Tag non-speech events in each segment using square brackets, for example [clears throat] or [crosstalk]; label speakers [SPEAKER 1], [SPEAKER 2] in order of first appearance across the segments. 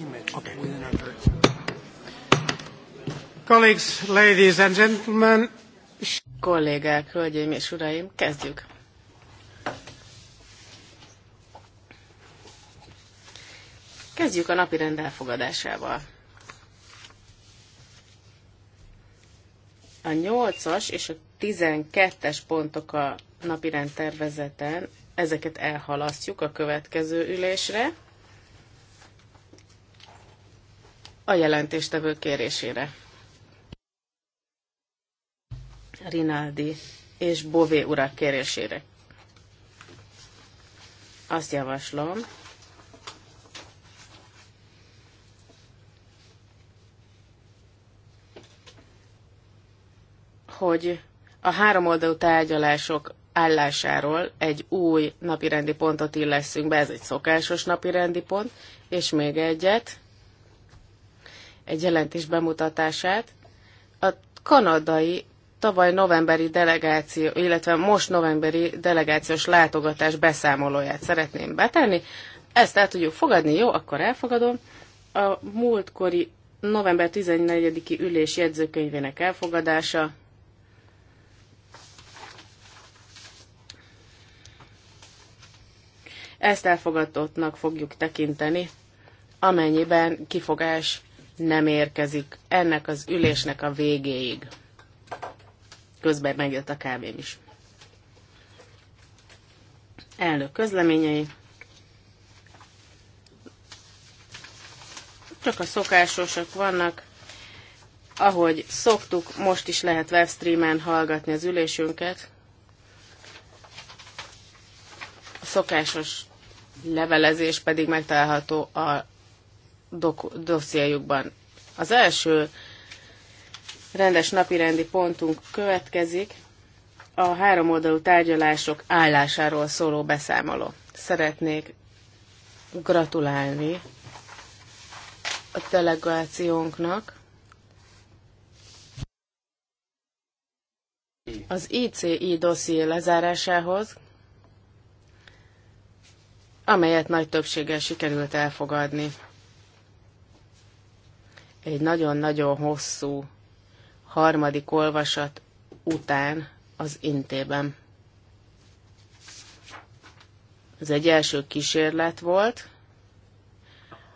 [SPEAKER 1] image okay. within our Colleagues, ladies and gentlemen.
[SPEAKER 2] Kollégák, hölgyeim és uraim, kezdjük. Kezdjük a napi rend elfogadásával. A 8-as és a 12-es pontok a napirend tervezeten, ezeket elhalasztjuk a következő ülésre. a jelentéstevő kérésére. Rinaldi és Bové urak kérésére. Azt javaslom, hogy a háromoldalú tárgyalások állásáról egy új napirendi pontot illeszünk be, ez egy szokásos napirendi pont, és még egyet, egy jelentés bemutatását. A kanadai tavaly novemberi delegáció, illetve most novemberi delegációs látogatás beszámolóját szeretném betenni. Ezt el tudjuk fogadni, jó, akkor elfogadom. A múltkori november 14-i ülés jegyzőkönyvének elfogadása. Ezt elfogadottnak fogjuk tekinteni, amennyiben kifogás nem érkezik ennek az ülésnek a végéig. Közben megjött a kávém is. Elnök közleményei. Csak a szokásosak vannak. Ahogy szoktuk, most is lehet webstreamen hallgatni az ülésünket. A szokásos levelezés pedig megtalálható a dossziájukban. Az első rendes napirendi pontunk következik, a három oldalú tárgyalások állásáról szóló beszámoló. Szeretnék gratulálni a delegációnknak. Az ICI dosszié lezárásához, amelyet nagy többséggel sikerült elfogadni egy nagyon-nagyon hosszú harmadik olvasat után az intében. Ez egy első kísérlet volt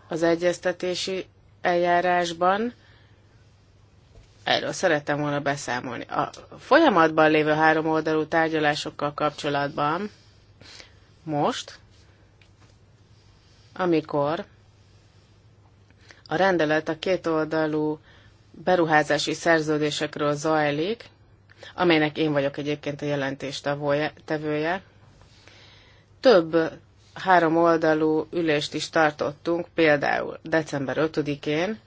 [SPEAKER 2] az egyeztetési eljárásban. Erről szerettem volna beszámolni. A folyamatban lévő három oldalú tárgyalásokkal kapcsolatban most, amikor a rendelet a kétoldalú beruházási szerződésekről zajlik, amelynek én vagyok egyébként a jelentéstevője. Több három oldalú ülést is tartottunk, például december 5-én,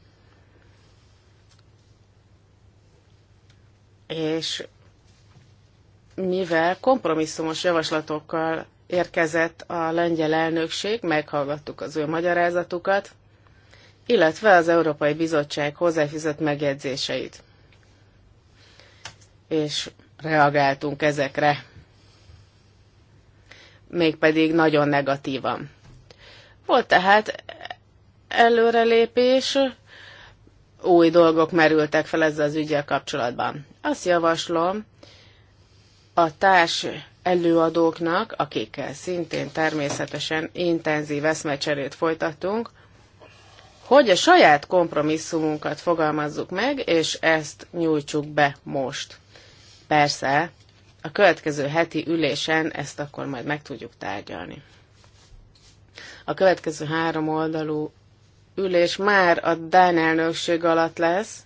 [SPEAKER 2] és mivel kompromisszumos javaslatokkal érkezett a lengyel elnökség, meghallgattuk az ő magyarázatukat, illetve az Európai Bizottság hozzáfizett megjegyzéseit. És reagáltunk ezekre, mégpedig nagyon negatívan. Volt tehát előrelépés, új dolgok merültek fel ezzel az ügyel kapcsolatban. Azt javaslom a társ előadóknak, akikkel szintén természetesen intenzív eszmecserét folytattunk, hogy a saját kompromisszumunkat fogalmazzuk meg, és ezt nyújtsuk be most. Persze, a következő heti ülésen ezt akkor majd meg tudjuk tárgyalni. A következő három oldalú ülés már a Dán elnökség alatt lesz.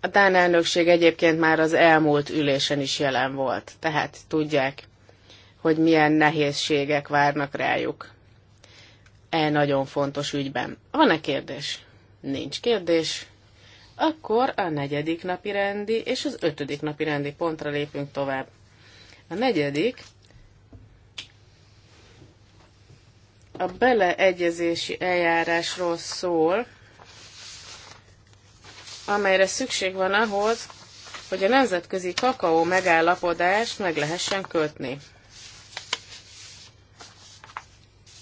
[SPEAKER 2] A Dán elnökség egyébként már az elmúlt ülésen is jelen volt, tehát tudják, hogy milyen nehézségek várnak rájuk e nagyon fontos ügyben. Van-e kérdés? Nincs kérdés. Akkor a negyedik napi rendi és az ötödik napi rendi pontra lépünk tovább. A negyedik a beleegyezési eljárásról szól, amelyre szükség van ahhoz, hogy a nemzetközi kakaó megállapodást meg lehessen kötni.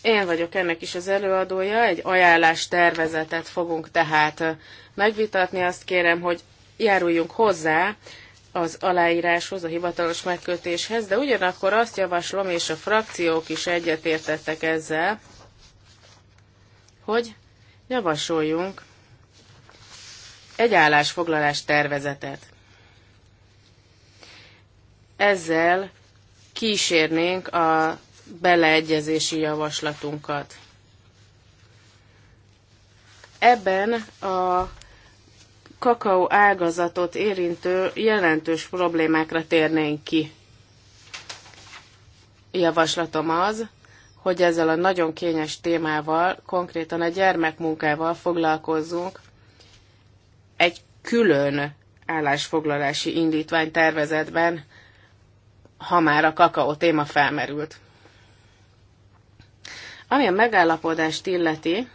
[SPEAKER 2] Én vagyok ennek is az előadója, egy ajánlás tervezetet fogunk tehát megvitatni. Azt kérem, hogy járuljunk hozzá az aláíráshoz, a hivatalos megkötéshez, de ugyanakkor azt javaslom, és a frakciók is egyetértettek ezzel, hogy javasoljunk egy állásfoglalás tervezetet. Ezzel kísérnénk a beleegyezési javaslatunkat. Ebben a kakaó ágazatot érintő jelentős problémákra térnénk ki. Javaslatom az, hogy ezzel a nagyon kényes témával, konkrétan a gyermekmunkával foglalkozzunk egy külön állásfoglalási indítvány tervezetben, ha már a kakaó téma felmerült. Ami a megállapodást illeti,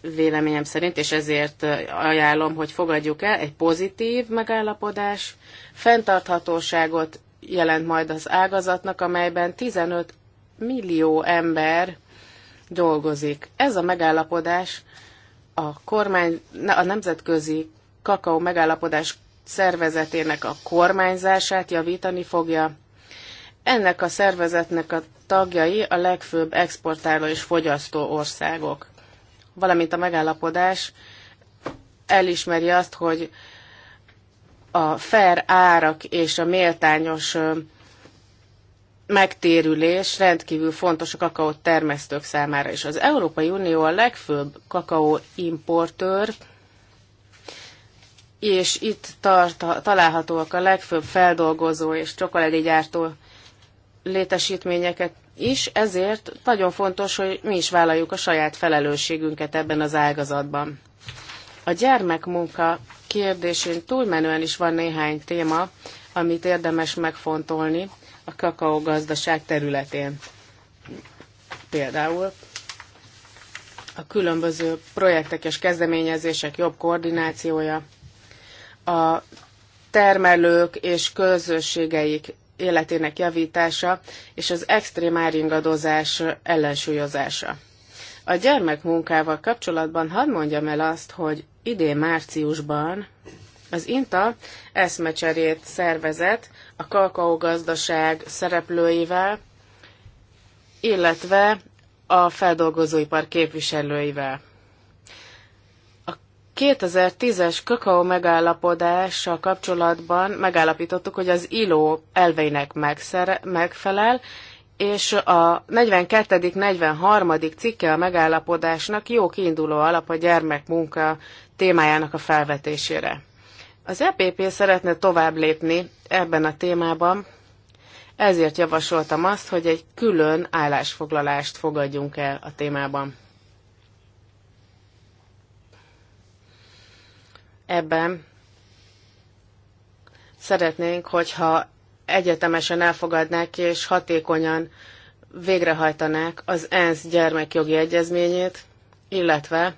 [SPEAKER 2] véleményem szerint, és ezért ajánlom, hogy fogadjuk el, egy pozitív megállapodás, fenntarthatóságot jelent majd az ágazatnak, amelyben 15 millió ember dolgozik. Ez a megállapodás a kormány, a nemzetközi kakaó megállapodás szervezetének a kormányzását javítani fogja, ennek a szervezetnek a tagjai a legfőbb exportáló és fogyasztó országok. Valamint a megállapodás elismeri azt, hogy a fair árak és a méltányos megtérülés rendkívül fontos a kakaó termesztők számára is. Az Európai Unió a legfőbb kakaó importőr, és itt tart, találhatóak a legfőbb feldolgozó és csokoládégyártó létesítményeket is, ezért nagyon fontos, hogy mi is vállaljuk a saját felelősségünket ebben az ágazatban. A gyermekmunka kérdésén túlmenően is van néhány téma, amit érdemes megfontolni a kakaogazdaság területén. Például a különböző projektek és kezdeményezések jobb koordinációja, a termelők és közösségeik életének javítása és az extrém áringadozás ellensúlyozása. A gyermekmunkával kapcsolatban hadd mondjam el azt, hogy idén márciusban az INTA eszmecserét szervezett a kakaogazdaság szereplőivel, illetve a feldolgozóipar képviselőivel. 2010-es kakaó megállapodással kapcsolatban megállapítottuk, hogy az ILO elveinek megfelel, és a 42. 43. cikke a megállapodásnak jó kiinduló alap a gyermekmunka témájának a felvetésére. Az EPP szeretne tovább lépni ebben a témában, ezért javasoltam azt, hogy egy külön állásfoglalást fogadjunk el a témában. Ebben szeretnénk, hogyha egyetemesen elfogadnák és hatékonyan végrehajtanák az ENSZ gyermekjogi egyezményét, illetve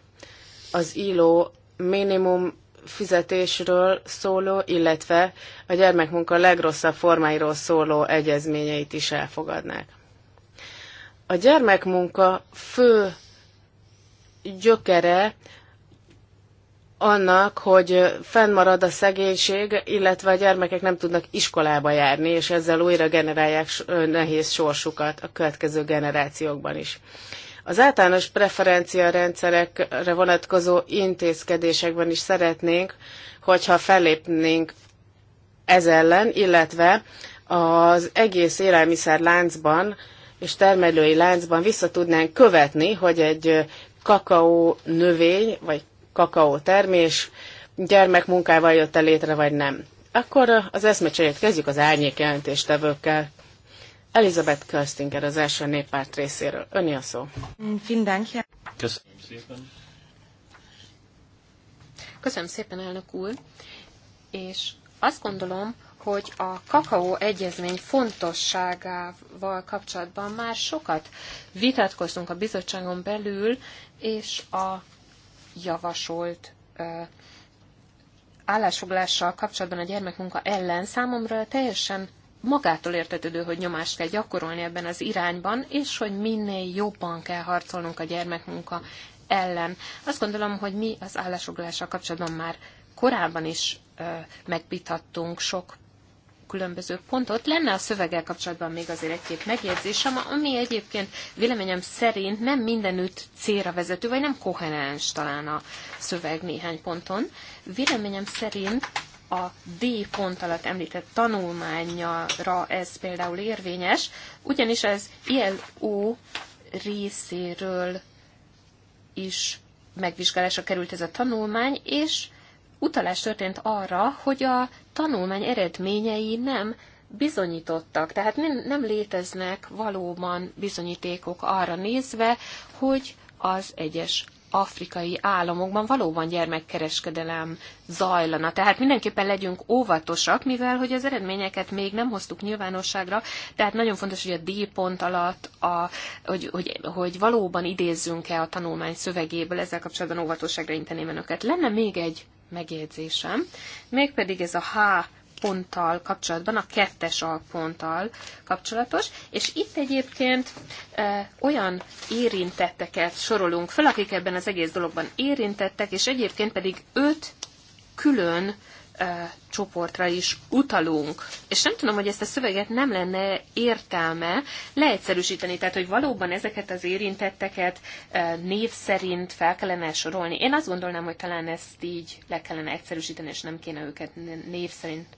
[SPEAKER 2] az ILO minimum fizetésről szóló, illetve a gyermekmunka legrosszabb formáiról szóló egyezményeit is elfogadnák. A gyermekmunka fő gyökere annak, hogy fennmarad a szegénység, illetve a gyermekek nem tudnak iskolába járni, és ezzel újra generálják nehéz sorsukat a következő generációkban is. Az általános preferencia rendszerekre vonatkozó intézkedésekben is szeretnénk, hogyha fellépnénk ez ellen, illetve az egész élelmiszer láncban és termelői láncban vissza tudnánk követni, hogy egy kakaó növény, vagy kakaó termés gyermekmunkával jött -e létre, vagy nem. Akkor az eszmecserét kezdjük az árnyék jelentéstevőkkel. Elizabeth Köstinger az első néppárt részéről. Öni a szó.
[SPEAKER 3] Köszönöm szépen. Köszönöm szépen, elnök úr. És azt gondolom, hogy a kakaó egyezmény fontosságával kapcsolatban már sokat vitatkoztunk a bizottságon belül, és a javasolt állásfoglással kapcsolatban a gyermekmunka ellen számomra teljesen magától értetődő, hogy nyomást kell gyakorolni ebben az irányban, és hogy minél jobban kell harcolnunk a gyermekmunka ellen. Azt gondolom, hogy mi az állásfoglással kapcsolatban már korábban is megbíthattunk sok különböző pontot. Lenne a szöveggel kapcsolatban még azért egy-két megjegyzésem, ami egyébként véleményem szerint nem mindenütt célra vezető, vagy nem koherens talán a szöveg néhány ponton. Véleményem szerint a D pont alatt említett tanulmányra ez például érvényes, ugyanis ez ILO részéről is megvizsgálásra került ez a tanulmány, és utalás történt arra, hogy a tanulmány eredményei nem bizonyítottak, tehát nem, nem léteznek valóban bizonyítékok arra nézve, hogy az egyes afrikai államokban valóban gyermekkereskedelem zajlana. Tehát mindenképpen legyünk óvatosak, mivel hogy az eredményeket még nem hoztuk nyilvánosságra, tehát nagyon fontos, hogy a D pont alatt, a, hogy, hogy, hogy valóban idézzünk-e a tanulmány szövegéből, ezzel kapcsolatban óvatosságra inteném önöket. Lenne még egy megjegyzésem, mégpedig ez a H ponttal kapcsolatban, a kettes ponttal kapcsolatos, és itt egyébként e, olyan érintetteket sorolunk fel, akik ebben az egész dologban érintettek, és egyébként pedig öt külön csoportra is utalunk. És nem tudom, hogy ezt a szöveget nem lenne értelme leegyszerűsíteni, tehát hogy valóban ezeket az érintetteket név szerint fel kellene sorolni. Én azt gondolnám, hogy talán ezt így le kellene egyszerűsíteni, és nem kéne őket név szerint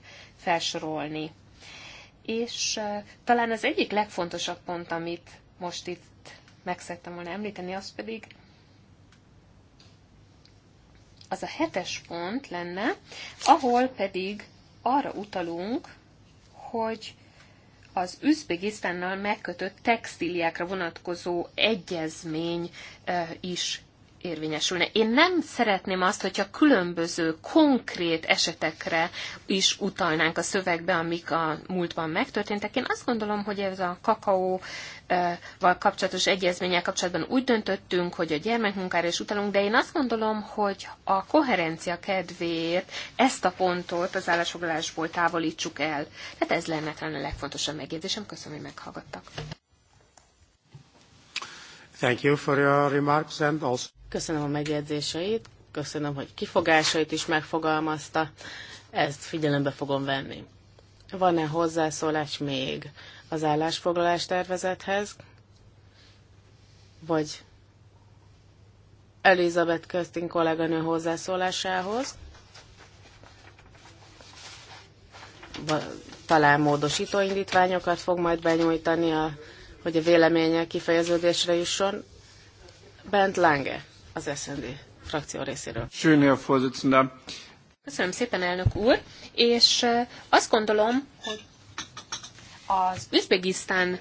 [SPEAKER 3] felsorolni. És talán az egyik legfontosabb pont, amit most itt megszerettem volna említeni, az pedig az a hetes pont lenne, ahol pedig arra utalunk, hogy az Üzbegisztánnal megkötött textíliákra vonatkozó egyezmény is érvényesülne. Én nem szeretném azt, hogyha különböző konkrét esetekre is utalnánk a szövegbe, amik a múltban megtörténtek. Én azt gondolom, hogy ez a kakaó val kapcsolatos egyezménnyel kapcsolatban úgy döntöttünk, hogy a gyermekmunkára is utalunk, de én azt gondolom, hogy a koherencia kedvéért ezt a pontot az állásfoglalásból távolítsuk el. Tehát ez lenne talán a legfontosabb megjegyzésem. Köszönöm, hogy meghallgattak.
[SPEAKER 1] Thank you for your remarks and also... Köszönöm a megjegyzéseit,
[SPEAKER 2] köszönöm, hogy kifogásait is megfogalmazta, ezt figyelembe fogom venni. Van-e hozzászólás még az állásfoglalás tervezethez? Vagy Elizabeth Köztin kolléganő hozzászólásához? Talán módosító indítványokat fog majd benyújtani, a, hogy a véleménye kifejeződésre jusson. Bent Lange az SND
[SPEAKER 3] frakció részéről. Köszönöm szépen, elnök úr, és azt gondolom, hogy az Üzbegisztán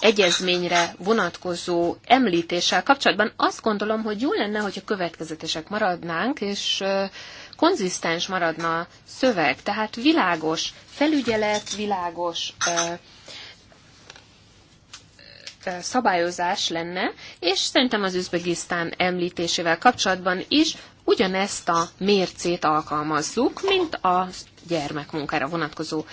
[SPEAKER 3] egyezményre vonatkozó említéssel kapcsolatban azt gondolom, hogy jó lenne, hogyha következetesek maradnánk, és konzisztens maradna a szöveg, tehát világos felügyelet, világos szabályozás lenne, és szerintem az Üzbegisztán említésével kapcsolatban is ugyanezt a mércét alkalmazzuk, mint a gyermekmunkára vonatkozó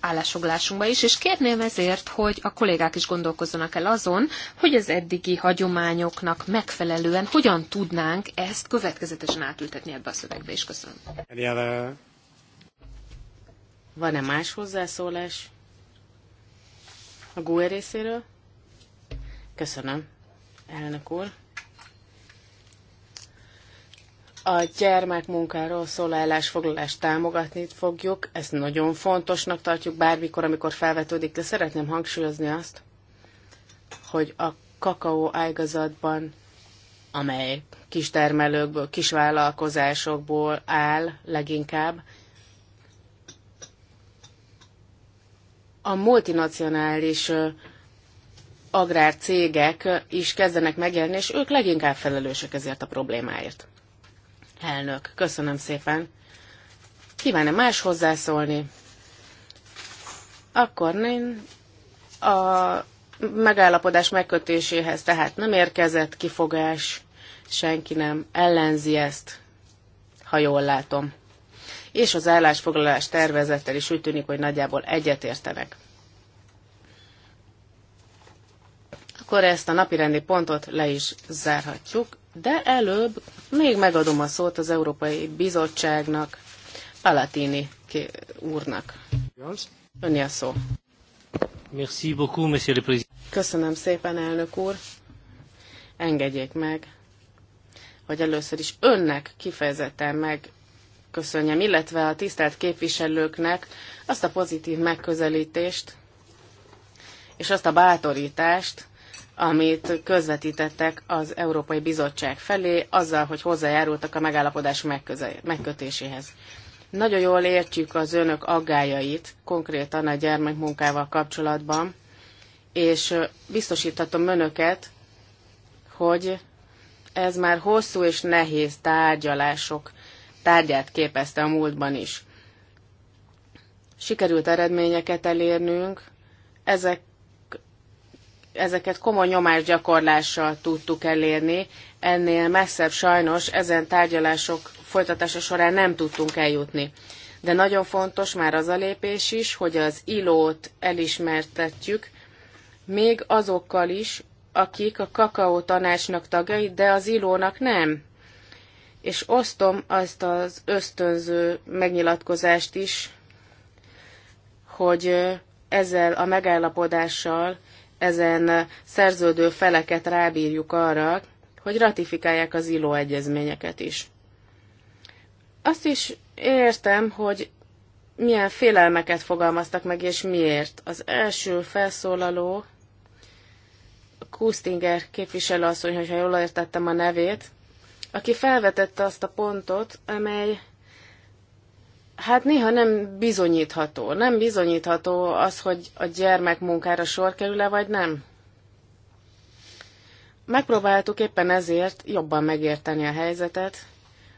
[SPEAKER 3] állásfoglalásunkba is, és kérném ezért, hogy a kollégák is gondolkozzanak el azon, hogy az eddigi hagyományoknak megfelelően hogyan tudnánk ezt következetesen átültetni ebbe a szövegbe is. Köszönöm. Van-e más hozzászólás a GUE részéről?
[SPEAKER 2] Köszönöm, elnök úr. A gyermekmunkáról szóló állásfoglalást támogatni fogjuk, ezt nagyon fontosnak tartjuk bármikor, amikor felvetődik, de szeretném hangsúlyozni azt, hogy a kakaó ágazatban, amely kistermelőkből, kisvállalkozásokból áll leginkább, a multinacionális agrárcégek is kezdenek megjelenni, és ők leginkább felelősek ezért a problémáért. Elnök, köszönöm szépen. Kíván-e más hozzászólni? Akkor nem a megállapodás megkötéséhez tehát nem érkezett kifogás, senki nem ellenzi ezt, ha jól látom. És az állásfoglalás tervezettel is úgy tűnik, hogy nagyjából egyetértenek. akkor ezt a napirendi pontot le is zárhatjuk, de előbb még megadom a szót az Európai Bizottságnak, Palatini úrnak. Önni a szó.
[SPEAKER 4] Merci beaucoup, monsieur le président.
[SPEAKER 2] Köszönöm szépen, elnök úr. Engedjék meg, hogy először is önnek kifejezetten meg köszönjem, illetve a tisztelt képviselőknek azt a pozitív megközelítést és azt a bátorítást, amit közvetítettek az Európai Bizottság felé, azzal, hogy hozzájárultak a megállapodás megkötéséhez. Nagyon jól értjük az önök aggájait, konkrétan a gyermekmunkával kapcsolatban, és biztosítatom önöket, hogy ez már hosszú és nehéz tárgyalások tárgyát képezte a múltban is. Sikerült eredményeket elérnünk, ezek ezeket komoly nyomásgyakorlással tudtuk elérni, ennél messzebb sajnos ezen tárgyalások folytatása során nem tudtunk eljutni. De nagyon fontos már az a lépés is, hogy az ilót elismertetjük, még azokkal is, akik a kakaó tanácsnak tagjai, de az ilónak nem. És osztom azt az ösztönző megnyilatkozást is, hogy ezzel a megállapodással ezen szerződő feleket rábírjuk arra, hogy ratifikálják az ILO egyezményeket is. Azt is értem, hogy milyen félelmeket fogalmaztak meg, és miért. Az első felszólaló, Kustinger képviselő asszony, hogyha jól értettem a nevét, aki felvetette azt a pontot, amely Hát néha nem bizonyítható. Nem bizonyítható az, hogy a gyermek munkára sor kerül-e, vagy nem. Megpróbáltuk éppen ezért jobban megérteni a helyzetet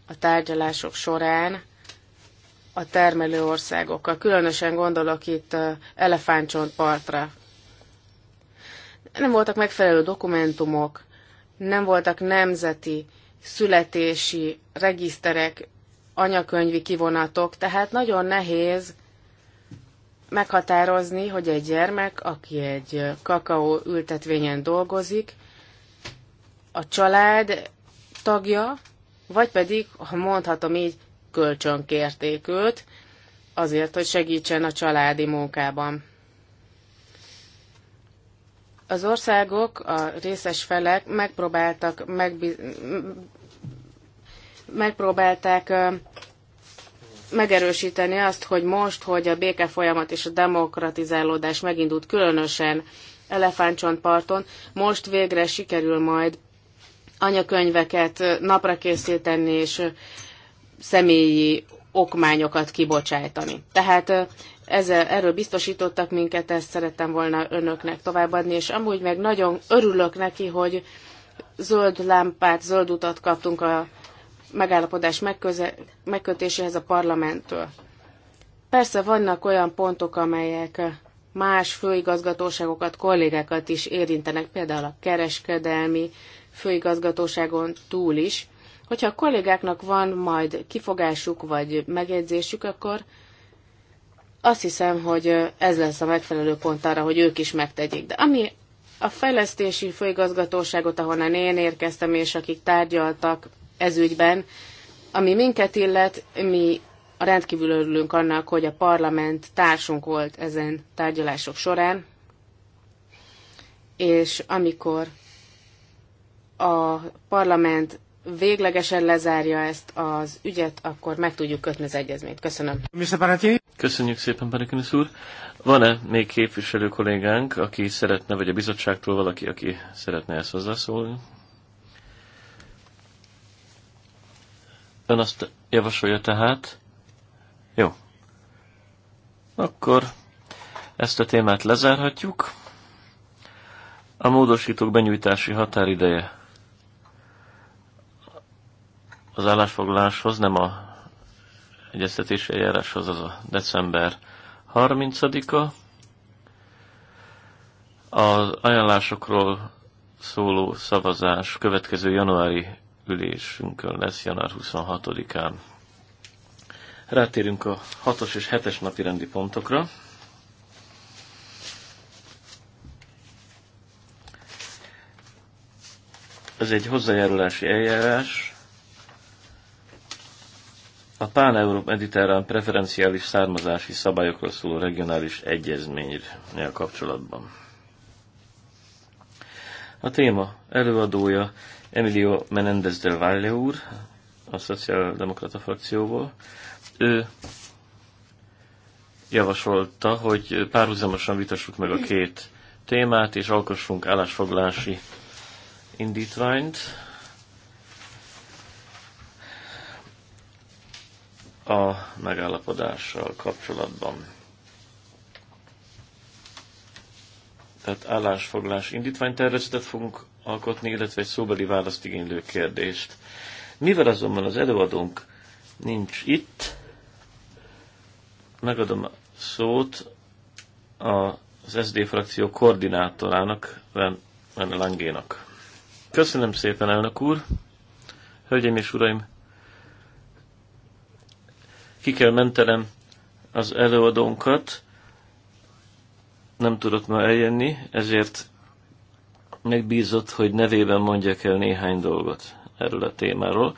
[SPEAKER 2] a tárgyalások során a termelő országokkal. Különösen gondolok itt elefántcsontpartra. Nem voltak megfelelő dokumentumok, nem voltak nemzeti születési regiszterek, anyakönyvi kivonatok, tehát nagyon nehéz meghatározni, hogy egy gyermek, aki egy kakaó ültetvényen dolgozik, a család tagja, vagy pedig, ha mondhatom így, kölcsönkérték őt, azért, hogy segítsen a családi munkában. Az országok, a részes felek megpróbáltak megbiz- megpróbálták megerősíteni azt, hogy most, hogy a béke folyamat és a demokratizálódás megindult, különösen Elefántcsontparton, most végre sikerül majd anyakönyveket napra készíteni és személyi okmányokat kibocsájtani. Tehát ezzel, erről biztosítottak minket, ezt szerettem volna önöknek továbbadni, és amúgy meg nagyon örülök neki, hogy zöld lámpát, zöld utat kaptunk a megállapodás megköze, megkötéséhez a parlamenttől. Persze vannak olyan pontok, amelyek más főigazgatóságokat, kollégákat is érintenek, például a kereskedelmi főigazgatóságon túl is. Hogyha a kollégáknak van majd kifogásuk vagy megjegyzésük, akkor azt hiszem, hogy ez lesz a megfelelő pont arra, hogy ők is megtegyék. De ami a fejlesztési főigazgatóságot, ahonnan én érkeztem, és akik tárgyaltak ezügyben. Ami minket illet, mi rendkívül örülünk annak, hogy a parlament társunk volt ezen tárgyalások során, és amikor a parlament véglegesen lezárja ezt az ügyet, akkor meg tudjuk kötni az egyezményt. Köszönöm.
[SPEAKER 4] Köszönjük szépen, Perekinusz úr. Van-e még képviselő kollégánk, aki szeretne, vagy a bizottságtól valaki, aki szeretne ezt hozzászólni? Ön azt javasolja tehát? Jó. Akkor ezt a témát lezárhatjuk. A módosítók benyújtási határideje az állásfoglaláshoz, nem a egyeztetési eljáráshoz, az a december 30-a. Az ajánlásokról szóló szavazás következő januári ülésünkön lesz január 26-án. Rátérünk a 6-os és 7-es napi rendi pontokra. Ez egy hozzájárulási eljárás. A pán mediterrán preferenciális származási szabályokról szóló regionális egyezménynél kapcsolatban. A téma előadója Emilio Menendez del Valle úr, a Szociáldemokrata frakcióból. Ő javasolta, hogy párhuzamosan vitassuk meg a két témát, és alkossunk állásfoglalási indítványt. a megállapodással kapcsolatban. Tehát állásfoglás indítványtervezetet fogunk alkotni, illetve egy szóbeli választ igénylő kérdést. Mivel azonban az előadónk nincs itt, megadom a szót az SD frakció koordinátorának, Len Langénak. Köszönöm szépen, elnök úr! Hölgyeim és uraim! Ki kell mentenem az előadónkat, nem tudott ma eljönni, ezért megbízott, hogy nevében mondjak el néhány dolgot erről a témáról,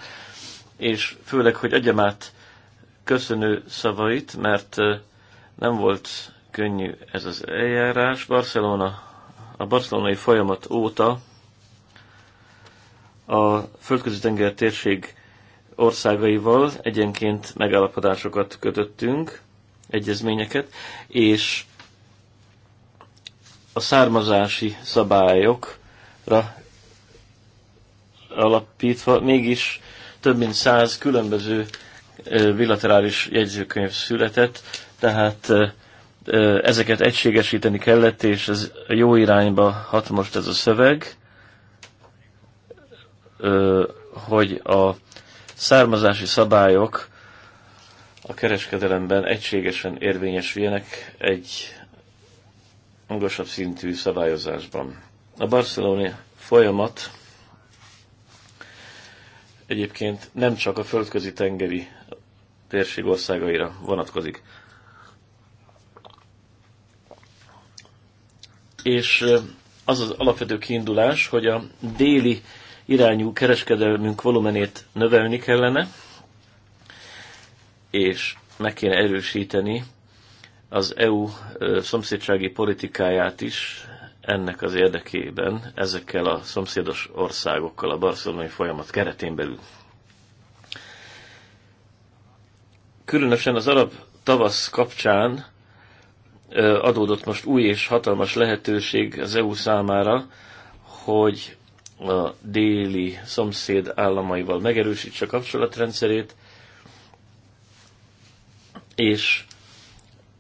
[SPEAKER 4] és főleg, hogy adjam át köszönő szavait, mert nem volt könnyű ez az eljárás. Barcelona, a barcelonai folyamat óta a földközi tenger térség országaival egyenként megállapodásokat kötöttünk, egyezményeket, és a származási szabályokra alapítva mégis több mint száz különböző bilaterális jegyzőkönyv született, tehát ezeket egységesíteni kellett, és ez jó irányba hat most ez a szöveg, hogy a származási szabályok a kereskedelemben egységesen érvényesüljenek egy magasabb szintű szabályozásban. A barcelonai folyamat egyébként nem csak a földközi tengeri térség országaira vonatkozik. És az az alapvető kiindulás, hogy a déli irányú kereskedelmünk volumenét növelni kellene, és meg kéne erősíteni az EU szomszédsági politikáját is ennek az érdekében ezekkel a szomszédos országokkal a barcelonai folyamat keretén belül. Különösen az arab tavasz kapcsán adódott most új és hatalmas lehetőség az EU számára, hogy a déli szomszéd államaival megerősítse a kapcsolatrendszerét, és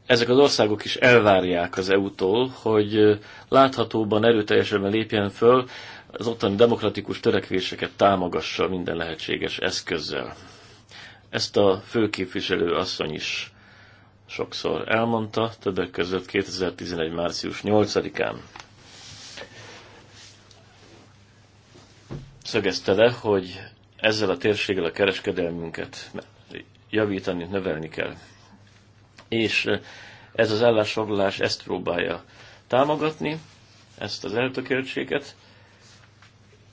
[SPEAKER 4] ezek az országok is elvárják az EU-tól, hogy láthatóban, erőteljesebben lépjen föl, az ottani demokratikus törekvéseket támogassa minden lehetséges eszközzel. Ezt a főképviselő asszony is sokszor elmondta, többek között 2011. március 8-án. Szögezte le, hogy ezzel a térséggel a kereskedelmünket javítani, növelni kell és ez az ellensorolás ezt próbálja támogatni, ezt az eltökéltséget.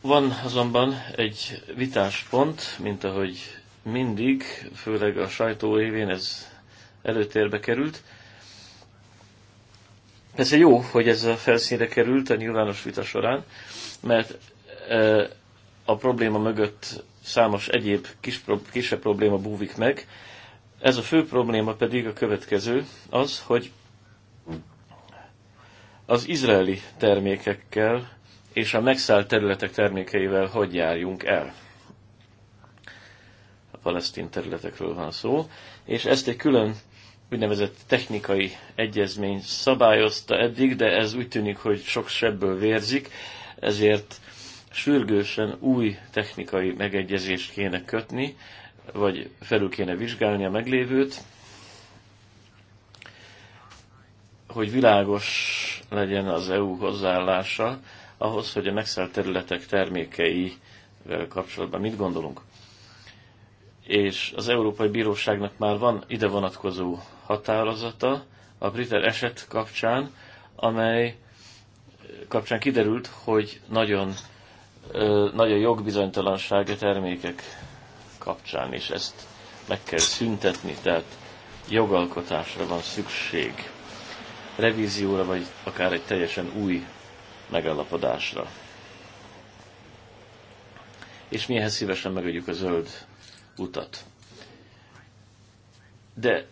[SPEAKER 4] Van azonban egy vitás pont, mint ahogy mindig, főleg a sajtó évén ez előtérbe került. Persze jó, hogy ez a felszínre került a nyilvános vita során, mert a probléma mögött számos egyéb kis, kisebb probléma búvik meg, ez a fő probléma pedig a következő, az, hogy az izraeli termékekkel és a megszállt területek termékeivel hogy járjunk el. A palesztin területekről van szó, és ezt egy külön úgynevezett technikai egyezmény szabályozta eddig, de ez úgy tűnik, hogy sok sebből vérzik, ezért sürgősen új technikai megegyezést kéne kötni, vagy felül kéne vizsgálni a meglévőt, hogy világos legyen az EU hozzáállása ahhoz, hogy a megszállt területek termékeivel kapcsolatban mit gondolunk. És az Európai Bíróságnak már van ide vonatkozó határozata a Briter eset kapcsán, amely kapcsán kiderült, hogy nagyon nagyon nagy jogbizonytalanság a termékek kapcsán, és ezt meg kell szüntetni, tehát jogalkotásra van szükség, revízióra, vagy akár egy teljesen új megállapodásra. És mi ehhez szívesen megadjuk a zöld utat. De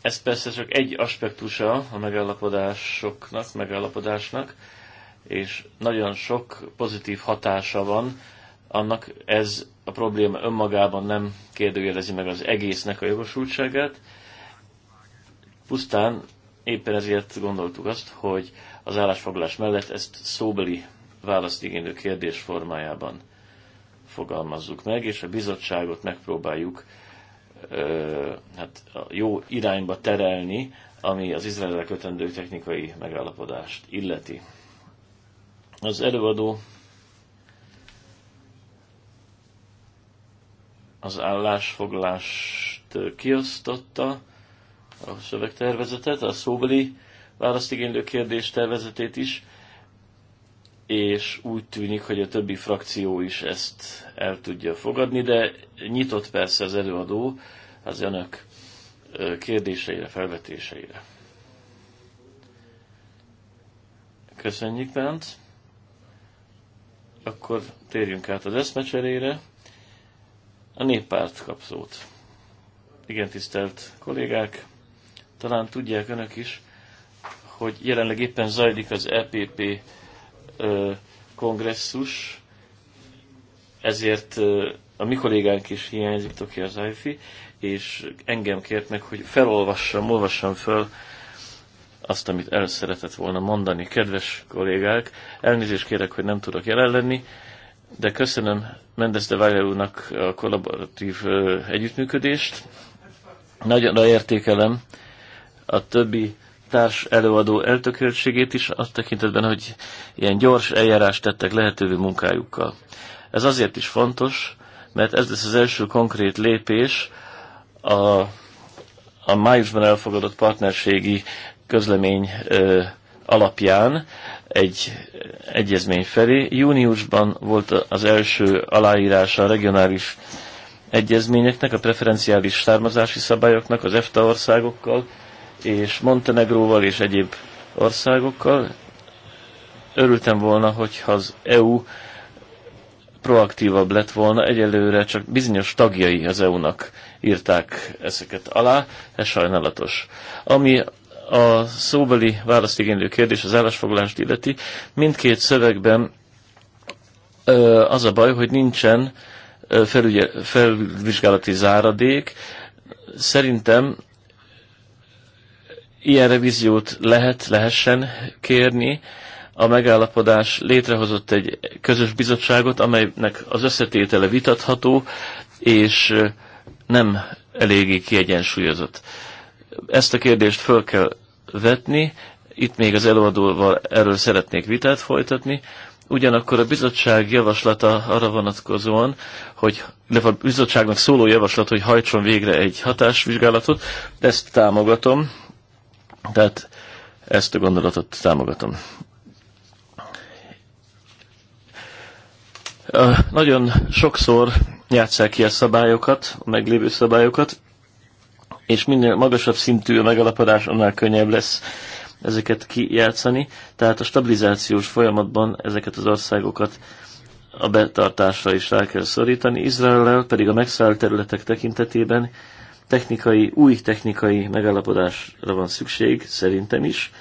[SPEAKER 4] ez persze csak egy aspektusa a megállapodásoknak, megállapodásnak, és nagyon sok pozitív hatása van annak ez a probléma önmagában nem kérdőjelezi meg az egésznek a jogosultságát. Pusztán éppen ezért gondoltuk azt, hogy az állásfoglalás mellett ezt szóbeli választ igénylő kérdés formájában fogalmazzuk meg, és a bizottságot megpróbáljuk ö, hát a jó irányba terelni, ami az Izraelre kötendő technikai megállapodást illeti. Az előadó az állásfoglalást kiosztotta, a szövegtervezetet, a szóbeli választigénylő kérdés tervezetét is, és úgy tűnik, hogy a többi frakció is ezt el tudja fogadni, de nyitott persze az előadó az önök kérdéseire, felvetéseire. Köszönjük, Bent! Akkor térjünk át az eszmecserére. A néppárt kap szót. Igen, tisztelt kollégák, talán tudják önök is, hogy jelenleg éppen zajlik az EPP ö, kongresszus, ezért ö, a mi kollégánk is hiányzik, az Zajfi, és engem kért meg, hogy felolvassam, olvassam föl azt, amit el szeretett volna mondani. Kedves kollégák, elnézést kérek, hogy nem tudok jelen lenni de köszönöm Mendes de Valle a kollaboratív együttműködést. nagyon értékelem a többi társ előadó eltökéltségét is, azt tekintetben, hogy ilyen gyors eljárást tettek lehetővé munkájukkal. Ez azért is fontos, mert ez lesz az első konkrét lépés a, a májusban elfogadott partnerségi közlemény ö, alapján, egy egyezmény felé. Júniusban volt az első aláírása a regionális egyezményeknek, a preferenciális származási szabályoknak az EFTA országokkal és Montenegróval és egyéb országokkal. Örültem volna, hogyha az EU proaktívabb lett volna, egyelőre csak bizonyos tagjai az EU-nak írták ezeket alá, ez sajnálatos. Ami a szóbeli választigénylő kérdés az állásfoglalást illeti, mindkét szövegben az a baj, hogy nincsen felügye, felvizsgálati záradék. Szerintem ilyen revíziót lehet, lehessen kérni. A megállapodás létrehozott egy közös bizottságot, amelynek az összetétele vitatható, és nem eléggé kiegyensúlyozott ezt a kérdést föl kell vetni, itt még az előadóval erről szeretnék vitát folytatni, ugyanakkor a bizottság javaslata arra vonatkozóan, hogy de a bizottságnak szóló javaslat, hogy hajtson végre egy hatásvizsgálatot, ezt támogatom, tehát ezt a gondolatot támogatom. Nagyon sokszor játsszák ki a szabályokat, a meglévő szabályokat, és minél magasabb szintű a megalapodás, annál könnyebb lesz ezeket kijátszani. Tehát a stabilizációs folyamatban ezeket az országokat a betartásra is rá kell szorítani. Izrael pedig a megszállt területek tekintetében technikai, új technikai megállapodásra van szükség, szerintem is,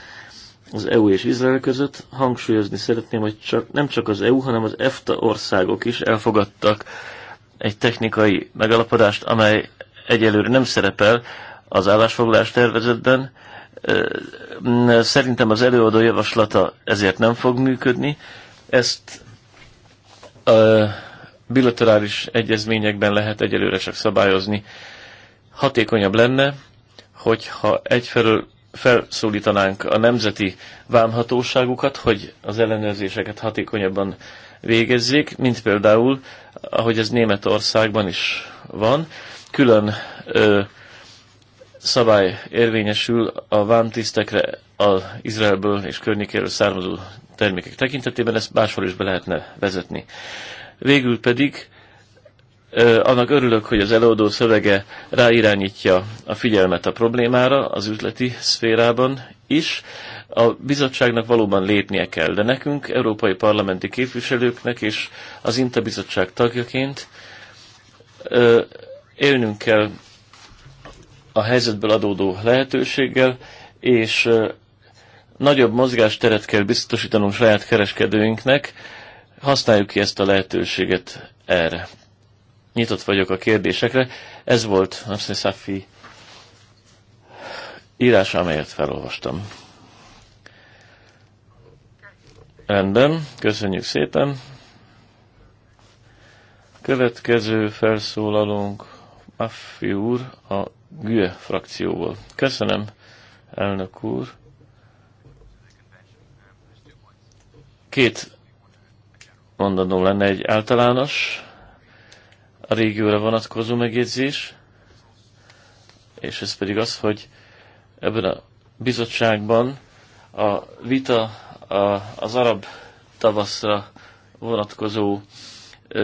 [SPEAKER 4] az EU és Izrael között. Hangsúlyozni szeretném, hogy csak, nem csak az EU, hanem az EFTA országok is elfogadtak egy technikai megalapodást, amely egyelőre nem szerepel az állásfoglalás tervezetben. Szerintem az előadó javaslata ezért nem fog működni. Ezt a bilaterális egyezményekben lehet egyelőre csak szabályozni. Hatékonyabb lenne, hogyha egyfelől felszólítanánk a nemzeti vámhatóságukat, hogy az ellenőrzéseket hatékonyabban végezzék, mint például, ahogy ez Németországban is van, külön ö, szabály érvényesül a vámtisztekre az Izraelből és környékéről származó termékek tekintetében, ezt máshol is be lehetne vezetni. Végül pedig ö, annak örülök, hogy az előadó szövege ráirányítja a figyelmet a problémára az üzleti szférában is. A bizottságnak valóban lépnie kell, de nekünk, európai parlamenti képviselőknek és az INTA bizottság tagjaként ö, Élnünk kell a helyzetből adódó lehetőséggel, és nagyobb mozgásteret kell biztosítanunk saját kereskedőinknek, használjuk ki ezt a lehetőséget erre. Nyitott vagyok a kérdésekre. Ez volt Napszi Safi írása, amelyet felolvastam. Rendben, köszönjük szépen. Következő felszólalunk. Affi úr a GÜE frakcióból. Köszönöm, elnök úr. Két mondanó lenne egy általános, a régióra vonatkozó megjegyzés, és ez pedig az, hogy ebben a bizottságban a vita a, az arab tavaszra vonatkozó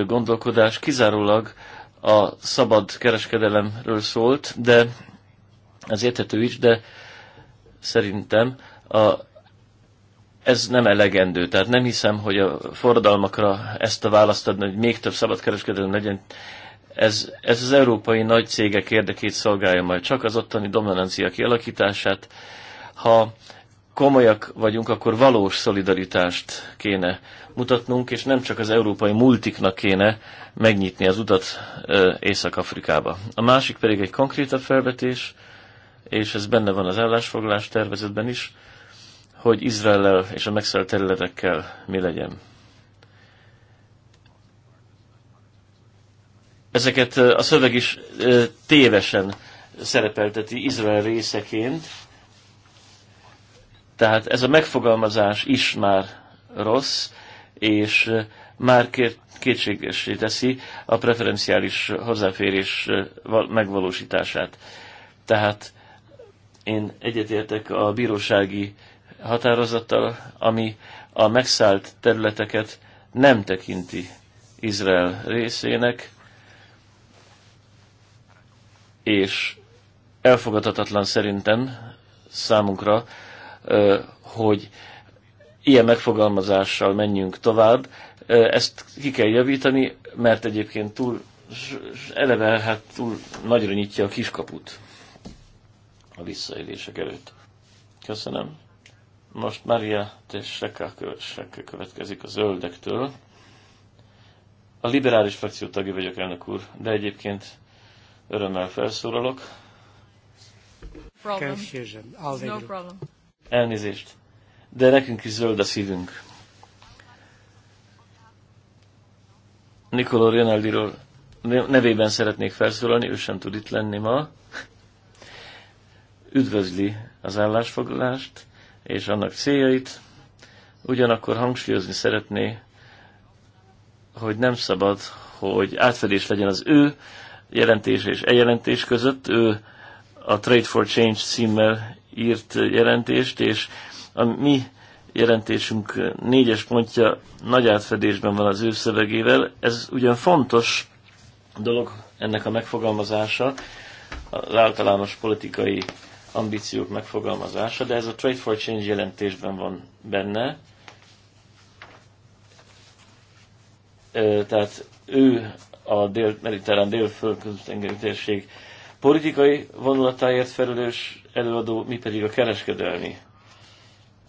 [SPEAKER 4] gondolkodás kizárólag a szabad kereskedelemről szólt, de ez érthető is, de szerintem a, ez nem elegendő. Tehát nem hiszem, hogy a forradalmakra ezt a választ adni, hogy még több szabad kereskedelem, legyen, ez, ez az európai nagy cégek érdekét szolgálja majd csak az ottani dominancia kialakítását. Ha komolyak vagyunk, akkor valós szolidaritást kéne mutatnunk, és nem csak az európai multiknak kéne megnyitni az utat Észak-Afrikába. A másik pedig egy konkrétabb felvetés, és ez benne van az állásfoglalás tervezetben is, hogy Izraellel és a megszállt területekkel mi legyen. Ezeket a szöveg is tévesen szerepelteti Izrael részeként, tehát ez a megfogalmazás is már rossz, és már kétségesé teszi a preferenciális hozzáférés megvalósítását. Tehát én egyetértek a bírósági határozattal, ami a megszállt területeket nem tekinti Izrael részének, és elfogadhatatlan szerintem számunkra, hogy ilyen megfogalmazással menjünk tovább. Ezt ki kell javítani, mert egyébként túl eleve hát túl nagyra nyitja a kiskaput a visszaélések előtt. Köszönöm. Most Maria Tesseka következik a zöldektől. A liberális frakció tagja vagyok, elnök úr, de egyébként örömmel felszólalok.
[SPEAKER 1] Problem. No problem.
[SPEAKER 4] Elnézést de nekünk is zöld a szívünk. Nikoló Rinaldiról nevében szeretnék felszólalni, ő sem tud itt lenni ma. Üdvözli az állásfoglalást és annak céljait, ugyanakkor hangsúlyozni szeretné, hogy nem szabad, hogy átfedés legyen az ő jelentése és eljelentés között. Ő a Trade for Change címmel írt jelentést, és a mi jelentésünk négyes pontja nagy átfedésben van az ő szövegével. Ez ugyan fontos dolog ennek a megfogalmazása, az általános politikai ambíciók megfogalmazása, de ez a Trade for Change jelentésben van benne. Tehát ő a dél, mediterrán délföldközi térség politikai vonulatáért felelős előadó, mi pedig a kereskedelmi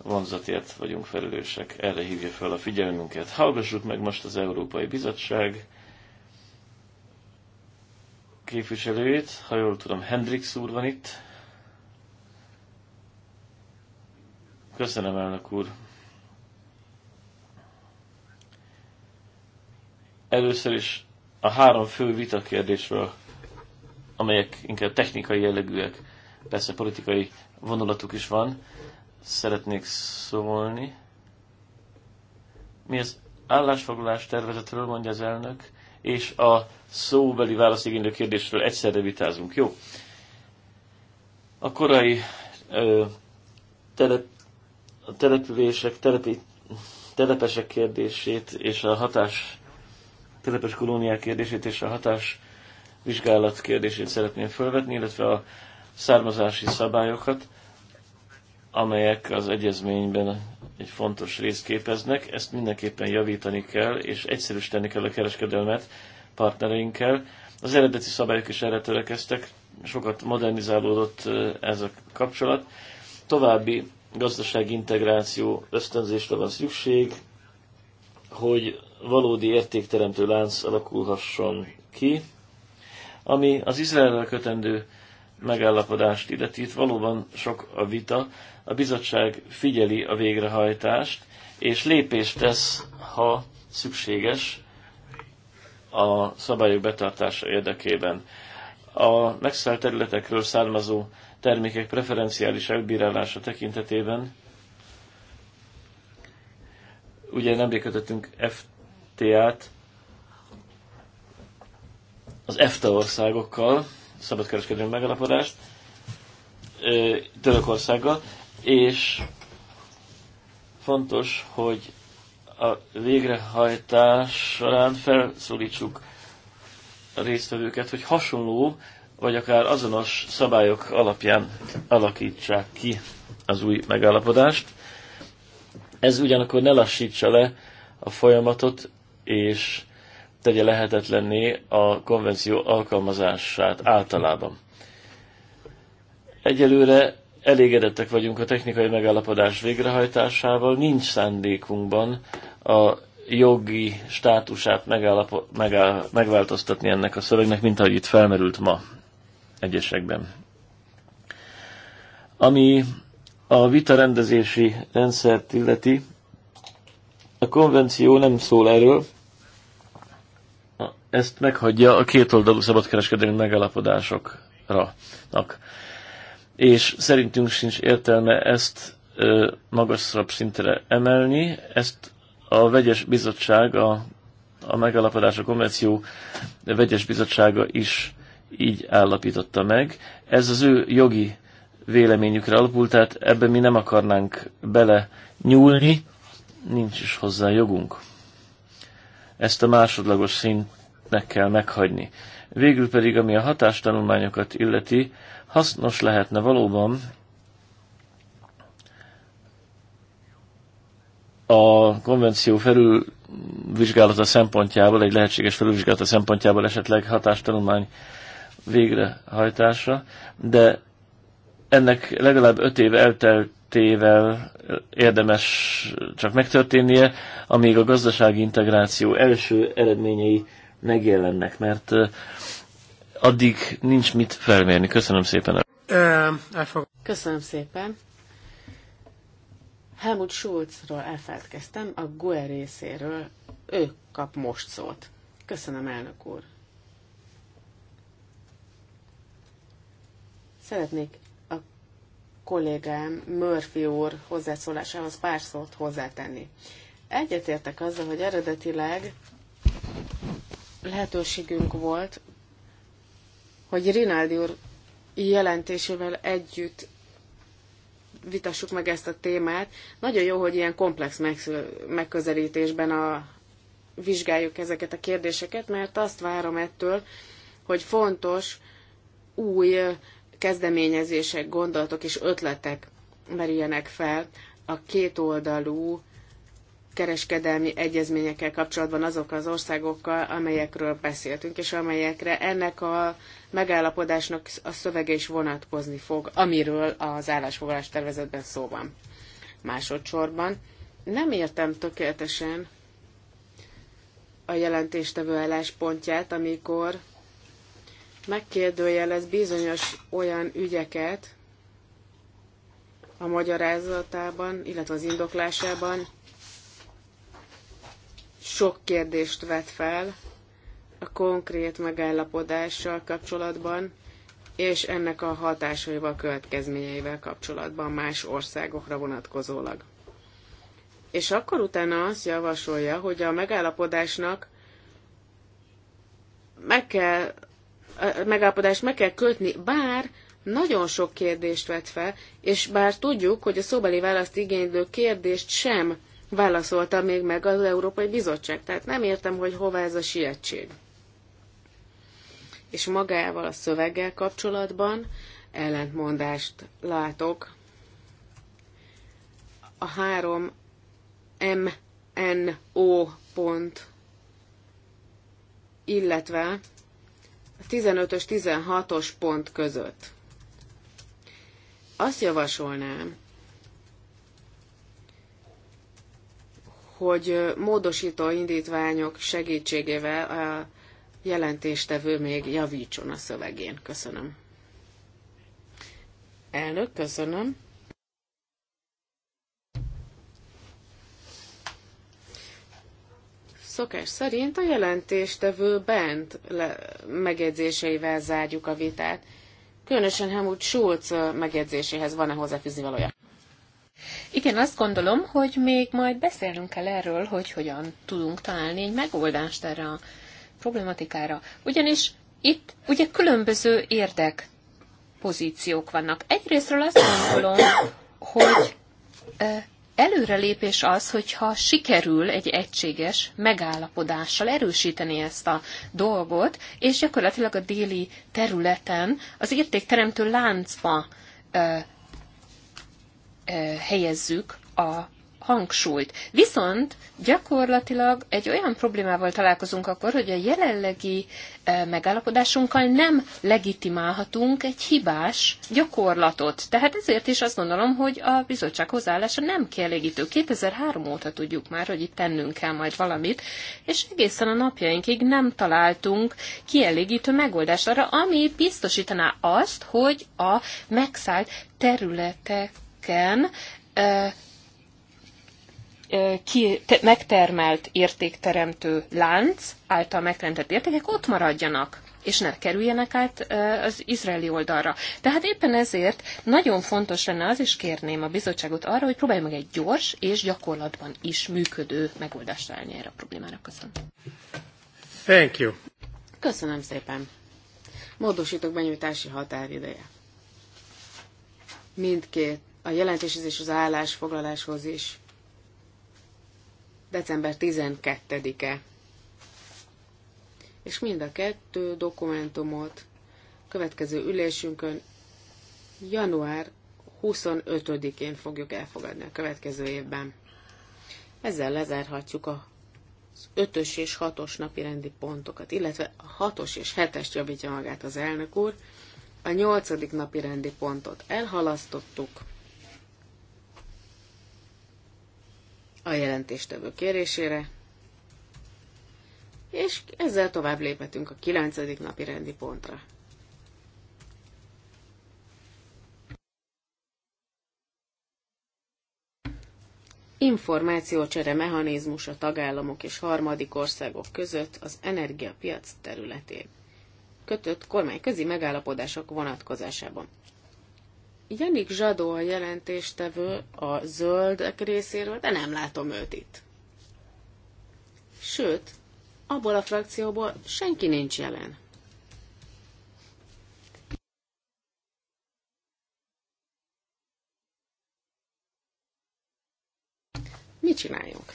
[SPEAKER 4] vonzatért vagyunk felelősek. Erre hívja fel a figyelmünket. Hallgassuk meg most az Európai Bizottság képviselőjét, ha jól tudom, Hendrix úr van itt. Köszönöm, elnök úr. Először is a három fő vita kérdésről, amelyek inkább technikai jellegűek, persze politikai vonulatuk is van, szeretnék szólni. Mi az állásfoglalás tervezetről, mondja az elnök, és a szóbeli válaszigénylő kérdésről egyszerre vitázunk. Jó. A korai ö, telep, a települések, telepi, telepesek kérdését és a hatás, telepes kolóniák kérdését és a hatás vizsgálat kérdését szeretném felvetni, illetve a származási szabályokat amelyek az egyezményben egy fontos részt képeznek, ezt mindenképpen javítani kell, és egyszerűsíteni kell a kereskedelmet partnereinkkel. Az eredeti szabályok is erre törekeztek, sokat modernizálódott ez a kapcsolat. További gazdasági integráció ösztönzésre van szükség, hogy valódi értékteremtő lánc alakulhasson ki, ami az Izraelrel kötendő megállapodást illeti, itt valóban sok a vita, a bizottság figyeli a végrehajtást, és lépést tesz, ha szükséges a szabályok betartása érdekében. A megszállt területekről származó termékek preferenciális elbírálása tekintetében ugye nem kötöttünk FTA-t az EFTA országokkal, szabadkereskedelmi megalapodást Törökországgal, és fontos, hogy a végrehajtás során felszólítsuk a résztvevőket, hogy hasonló vagy akár azonos szabályok alapján alakítsák ki az új megállapodást. Ez ugyanakkor ne lassítsa le a folyamatot, és tegye lehetetlenné a konvenció alkalmazását általában. Egyelőre elégedettek vagyunk a technikai megállapodás végrehajtásával, nincs szándékunkban a jogi státusát megállapo- megáll- megváltoztatni ennek a szövegnek, mint ahogy itt felmerült ma egyesekben. Ami a vita rendezési rendszert illeti, a konvenció nem szól erről, ezt meghagyja a kétoldalú szabadkereskedelmi megállapodásoknak. És szerintünk sincs értelme ezt ö, magasabb szintre emelni, ezt a vegyes bizottság, a, a megállapodás, a konvenció a vegyes bizottsága is így állapította meg. Ez az ő jogi véleményükre alapult, tehát ebben mi nem akarnánk bele nyúlni, nincs is hozzá jogunk. Ezt a másodlagos szint meg kell meghagyni. Végül pedig, ami a hatástanulmányokat illeti, hasznos lehetne valóban a konvenció felül vizsgálata szempontjából, egy lehetséges felülvizsgálata szempontjából esetleg hatástanulmány végrehajtása, de ennek legalább öt év elteltével érdemes csak megtörténnie, amíg a gazdasági integráció első eredményei megjelennek, mert addig nincs mit felmérni. Köszönöm szépen.
[SPEAKER 1] Köszönöm szépen.
[SPEAKER 2] Helmut Schulzról elfeledkeztem, a GUE részéről ő kap most szót. Köszönöm, elnök úr. Szeretnék a kollégám Murphy úr hozzászólásához pár szót hozzátenni. Egyetértek azzal, hogy eredetileg lehetőségünk volt, hogy Rinaldi úr jelentésével együtt vitassuk meg ezt a témát. Nagyon jó, hogy ilyen komplex megközelítésben a, vizsgáljuk ezeket a kérdéseket, mert azt várom ettől, hogy fontos új kezdeményezések, gondolatok és ötletek merüljenek fel a kétoldalú kereskedelmi egyezményekkel kapcsolatban azok az országokkal, amelyekről beszéltünk, és amelyekre ennek a megállapodásnak a szövege is vonatkozni fog, amiről az állásfoglalás tervezetben szó van. Másodszorban nem értem tökéletesen a jelentéstevő álláspontját, amikor megkérdőjelez bizonyos olyan ügyeket a magyarázatában, illetve az indoklásában, sok kérdést vet fel a konkrét megállapodással kapcsolatban, és ennek a hatásaival, következményeivel kapcsolatban más országokra vonatkozólag. És akkor utána azt javasolja, hogy a megállapodásnak meg kell, a megállapodást meg kell kötni, bár nagyon sok kérdést vet fel, és bár tudjuk, hogy a szóbeli választ igénylő kérdést sem válaszolta még meg az Európai Bizottság. Tehát nem értem, hogy hova ez a sietség. És magával a szöveggel kapcsolatban ellentmondást látok. A 3 MNO pont, illetve a 15-ös, 16-os pont között. Azt javasolnám, hogy módosító indítványok segítségével a jelentéstevő még javítson a szövegén. Köszönöm. Elnök, köszönöm. Szokás szerint a jelentéstevő bent le- megjegyzéseivel zárjuk a vitát. Különösen Helmut Schulz megjegyzéséhez van-e hozzáfűzni valója?
[SPEAKER 3] Igen, azt gondolom, hogy még majd beszélnünk kell erről, hogy hogyan tudunk találni egy megoldást erre a problematikára. Ugyanis itt ugye különböző érdek pozíciók vannak. Egyrésztről azt gondolom, hogy előrelépés az, hogyha sikerül egy egységes megállapodással erősíteni ezt a dolgot, és gyakorlatilag a déli területen az értékteremtő láncba helyezzük a hangsúlyt. Viszont gyakorlatilag egy olyan problémával találkozunk akkor, hogy a jelenlegi megállapodásunkkal nem legitimálhatunk egy hibás gyakorlatot. Tehát ezért is azt gondolom, hogy a bizottság hozzáállása nem kielégítő. 2003 óta tudjuk már, hogy itt tennünk kell majd valamit, és egészen a napjainkig nem találtunk kielégítő megoldást arra, ami biztosítaná azt, hogy a megszállt területek területeken ki, te, megtermelt értékteremtő lánc által megteremtett értékek ott maradjanak és ne kerüljenek át az izraeli oldalra. Tehát éppen ezért nagyon fontos lenne az, is kérném a bizottságot arra, hogy próbálj meg egy gyors és gyakorlatban is működő megoldást találni erre a problémára. Köszönöm.
[SPEAKER 1] Thank you.
[SPEAKER 2] Köszönöm szépen. Módosítok benyújtási határideje. Mindkét a jelentéshez és az állásfoglaláshoz is. December 12-e. És mind a kettő dokumentumot következő ülésünkön január 25-én fogjuk elfogadni a következő évben. Ezzel lezárhatjuk a az ötös és hatos napi rendi pontokat, illetve a hatos és hetest javítja magát az elnök úr. A nyolcadik napi rendi pontot elhalasztottuk, a jelentéstevő kérésére, és ezzel tovább léphetünk a 9. napi rendi pontra. információcsere mechanizmus a tagállamok és harmadik országok között az energiapiac területén. Kötött kormányközi megállapodások vonatkozásában. Janik Zsadó a jelentéstevő a zöldek részéről, de nem látom őt itt. Sőt, abból a frakcióból senki nincs jelen.
[SPEAKER 1] Mit csináljunk?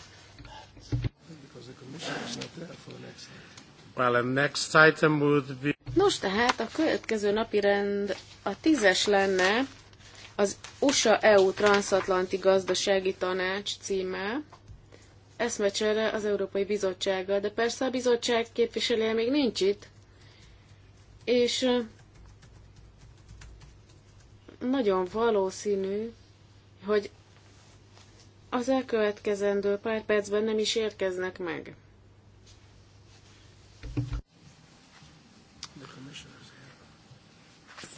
[SPEAKER 1] Nos, tehát
[SPEAKER 2] a következő napi rend a tízes lenne, az USA-EU e Transatlanti Gazdasági Tanács címe, eszmecsere az Európai Bizottsággal, de persze a bizottság képviselője még nincs itt, és nagyon valószínű, hogy az elkövetkezendő pár percben nem is érkeznek meg.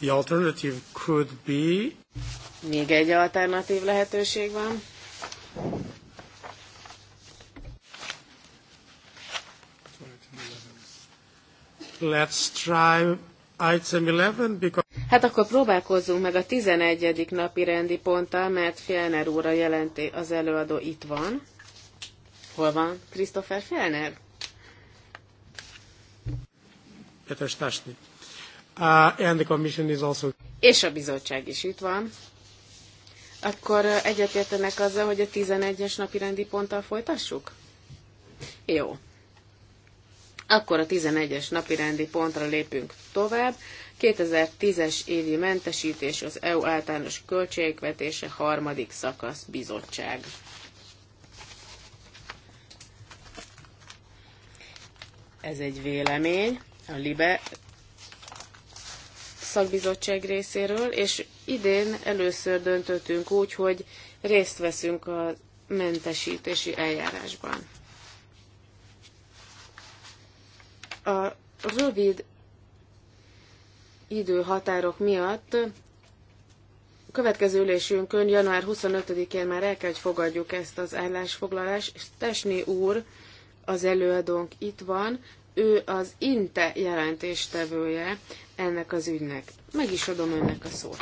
[SPEAKER 1] The alternative could be
[SPEAKER 2] még egy alternatív lehetőség van.
[SPEAKER 1] Let's try item 11 because...
[SPEAKER 2] Hát akkor próbálkozzunk meg a 11. napi rendi ponttal, mert Fjellner úr a jelenti, az előadó itt van. Hol van Christopher Fjellner?
[SPEAKER 1] Uh, and the commission is also...
[SPEAKER 2] És a bizottság is itt van. Akkor egyetértenek azzal, hogy a 11-es napi rendi ponttal folytassuk? Jó. Akkor a 11-es napi rendi pontra lépünk tovább. 2010-es évi mentesítés az EU általános költségvetése harmadik szakasz bizottság. Ez egy vélemény a LIBE szakbizottság részéről, és Idén először döntöttünk úgy, hogy részt veszünk a mentesítési eljárásban. A rövid időhatárok miatt következő ülésünkön, január 25-én már el kell, hogy fogadjuk ezt az állásfoglalást. Tesni úr, az előadónk itt van, ő az INTE jelentéstevője ennek az ügynek. Meg is adom önnek a szót.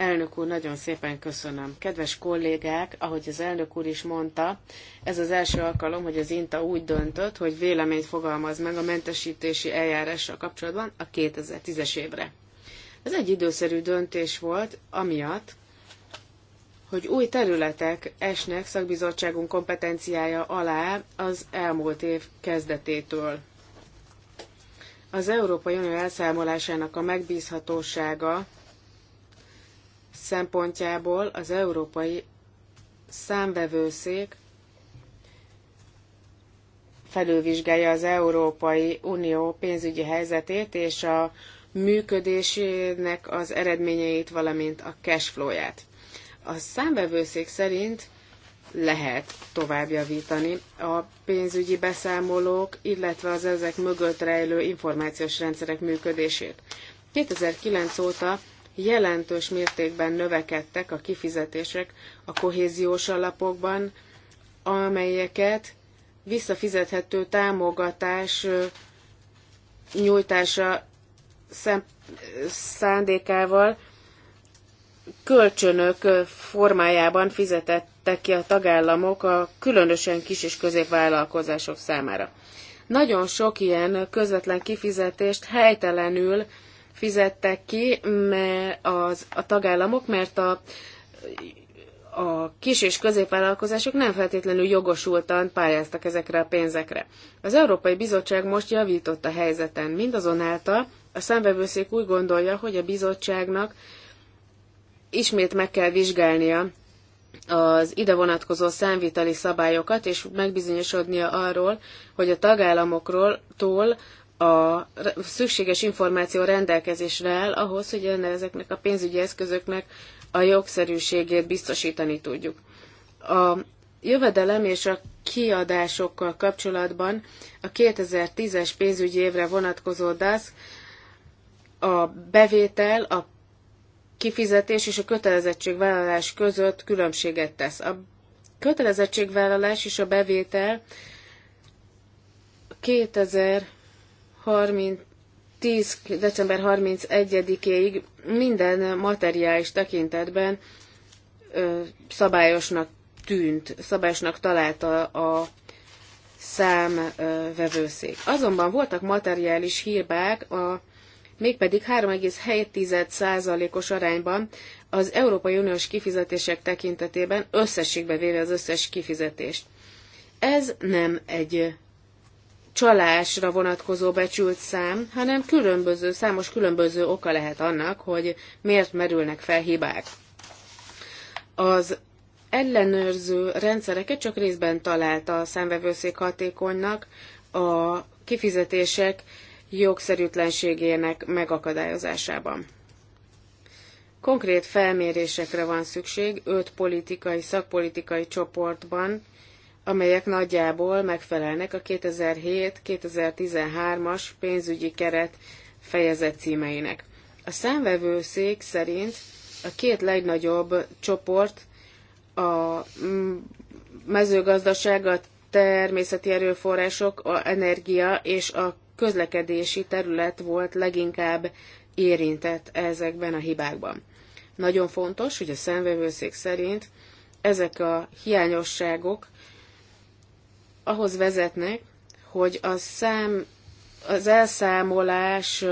[SPEAKER 2] Elnök úr, nagyon szépen köszönöm. Kedves kollégák, ahogy az elnök úr is mondta, ez az első alkalom, hogy az INTA úgy döntött, hogy véleményt fogalmaz meg a mentesítési eljárással kapcsolatban a 2010-es évre. Ez egy időszerű döntés volt, amiatt, hogy új területek esnek szakbizottságunk kompetenciája alá az elmúlt év kezdetétől. Az Európai Unió elszámolásának a megbízhatósága szempontjából az Európai Számvevőszék felülvizsgálja az Európai Unió pénzügyi helyzetét és a működésének az eredményeit, valamint a cashflow-ját. A számvevőszék szerint lehet tovább javítani a pénzügyi beszámolók, illetve az ezek mögött rejlő információs rendszerek működését. 2009 óta jelentős mértékben növekedtek a kifizetések a kohéziós alapokban, amelyeket visszafizethető támogatás nyújtása szándékával kölcsönök formájában fizetettek ki a tagállamok a különösen kis és középvállalkozások számára. Nagyon sok ilyen közvetlen kifizetést helytelenül fizettek ki mert az, a tagállamok, mert a, a kis és középvállalkozások nem feltétlenül jogosultan pályáztak ezekre a pénzekre. Az Európai Bizottság most javított a helyzeten, mindazonáltal a szemvevőszék úgy gondolja, hogy a bizottságnak ismét meg kell vizsgálnia az ide vonatkozó számviteli szabályokat, és megbizonyosodnia arról, hogy a tagállamokról tól a szükséges információ rendelkezésre áll ahhoz, hogy ezeknek a pénzügyi eszközöknek a jogszerűségét biztosítani tudjuk. A jövedelem és a kiadásokkal kapcsolatban a 2010-es pénzügyi évre vonatkozó DASZ a bevétel, a kifizetés és a kötelezettségvállalás között különbséget tesz. A kötelezettségvállalás és a bevétel 2000 30, 10. december 31-ig minden materiális tekintetben ö, szabályosnak tűnt, szabályosnak találta a számvevőszék. Azonban voltak materiális hibák, a, mégpedig 3,7%-os arányban az Európai Uniós kifizetések tekintetében összességbe véve az összes kifizetést. Ez nem egy csalásra vonatkozó becsült szám, hanem különböző, számos különböző oka lehet annak, hogy miért merülnek fel hibák. Az ellenőrző rendszereket csak részben találta a számvevőszék hatékonynak a kifizetések jogszerűtlenségének megakadályozásában. Konkrét felmérésekre van szükség öt politikai, szakpolitikai csoportban, amelyek nagyjából megfelelnek a 2007-2013-as pénzügyi keret fejezet címeinek. A számvevőszék szerint a két legnagyobb csoport a mezőgazdaság, a természeti erőforrások, a energia és a közlekedési terület volt leginkább érintett ezekben a hibákban. Nagyon fontos, hogy a számvevőszék szerint ezek a hiányosságok ahhoz vezetnek, hogy a szám, az elszámolás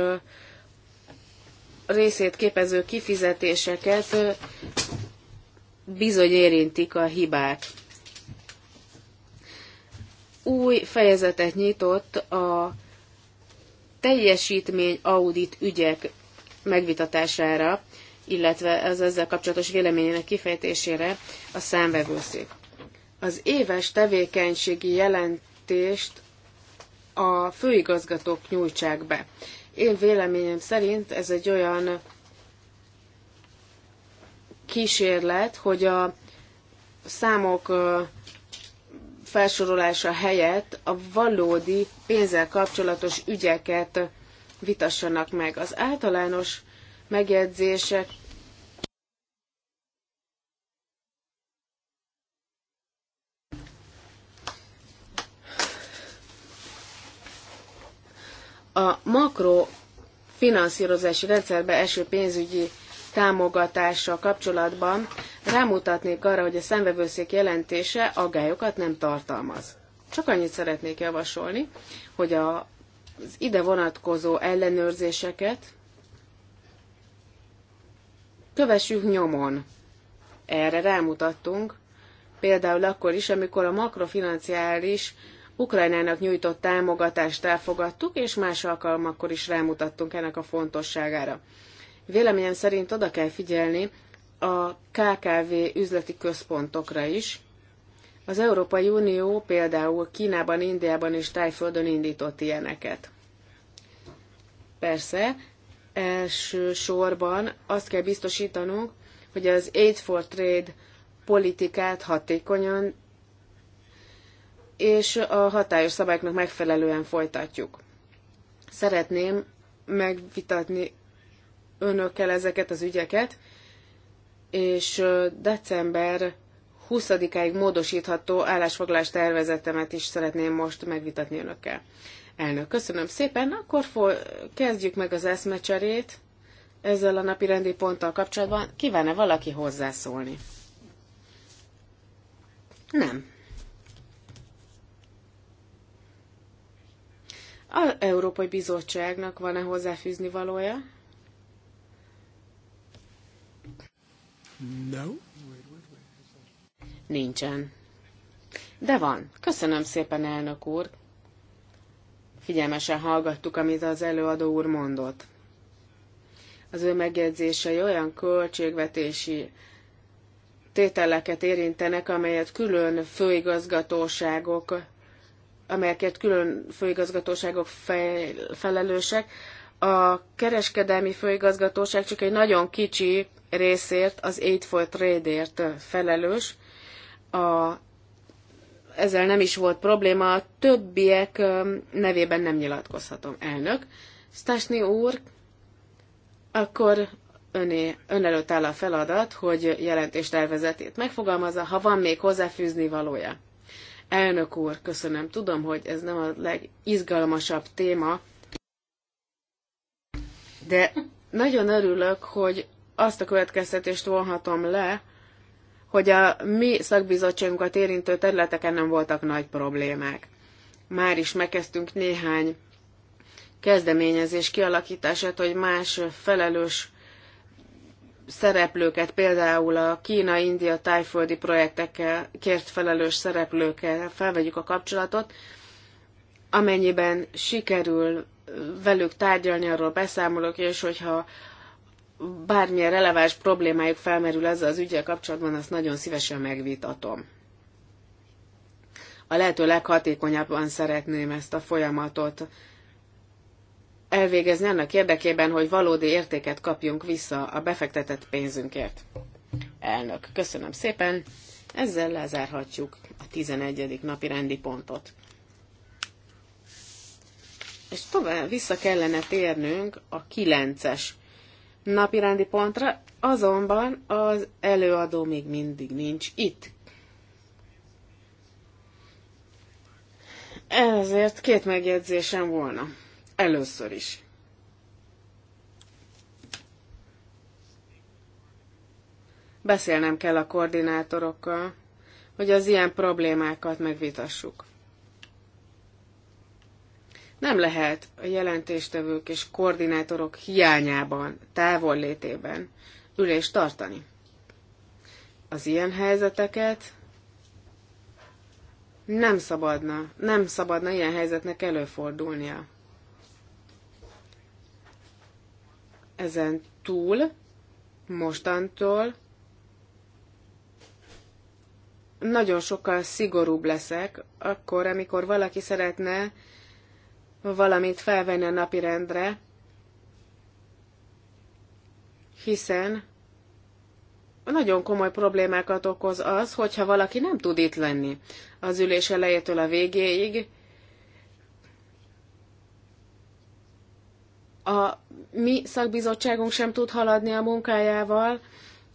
[SPEAKER 2] részét képező kifizetéseket bizony érintik a hibák. Új fejezetet nyitott a teljesítmény audit ügyek megvitatására, illetve az ezzel kapcsolatos véleményének kifejtésére a számvevőszék. Az éves tevékenységi jelentést a főigazgatók nyújtsák be. Én véleményem szerint ez egy olyan kísérlet, hogy a számok felsorolása helyett a valódi pénzzel kapcsolatos ügyeket vitassanak meg. Az általános megjegyzések a makrofinanszírozási rendszerbe eső pénzügyi támogatással kapcsolatban rámutatnék arra, hogy a szemvevőszék jelentése aggályokat nem tartalmaz. Csak annyit szeretnék javasolni, hogy a, az ide vonatkozó ellenőrzéseket kövessük nyomon. Erre rámutattunk, például akkor is, amikor a makrofinanciális Ukrajnának nyújtott támogatást elfogadtuk, és más alkalmakkor is rámutattunk ennek a fontosságára. Véleményem szerint oda kell figyelni a KKV üzleti központokra is. Az Európai Unió például Kínában, Indiában és Tájföldön indított ilyeneket. Persze, elsősorban azt kell biztosítanunk, hogy az Aid for Trade politikát hatékonyan és a hatályos szabályoknak megfelelően folytatjuk. Szeretném megvitatni önökkel ezeket az ügyeket, és december 20-áig módosítható állásfoglalás tervezetemet is szeretném most megvitatni önökkel. Elnök, köszönöm szépen, akkor fog kezdjük meg az eszmecserét ezzel a napi rendi ponttal kapcsolatban. Kíván-e valaki hozzászólni? Nem. Az Európai Bizottságnak van-e hozzáfűzni valója? No. Nincsen. De van. Köszönöm szépen, elnök úr. Figyelmesen hallgattuk, amit az előadó úr mondott. Az ő megjegyzései olyan költségvetési tételeket érintenek, amelyet külön főigazgatóságok amelyeket külön főigazgatóságok felelősek. A kereskedelmi főigazgatóság csak egy nagyon kicsi részért, az Aid for Trade-ért felelős. A, ezzel nem is volt probléma, a többiek nevében nem nyilatkozhatom, elnök. Stasny úr, akkor öné, ön előtt áll a feladat, hogy jelentéstervezetét megfogalmazza, ha van még hozzáfűzni valója. Elnök úr, köszönöm. Tudom, hogy ez nem a legizgalmasabb téma, de nagyon örülök, hogy azt a következtetést vonhatom le, hogy a mi szakbizottságunkat érintő területeken nem voltak nagy problémák. Már is megkezdtünk néhány kezdeményezés kialakítását, hogy más felelős szereplőket, például a Kína-India tájföldi projektekkel kért felelős szereplőkkel felvegyük a kapcsolatot, amennyiben sikerül velük tárgyalni, arról beszámolok, és hogyha bármilyen releváns problémájuk felmerül ezzel az ügyel kapcsolatban, azt nagyon szívesen megvitatom. A lehető leghatékonyabban szeretném ezt a folyamatot elvégezni annak érdekében, hogy valódi értéket kapjunk vissza a befektetett pénzünkért. Elnök, köszönöm szépen. Ezzel lezárhatjuk a 11. napi rendi pontot. És tovább vissza kellene térnünk a 9-es napi rendi pontra, azonban az előadó még mindig nincs itt. Ezért két megjegyzésem volna először is. Beszélnem kell a koordinátorokkal, hogy az ilyen problémákat megvitassuk. Nem lehet a jelentéstevők és koordinátorok hiányában, távollétében ülést tartani. Az ilyen helyzeteket nem szabadna, nem szabadna ilyen helyzetnek előfordulnia. Ezen túl mostantól nagyon sokkal szigorúbb leszek, akkor, amikor valaki szeretne valamit felvenni a napirendre, hiszen nagyon komoly problémákat okoz az, hogyha valaki nem tud itt lenni az ülés elejétől a végéig, a mi szakbizottságunk sem tud haladni a munkájával,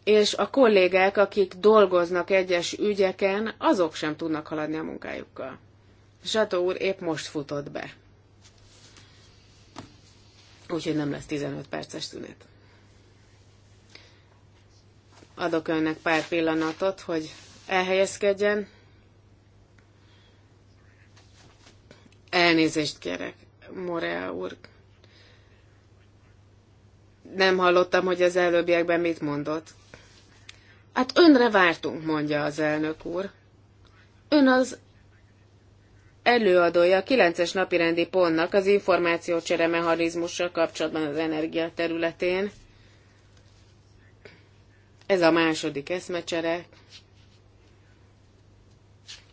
[SPEAKER 2] és a kollégák, akik dolgoznak egyes ügyeken, azok sem tudnak haladni a munkájukkal. Zsato úr épp most futott be. Úgyhogy nem lesz 15 perces tünet. Adok önnek pár pillanatot, hogy elhelyezkedjen. Elnézést kérek, Morea úr nem hallottam, hogy az előbbiekben mit mondott. Hát önre vártunk, mondja az elnök úr. Ön az előadója a kilences es napirendi pontnak az információcsere mechanizmussal kapcsolatban az energia területén. Ez a második eszmecsere.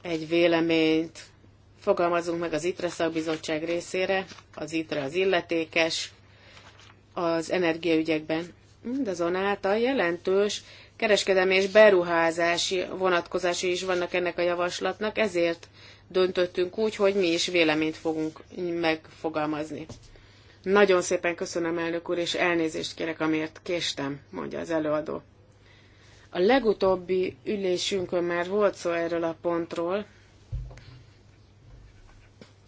[SPEAKER 2] Egy véleményt fogalmazunk meg az ITRE szakbizottság részére. Az ITRE az illetékes, az energiaügyekben. Mindazonáltal jelentős kereskedelmi és beruházási vonatkozási is vannak ennek a javaslatnak, ezért döntöttünk úgy, hogy mi is véleményt fogunk megfogalmazni. Nagyon szépen köszönöm, elnök úr, és elnézést kérek, amiért késtem, mondja az előadó. A legutóbbi ülésünkön már volt szó erről a pontról,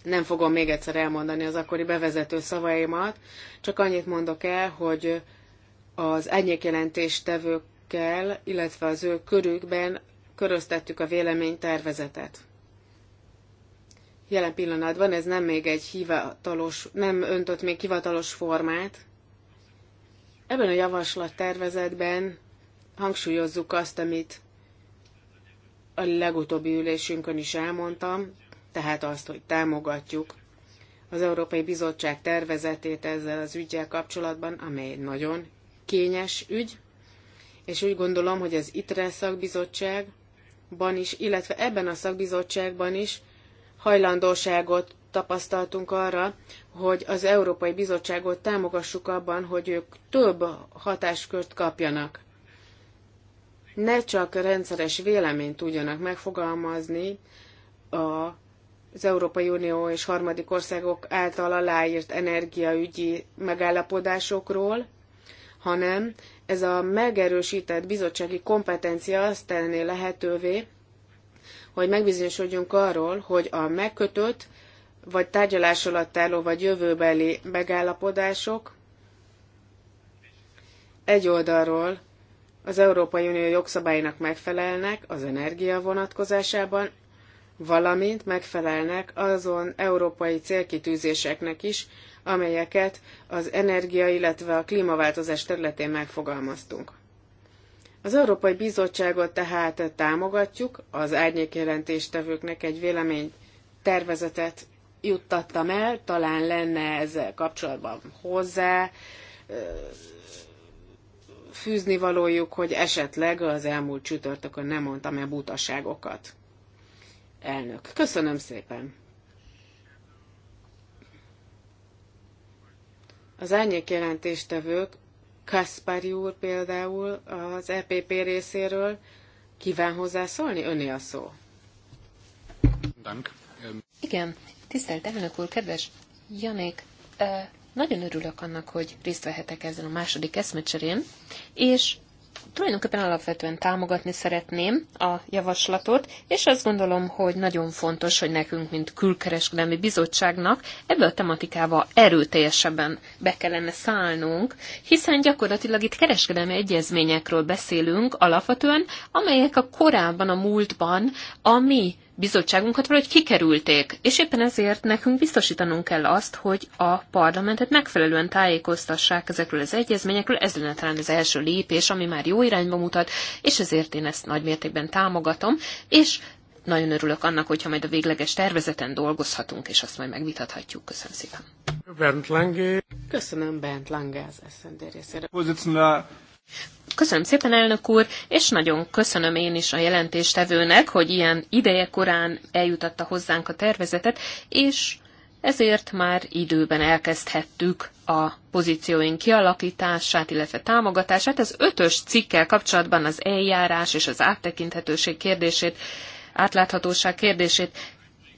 [SPEAKER 2] nem fogom még egyszer elmondani az akkori bevezető szavaimat, csak annyit mondok el, hogy az árnyékjelentéstevőkkel, illetve az ő körükben köröztettük a véleménytervezetet. Jelen pillanatban ez nem még egy hivatalos, nem öntött még hivatalos formát. Ebben a javaslattervezetben hangsúlyozzuk azt, amit a legutóbbi ülésünkön is elmondtam, tehát azt, hogy támogatjuk az Európai Bizottság tervezetét ezzel az ügyjel kapcsolatban, amely egy nagyon kényes ügy, és úgy gondolom, hogy az ITRE szakbizottságban is, illetve ebben a szakbizottságban is hajlandóságot tapasztaltunk arra, hogy az Európai Bizottságot támogassuk abban, hogy ők több hatáskört kapjanak. Ne csak rendszeres véleményt tudjanak megfogalmazni a az Európai Unió és harmadik országok által aláírt energiaügyi megállapodásokról, hanem ez a megerősített bizottsági kompetencia azt tenné lehetővé, hogy megbizonyosodjunk arról, hogy a megkötött, vagy tárgyalás alatt álló, vagy jövőbeli megállapodások egy oldalról az Európai Unió jogszabálynak megfelelnek az energia vonatkozásában, valamint megfelelnek azon európai célkitűzéseknek is, amelyeket az energia, illetve a klímaváltozás területén megfogalmaztunk. Az Európai Bizottságot tehát támogatjuk, az árnyékjelentéstevőknek egy vélemény tervezetet juttattam el, talán lenne ezzel kapcsolatban hozzá fűzni valójuk, hogy esetleg az elmúlt csütörtökön nem mondtam el butaságokat. Elnök, köszönöm szépen. Az árnyék jelentéstevők, Kaspari úr például az EPP részéről,
[SPEAKER 3] kíván hozzászólni?
[SPEAKER 2] Öné a szó.
[SPEAKER 1] Dank.
[SPEAKER 3] Igen, tisztelt elnök úr, kedves Janék, nagyon örülök annak, hogy részt vehetek ezen a második eszmecserén, és Tulajdonképpen alapvetően támogatni szeretném a javaslatot, és azt gondolom, hogy nagyon fontos, hogy nekünk, mint külkereskedelmi bizottságnak ebbe a tematikába erőteljesebben be kellene szállnunk, hiszen gyakorlatilag itt kereskedelmi egyezményekről beszélünk alapvetően, amelyek a korábban, a múltban a mi bizottságunkat valahogy kikerülték, és éppen ezért nekünk biztosítanunk kell azt, hogy a parlamentet megfelelően tájékoztassák ezekről az egyezményekről, ez lenne talán az első lépés, ami már jó irányba mutat, és ezért én ezt nagymértékben támogatom, és nagyon örülök annak, hogyha majd a végleges tervezeten dolgozhatunk, és azt majd megvitathatjuk. Köszönöm szépen.
[SPEAKER 2] Bernd Lange. Köszönöm Bernd Lange az SZND részéről.
[SPEAKER 3] Köszönöm szépen, elnök úr, és nagyon köszönöm én is a jelentéstevőnek, hogy ilyen ideje korán eljutatta hozzánk a tervezetet, és ezért már időben elkezdhettük a pozícióink kialakítását, illetve támogatását. Az ötös cikkel kapcsolatban az eljárás és az áttekinthetőség kérdését, átláthatóság kérdését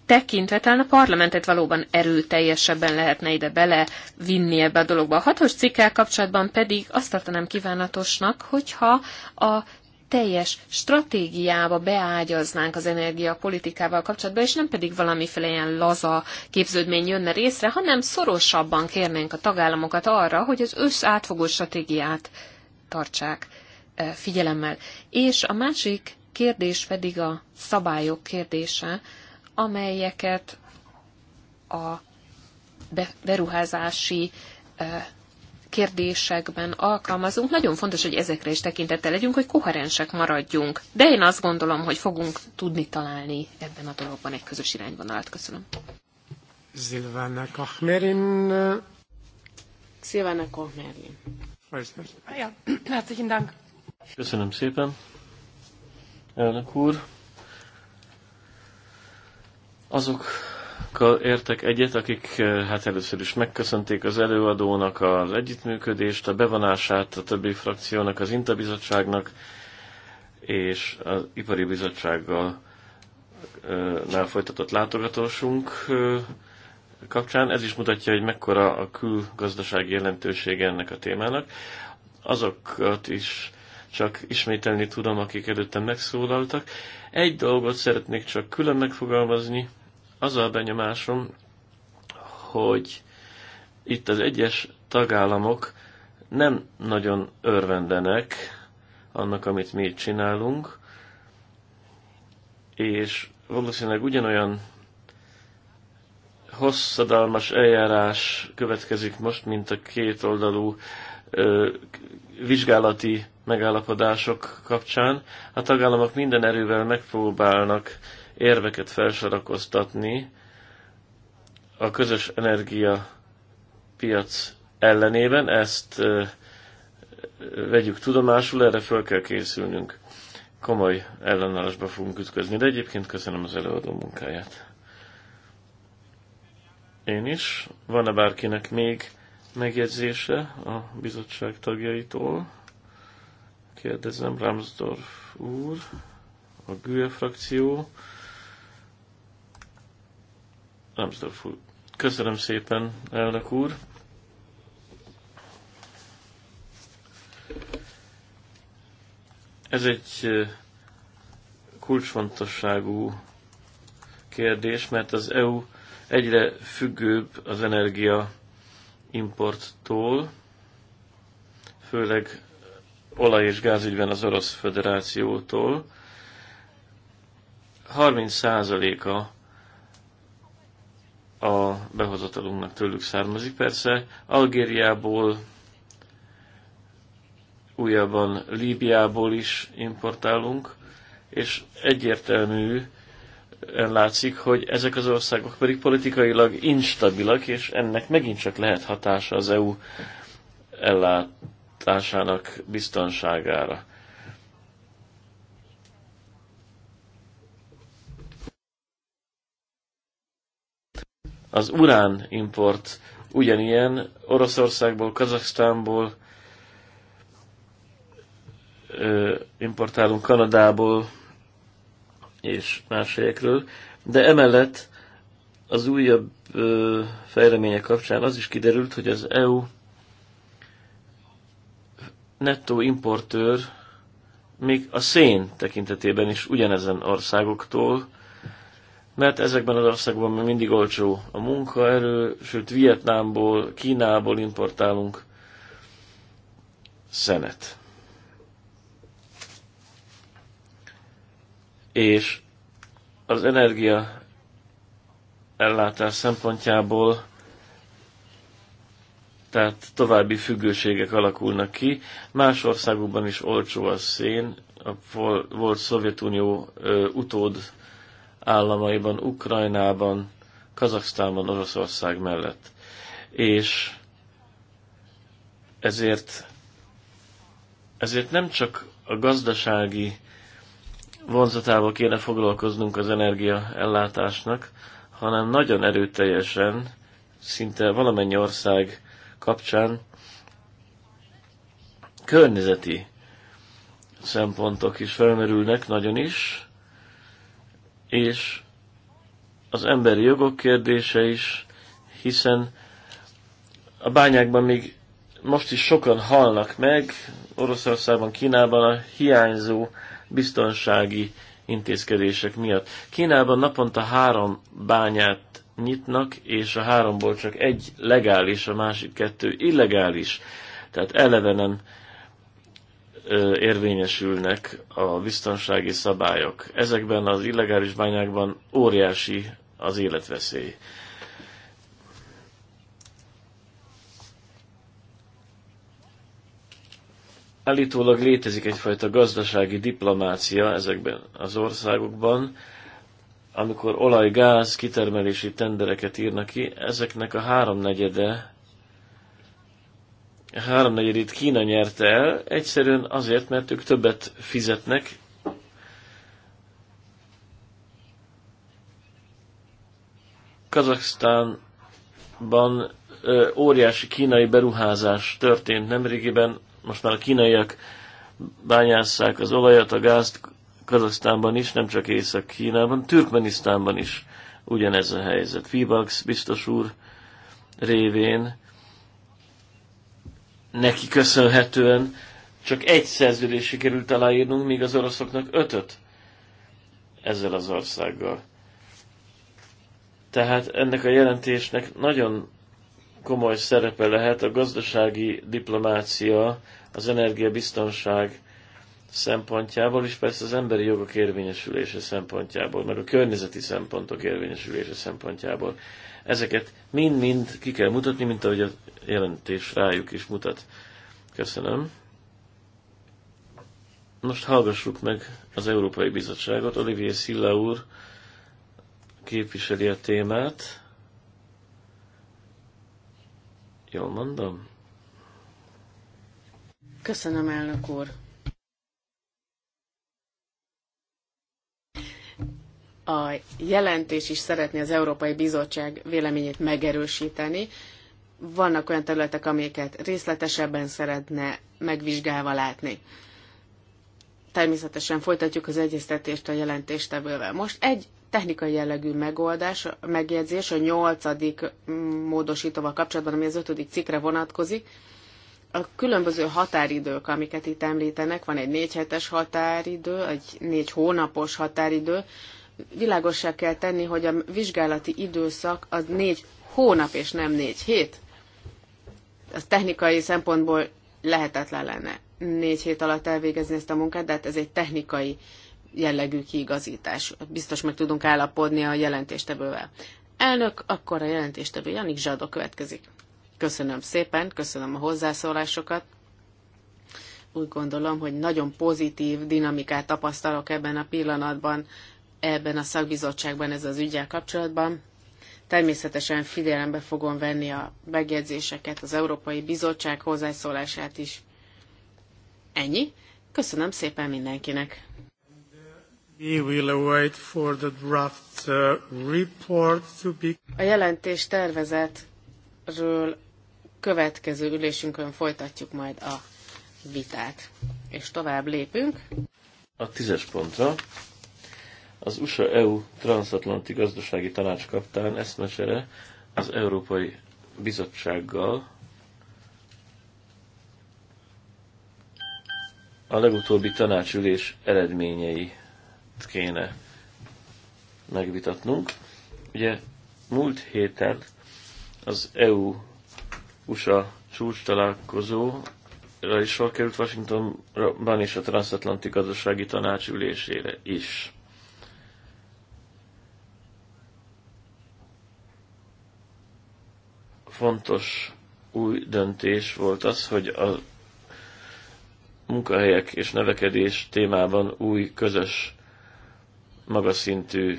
[SPEAKER 3] tekintve talán a parlamentet valóban erőteljesebben lehetne ide bele vinni ebbe a dologba. A hatos cikkel kapcsolatban pedig azt tartanám kívánatosnak, hogyha a teljes stratégiába beágyaznánk az energiapolitikával kapcsolatban, és nem pedig valamiféle ilyen laza képződmény jönne részre, hanem szorosabban kérnénk a tagállamokat arra, hogy az össz átfogó stratégiát tartsák eh, figyelemmel. És a másik kérdés pedig a szabályok kérdése, amelyeket a beruházási kérdésekben alkalmazunk, nagyon fontos, hogy ezekre is tekintettel legyünk, hogy koherensek maradjunk. De én azt gondolom, hogy fogunk tudni találni ebben a dologban egy közös irányvonalat. Köszönöm.
[SPEAKER 1] Zilvana Kachmerin. Szilvana Kachmerin. [clears throat] Hát, Köszönöm szépen.
[SPEAKER 4] Elnök úr azokkal értek egyet, akik eh, hát először is megköszönték az előadónak az együttműködést, a bevonását a többi frakciónak, az Intabizottságnak és az Ipari Bizottsággal eh, nál folytatott látogatósunk eh, kapcsán. Ez is mutatja, hogy mekkora a külgazdasági jelentősége ennek a témának. Azokat is csak ismételni tudom, akik előttem megszólaltak. Egy dolgot szeretnék csak külön megfogalmazni, az a benyomásom, hogy itt az egyes tagállamok nem nagyon örvendenek annak, amit mi itt csinálunk, és valószínűleg ugyanolyan hosszadalmas eljárás következik most, mint a kétoldalú vizsgálati megállapodások kapcsán. A tagállamok minden erővel megpróbálnak érveket felsorakoztatni a közös energia piac ellenében. Ezt vegyük tudomásul, erre föl kell készülnünk. Komoly ellenállásba fogunk ütközni, de egyébként köszönöm az előadó munkáját. Én is. Van-e bárkinek még megjegyzése a bizottság tagjaitól? kérdezem, Ramsdorf úr, a GUE frakció. Ramsdorf úr. Köszönöm szépen, elnök úr. Ez egy kulcsfontosságú kérdés, mert az EU egyre függőbb az energia importtól, főleg olaj- és gázügyben az Orosz Föderációtól. 30%-a a behozatalunknak tőlük származik. Persze Algériából, újabban Líbiából is importálunk, és egyértelmű látszik, hogy ezek az országok pedig politikailag instabilak, és ennek megint csak lehet hatása az EU ellát társának biztonságára. Az urán import ugyanilyen Oroszországból, Kazaksztánból importálunk Kanadából és más helyekről, de emellett az újabb fejlemények kapcsán az is kiderült, hogy az EU nettó importőr még a szén tekintetében is ugyanezen országoktól, mert ezekben az országokban még mindig olcsó a munkaerő, sőt Vietnámból, Kínából importálunk szenet. És az energia ellátás szempontjából tehát további függőségek alakulnak ki. Más országokban is olcsó a szén, a volt Szovjetunió utód államaiban, Ukrajnában, Kazaksztánban, Oroszország mellett. És ezért, ezért nem csak a gazdasági vonzatával kéne foglalkoznunk az energiaellátásnak, hanem nagyon erőteljesen, szinte valamennyi ország kapcsán környezeti szempontok is felmerülnek nagyon is, és az emberi jogok kérdése is, hiszen a bányákban még most is sokan halnak meg, Oroszországban, Kínában a hiányzó biztonsági intézkedések miatt. Kínában naponta három bányát nyitnak, és a háromból csak egy legális, a másik kettő illegális. Tehát eleve nem ö, érvényesülnek a biztonsági szabályok. Ezekben az illegális bányákban óriási az életveszély. Állítólag létezik egyfajta gazdasági diplomácia ezekben az országokban, amikor olaj-gáz kitermelési tendereket írnak ki, ezeknek a háromnegyede háromnegyedét Kína nyerte el, egyszerűen azért, mert ők többet fizetnek, Kazaksztánban ö, óriási kínai beruházás történt nemrégiben, most már a kínaiak bányásszák az olajat, a gázt, Kazasztánban is, nem csak Észak-Kínában, Türkmenisztánban is ugyanez a helyzet. Fibax biztos úr révén neki köszönhetően csak egy szerződés sikerült aláírnunk, míg az oroszoknak ötöt ezzel az országgal. Tehát ennek a jelentésnek nagyon komoly szerepe lehet a gazdasági diplomácia, az energiabiztonság szempontjából, és persze az emberi jogok érvényesülése szempontjából, meg a környezeti szempontok érvényesülése szempontjából. Ezeket mind-mind ki kell mutatni, mint ahogy a jelentés rájuk is mutat. Köszönöm. Most hallgassuk meg az Európai Bizottságot. Olivier Szilla úr képviseli a témát. Jól mondom?
[SPEAKER 2] Köszönöm, elnök úr. A jelentés is szeretné az Európai Bizottság véleményét megerősíteni. Vannak olyan területek, amiket részletesebben szeretne megvizsgálva látni. Természetesen folytatjuk az egyeztetést a jelentéstevővel. Most egy technikai jellegű megoldás, megjegyzés a nyolcadik mm, módosítóval kapcsolatban, ami az ötödik cikkre vonatkozik. A különböző határidők, amiket itt említenek, van egy négy hetes határidő, egy négy hónapos határidő, világossá kell tenni, hogy a vizsgálati időszak az négy hónap és nem négy hét. Az technikai szempontból lehetetlen lenne négy hét alatt elvégezni ezt a munkát, de hát ez egy technikai jellegű kiigazítás. Biztos meg tudunk állapodni a jelentéstevővel. Elnök, akkor a jelentéstevő Janik Zsadó következik. Köszönöm szépen, köszönöm a hozzászólásokat. Úgy gondolom, hogy nagyon pozitív dinamikát tapasztalok ebben a pillanatban ebben a szakbizottságban ez az ügyel kapcsolatban. Természetesen figyelembe fogom venni a megjegyzéseket, az Európai Bizottság hozzászólását is. Ennyi. Köszönöm szépen mindenkinek.
[SPEAKER 1] We will await for the draft uh, report to be...
[SPEAKER 2] A jelentés tervezetről következő ülésünkön folytatjuk majd a vitát, és tovább lépünk.
[SPEAKER 4] A tízes pontra az USA-EU e transatlanti gazdasági tanács kaptán eszmecsere az Európai Bizottsággal a legutóbbi tanácsülés eredményeit kéne megvitatnunk. Ugye múlt héten az EU-USA csúcs találkozóra is sor került Washingtonban és a transatlanti gazdasági tanácsülésére is. fontos új döntés volt az, hogy a munkahelyek és nevekedés témában új közös magas szintű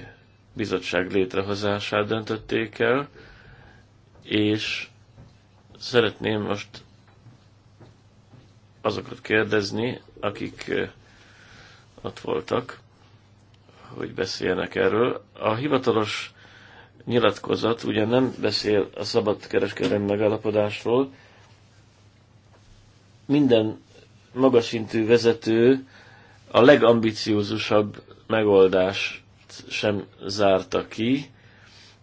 [SPEAKER 4] bizottság létrehozását döntötték el, és szeretném most azokat kérdezni, akik ott voltak, hogy beszéljenek erről. A hivatalos nyilatkozat ugye nem beszél a kereskedelmi megállapodásról, minden szintű vezető a legambiciózusabb megoldást sem zárta ki,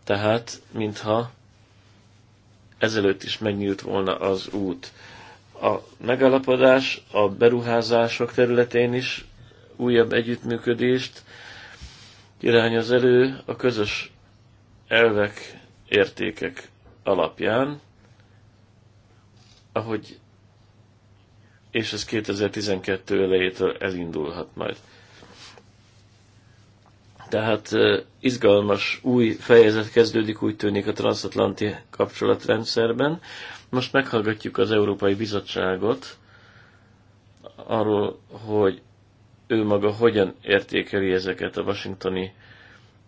[SPEAKER 4] tehát mintha ezelőtt is megnyílt volna az út. A megalapodás a beruházások területén is újabb együttműködést irányoz elő, a közös elvek, értékek alapján, ahogy és ez 2012 elejétől elindulhat majd. Tehát izgalmas új fejezet kezdődik, úgy tűnik a transatlanti kapcsolatrendszerben. Most meghallgatjuk az Európai Bizottságot arról, hogy ő maga hogyan értékeli ezeket a washingtoni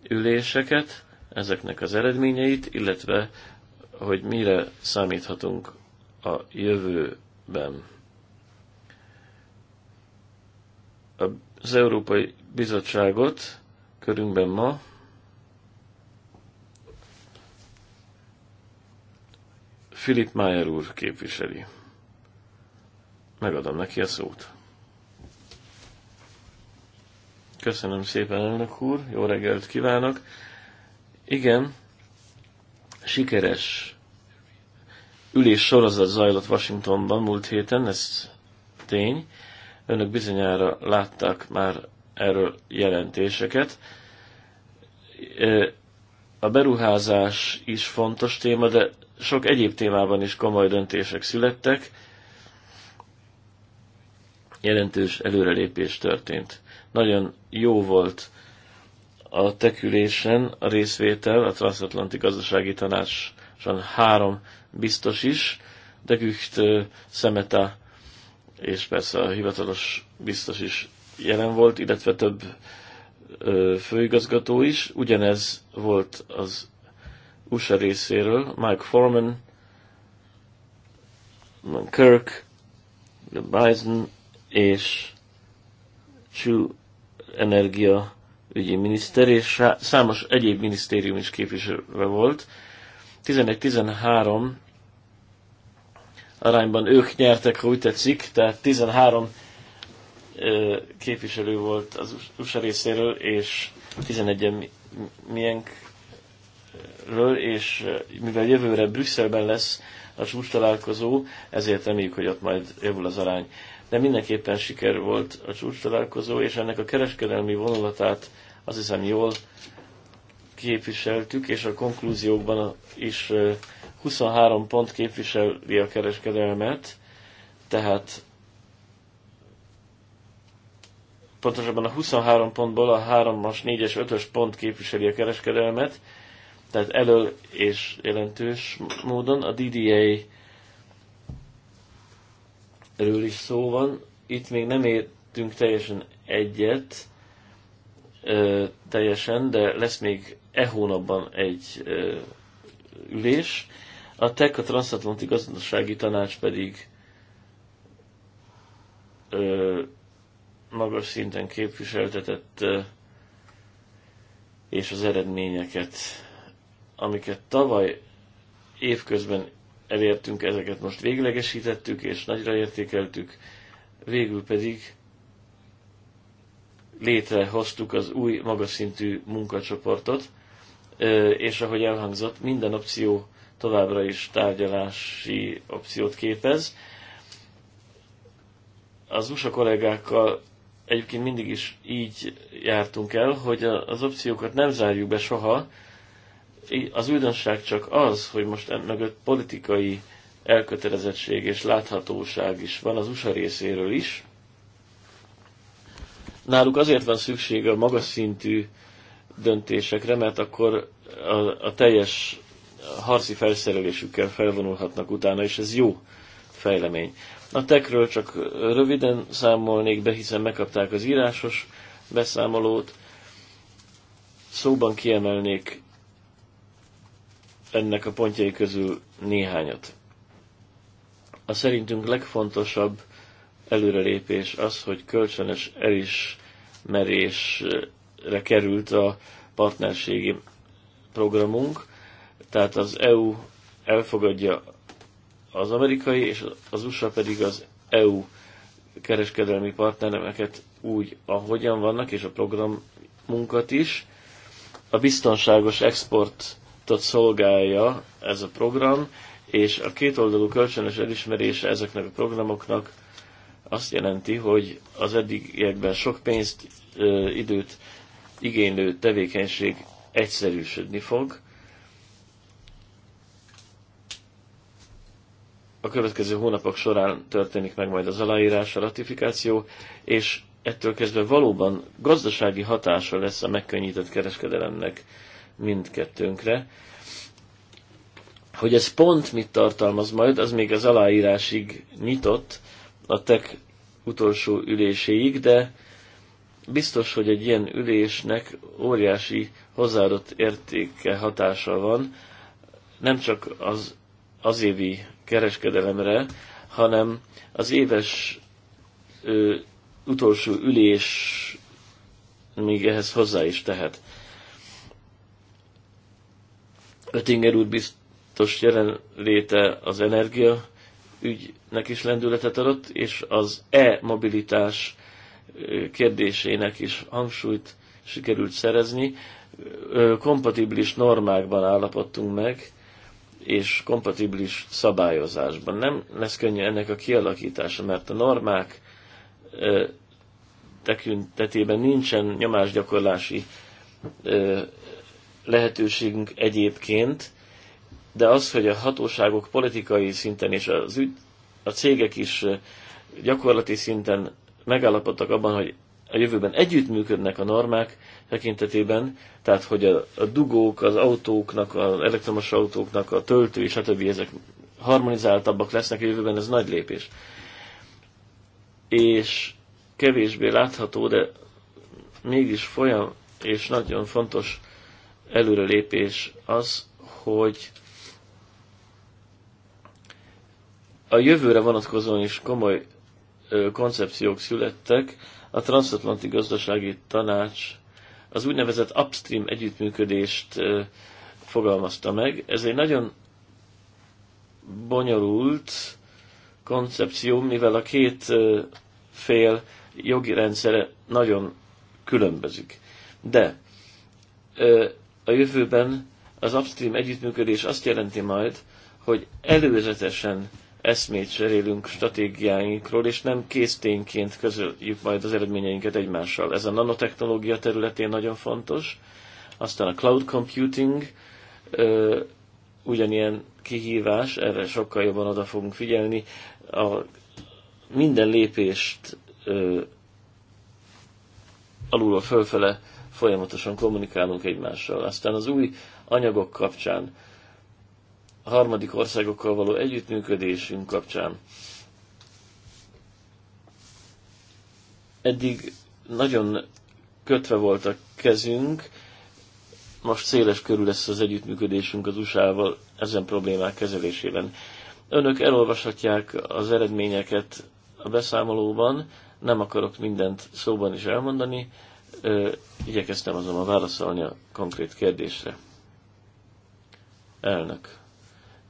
[SPEAKER 4] üléseket, ezeknek az eredményeit, illetve hogy mire számíthatunk a jövőben. Az Európai Bizottságot körünkben ma Filip Mayer úr képviseli. Megadom neki a szót. Köszönöm szépen, elnök úr, jó reggelt kívánok! Igen, sikeres ülés sorozat zajlott Washingtonban múlt héten, ez tény. Önök bizonyára látták már erről jelentéseket. A beruházás is fontos téma, de sok egyéb témában is komoly döntések születtek. Jelentős előrelépés történt. Nagyon jó volt a tekülésen a részvétel, a Transatlanti Gazdasági Tanácson három biztos is, de Gücht, Szemeta és persze a hivatalos biztos is jelen volt, illetve több főigazgató is. Ugyanez volt az USA részéről, Mike Foreman, Kirk, Bison és Chu Energia ügyi miniszter, és számos egyéb minisztérium is képviselve volt. 11-13 arányban ők nyertek, ha úgy tetszik, tehát 13 képviselő volt az USA részéről, és 11-en miénkről, és mivel jövőre Brüsszelben lesz a csúcs találkozó, ezért reméljük, hogy ott majd javul az arány. De mindenképpen siker volt a csúcs találkozó, és ennek a kereskedelmi vonulatát azt hiszem jól képviseltük, és a konklúziókban is 23 pont képviseli a kereskedelmet, tehát pontosabban a 23 pontból a 3-as, 4-es, 5-ös pont képviseli a kereskedelmet, tehát elől és jelentős módon a DDA ről is szó van. Itt még nem értünk teljesen egyet, ö, teljesen, de lesz még e hónapban egy ö, ülés. A TEC, a Transatlanti Gazdasági Tanács pedig ö, magas szinten képviseltetett ö, és az eredményeket, amiket tavaly évközben elértünk, ezeket most véglegesítettük és nagyra értékeltük, végül pedig létrehoztuk az új magaszintű munkacsoportot, és ahogy elhangzott, minden opció továbbra is tárgyalási opciót képez. Az USA kollégákkal egyébként mindig is így jártunk el, hogy az opciókat nem zárjuk be soha. Az újdonság csak az, hogy most mögött politikai elkötelezettség és láthatóság is van az USA részéről is, Náluk azért van szükség a magas szintű döntésekre, mert akkor a, a teljes harci felszerelésükkel felvonulhatnak utána, és ez jó fejlemény. A tekről csak röviden számolnék be, hiszen megkapták az írásos beszámolót. Szóban kiemelnék ennek a pontjai közül néhányat. A szerintünk legfontosabb előrelépés az, hogy kölcsönös elismerésre került a partnerségi programunk, tehát az EU elfogadja az amerikai, és az USA pedig az EU kereskedelmi partnereket úgy, ahogyan vannak, és a programunkat is. A biztonságos exportot szolgálja ez a program, és a kétoldalú kölcsönös elismerése ezeknek a programoknak azt jelenti, hogy az eddigiekben sok pénzt, időt igénylő tevékenység egyszerűsödni fog. A következő hónapok során történik meg majd az aláírás, a ratifikáció, és ettől kezdve valóban gazdasági hatása lesz a megkönnyített kereskedelemnek mindkettőnkre. Hogy ez pont mit tartalmaz majd, az még az aláírásig nyitott, a TEK utolsó üléséig, de biztos, hogy egy ilyen ülésnek óriási hozzáadott értéke hatása van, nem csak az, az évi kereskedelemre, hanem az éves ö, utolsó ülés még ehhez hozzá is tehet. Ötinger úr biztos jelenléte az energia ügynek is lendületet adott, és az e-mobilitás kérdésének is hangsúlyt sikerült szerezni. Kompatibilis normákban állapodtunk meg, és kompatibilis szabályozásban. Nem lesz könnyű ennek a kialakítása, mert a normák tekintetében nincsen nyomásgyakorlási lehetőségünk egyébként, de az, hogy a hatóságok politikai szinten és az ügy, a cégek is gyakorlati szinten megállapodtak abban, hogy a jövőben együttműködnek a normák tekintetében, tehát hogy a, a dugók, az autóknak, az elektromos autóknak, a töltő és a többi ezek harmonizáltabbak lesznek a jövőben, ez nagy lépés. És kevésbé látható, de mégis folyam és nagyon fontos előrelépés az, hogy a jövőre vonatkozóan is komoly koncepciók születtek. A Transatlanti Gazdasági Tanács az úgynevezett upstream együttműködést fogalmazta meg. Ez egy nagyon bonyolult koncepció, mivel a két fél jogi rendszere nagyon különbözik. De a jövőben az upstream együttműködés azt jelenti majd, hogy előzetesen eszmét cserélünk stratégiáinkról, és nem késztényként közöljük majd az eredményeinket egymással. Ez a nanotechnológia területén nagyon fontos, aztán a cloud computing ö, ugyanilyen kihívás, erre sokkal jobban oda fogunk figyelni. A minden lépést ö, alulról fölfele folyamatosan kommunikálunk egymással. Aztán az új anyagok kapcsán harmadik országokkal való együttműködésünk kapcsán. Eddig nagyon kötve volt a kezünk, most széles körül lesz az együttműködésünk az USA-val ezen problémák kezelésében. Önök elolvashatják az eredményeket a beszámolóban, nem akarok mindent szóban is elmondani, igyekeztem azonban válaszolni a konkrét kérdésre. Elnök.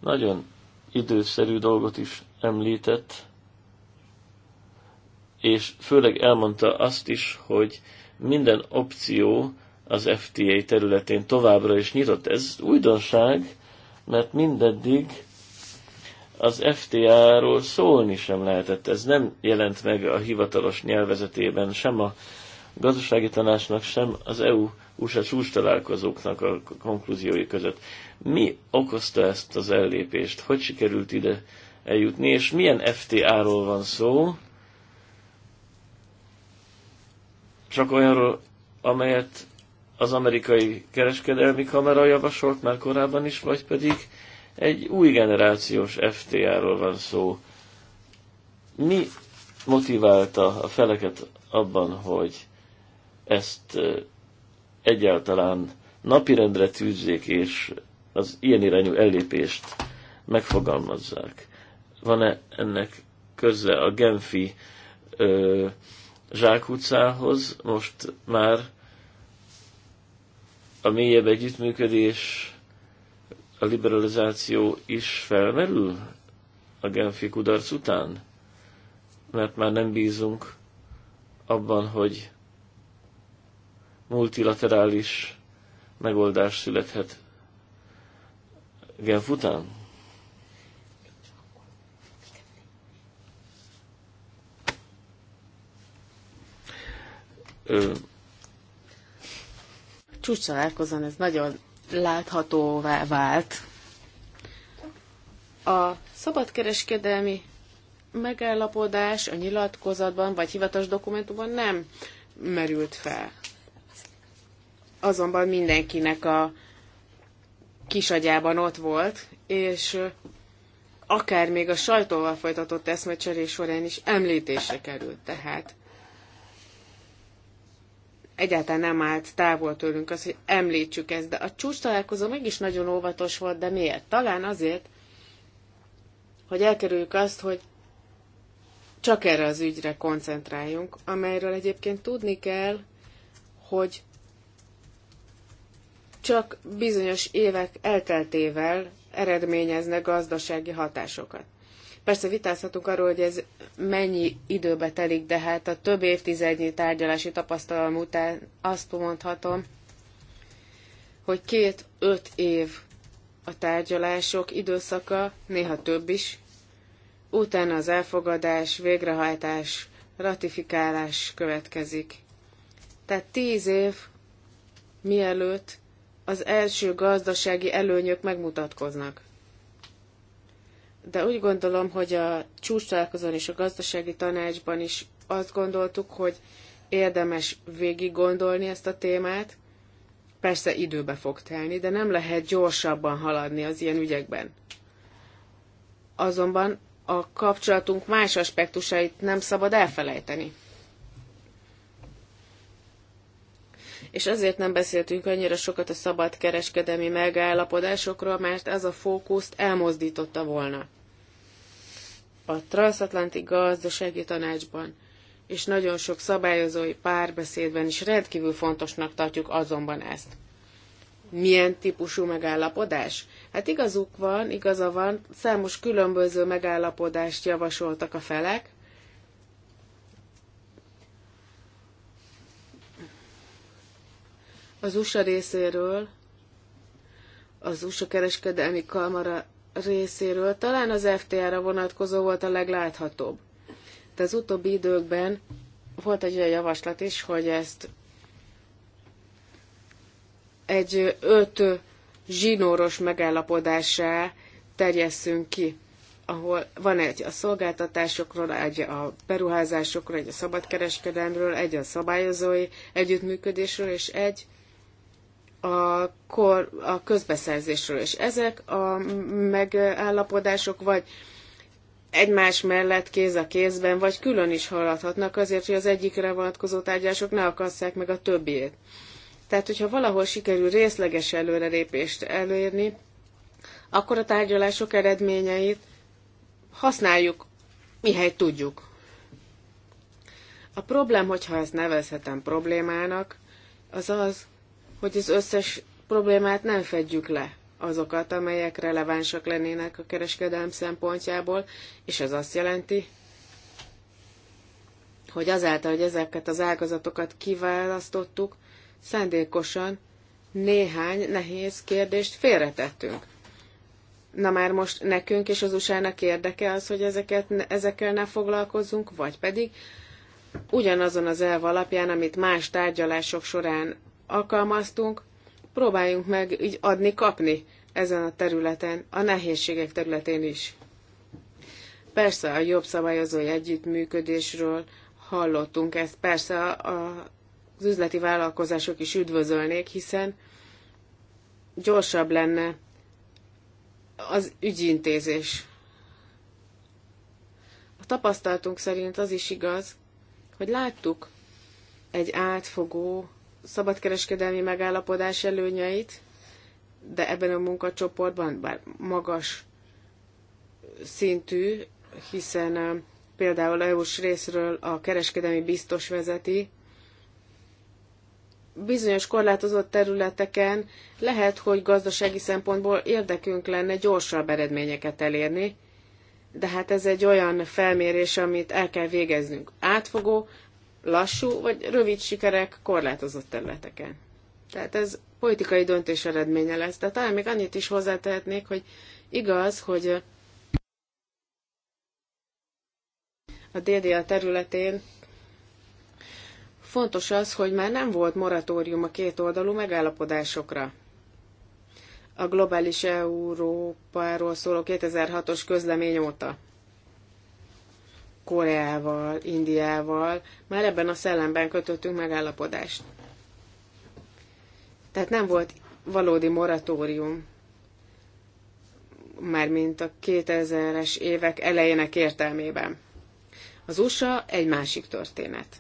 [SPEAKER 4] Nagyon időszerű dolgot is említett, és főleg elmondta azt is, hogy minden opció az FTA területén továbbra is nyitott. Ez újdonság, mert mindeddig az FTA-ról szólni sem lehetett. Ez nem jelent meg a hivatalos nyelvezetében, sem a gazdasági tanácsnak, sem az EU USA csúcs találkozóknak a konklúziói között. Mi okozta ezt az ellépést? Hogy sikerült ide eljutni, és milyen FTA-ról van szó? Csak olyanról, amelyet az amerikai kereskedelmi kamera javasolt már korábban is, vagy pedig egy új generációs FTA-ról van szó. Mi motiválta a feleket abban, hogy ezt egyáltalán napirendre tűzzék, és az ilyen irányú ellépést megfogalmazzák. Van-e ennek köze a Genfi ö, zsákutcához? Most már a mélyebb együttműködés, a liberalizáció is felmerül a Genfi kudarc után? Mert már nem bízunk abban, hogy multilaterális megoldás születhet Genf után? Ö...
[SPEAKER 2] ez nagyon láthatóvá vált. A szabadkereskedelmi megállapodás a nyilatkozatban vagy hivatalos dokumentumban nem merült fel azonban mindenkinek a kisagyában ott volt, és akár még a sajtóval folytatott eszmecserés során is említése került. Tehát egyáltalán nem állt távol tőlünk az, hogy említsük ezt, de a csúcs találkozó mégis nagyon óvatos volt, de miért? Talán azért, hogy elkerüljük azt, hogy csak erre az ügyre koncentráljunk, amelyről egyébként tudni kell, hogy csak bizonyos évek elteltével eredményeznek gazdasági hatásokat. Persze vitázhatunk arról, hogy ez mennyi időbe telik, de hát a több évtizednyi tárgyalási tapasztalom után azt mondhatom, hogy két-öt év a tárgyalások időszaka, néha több is, utána az elfogadás, végrehajtás, ratifikálás következik. Tehát tíz év mielőtt az első gazdasági előnyök megmutatkoznak. De úgy gondolom, hogy a csúcstalálkozón és a gazdasági tanácsban is azt gondoltuk, hogy érdemes végig gondolni ezt a témát. Persze időbe fog telni, de nem lehet gyorsabban haladni az ilyen ügyekben. Azonban a kapcsolatunk más aspektusait nem szabad elfelejteni. és azért nem beszéltünk annyira sokat a szabad kereskedelmi megállapodásokról, mert ez a fókuszt elmozdította volna a Transatlanti Gazdasági Tanácsban és nagyon sok szabályozói párbeszédben is rendkívül fontosnak tartjuk azonban ezt. Milyen típusú megállapodás? Hát igazuk van, igaza van, számos különböző megállapodást javasoltak a felek, Az USA részéről, az USA kereskedelmi kamara részéről talán az FTA-ra vonatkozó volt a legláthatóbb. De az utóbbi időkben volt egy olyan javaslat is, hogy ezt egy öt zsinóros megállapodásá terjesszünk ki, ahol van egy a szolgáltatásokról, egy a beruházásokról, egy a szabadkereskedelmről, egy a szabályozói együttműködésről, és egy a, kor, a közbeszerzésről, és ezek a megállapodások vagy egymás mellett kéz a kézben, vagy külön is haladhatnak azért, hogy az egyikre vonatkozó tárgyások ne akasszák meg a többiét. Tehát, hogyha valahol sikerül részleges előrelépést elérni, akkor a tárgyalások eredményeit használjuk, mihely tudjuk. A problém, hogyha ezt nevezhetem problémának, az az, hogy az összes problémát nem fedjük le azokat, amelyek relevánsak lennének a kereskedelm szempontjából, és ez azt jelenti, hogy azáltal, hogy ezeket az ágazatokat kiválasztottuk, szándékosan néhány nehéz kérdést félretettünk. Na már most nekünk és az USA-nak érdeke az, hogy ezeket, ezekkel ne foglalkozzunk, vagy pedig ugyanazon az elv alapján, amit más tárgyalások során alkalmaztunk, próbáljunk meg így adni-kapni ezen a területen, a nehézségek területén is. Persze a jobb szabályozói együttműködésről hallottunk, ezt persze az üzleti vállalkozások is üdvözölnék, hiszen gyorsabb lenne az ügyintézés. A tapasztalatunk szerint az is igaz, hogy láttuk egy átfogó szabadkereskedelmi megállapodás előnyeit, de ebben a munkacsoportban, bár magas szintű, hiszen például EU-s részről a kereskedelmi biztos vezeti, bizonyos korlátozott területeken lehet, hogy gazdasági szempontból érdekünk lenne gyorsabb eredményeket elérni, de hát ez egy olyan felmérés, amit el kell végeznünk. Átfogó, lassú vagy rövid sikerek korlátozott területeken. Tehát ez politikai döntés eredménye lesz. De talán még annyit is hozzátehetnék, hogy igaz, hogy a DDA területén fontos az, hogy már nem volt moratórium a két oldalú megállapodásokra. A globális Európáról szóló 2006-os közlemény óta. Koreával, Indiával, már ebben a szellemben kötöttünk megállapodást. Tehát nem volt valódi moratórium, már mint a 2000-es évek elejének értelmében. Az USA egy másik történet.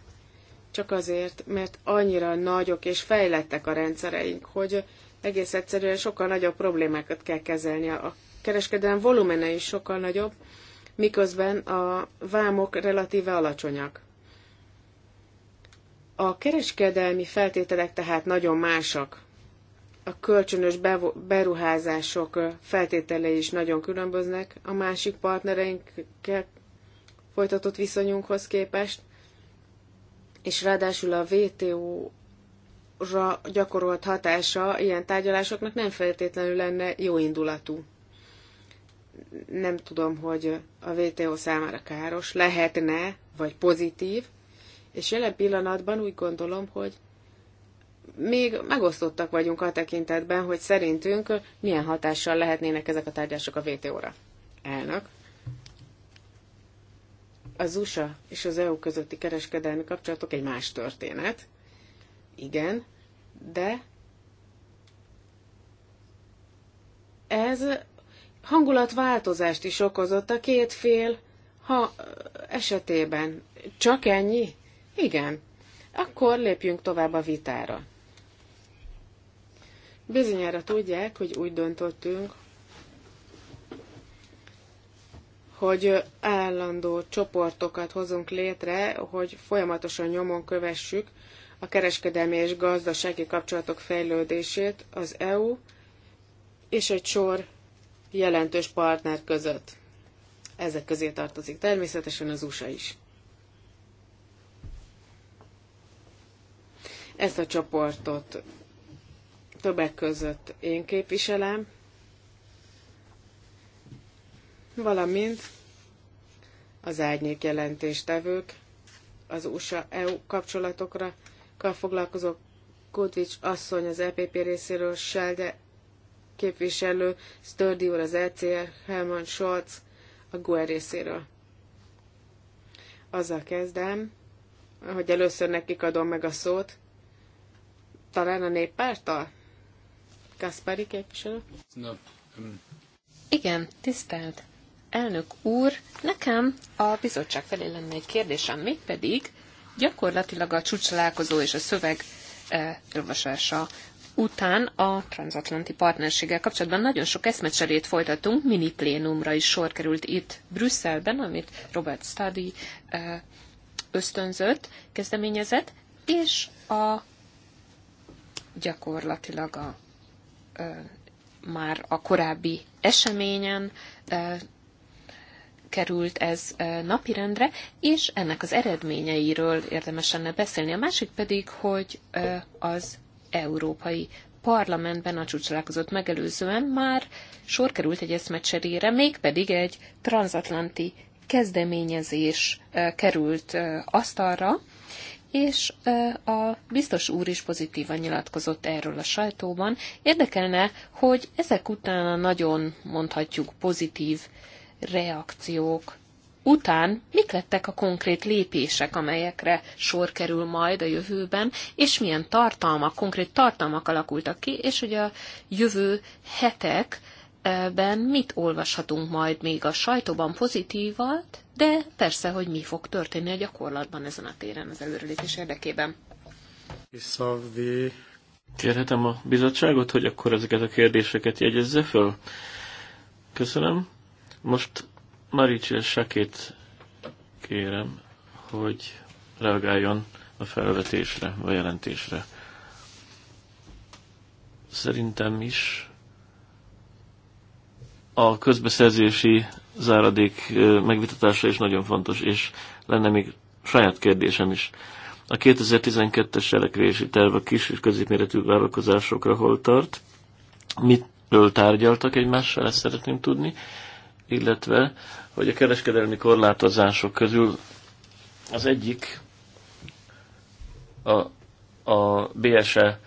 [SPEAKER 2] Csak azért, mert annyira nagyok és fejlettek a rendszereink, hogy egész egyszerűen sokkal nagyobb problémákat kell kezelni. A kereskedelem volumene is sokkal nagyobb, miközben a vámok relatíve alacsonyak. A kereskedelmi feltételek tehát nagyon másak. A kölcsönös beruházások feltételei is nagyon különböznek a másik partnereinkkel folytatott viszonyunkhoz képest, és ráadásul a WTO-ra gyakorolt hatása ilyen tárgyalásoknak nem feltétlenül lenne jó indulatú nem tudom, hogy a VTO számára káros lehetne, vagy pozitív, és jelen pillanatban úgy gondolom, hogy még megosztottak vagyunk a tekintetben, hogy szerintünk milyen hatással lehetnének ezek a tárgyások a VTO-ra. Elnök. Az USA és az EU közötti kereskedelmi kapcsolatok egy más történet. Igen, de ez hangulatváltozást is okozott a két fél ha esetében. Csak ennyi? Igen. Akkor lépjünk tovább a vitára. Bizonyára tudják, hogy úgy döntöttünk, hogy állandó csoportokat hozunk létre, hogy folyamatosan nyomon kövessük a kereskedelmi és gazdasági kapcsolatok fejlődését az EU és egy sor jelentős partner között. Ezek közé tartozik természetesen az USA is. Ezt a csoportot többek között én képviselem, valamint az árnyék jelentéstevők, az USA-EU e kapcsolatokra foglalkozó Kudvics asszony az EPP részéről, Selde képviselő, Sturdy úr az ECR, Helman Scholz a GUE részéről. Azzal kezdem, hogy először nekik adom meg a szót, talán a néppárttal? Kaspari képviselő?
[SPEAKER 1] No. Um.
[SPEAKER 3] Igen, tisztelt elnök úr, nekem a bizottság felé lenne egy kérdésem, mégpedig gyakorlatilag a csúcsalálkozó és a szöveg eh, elolvasása után a transatlanti partnerséggel kapcsolatban nagyon sok eszmecserét folytatunk, mini plénumra is sor került itt Brüsszelben, amit Robert Stadi ösztönzött, kezdeményezett, és a gyakorlatilag a, ö, már a korábbi eseményen ö, került ez napirendre, és ennek az eredményeiről érdemes lenne beszélni. A másik pedig, hogy az Európai Parlamentben a csúcsalálkozót megelőzően már sor került egy eszmecserére, mégpedig egy transatlanti kezdeményezés került asztalra, és a biztos úr is pozitívan nyilatkozott erről a sajtóban. Érdekelne, hogy ezek után a nagyon mondhatjuk pozitív reakciók után mik lettek a konkrét lépések, amelyekre sor kerül majd a jövőben, és milyen tartalmak, konkrét tartalmak alakultak ki, és hogy a jövő hetek ben mit olvashatunk majd még a sajtóban pozitívat, de persze, hogy mi fog történni a gyakorlatban ezen a téren az előrelépés érdekében.
[SPEAKER 4] Kérhetem a bizottságot, hogy akkor ezeket a kérdéseket jegyezze föl? Köszönöm. Most Maricsi Sakét kérem, hogy reagáljon a felvetésre, a jelentésre. Szerintem is a közbeszerzési záradék megvitatása is nagyon fontos, és lenne még saját kérdésem is. A 2012-es elekvési terv a kis és középméretű vállalkozásokra hol tart? Mitől tárgyaltak egymással, ezt szeretném tudni illetve hogy a kereskedelmi korlátozások közül az egyik a, a BSE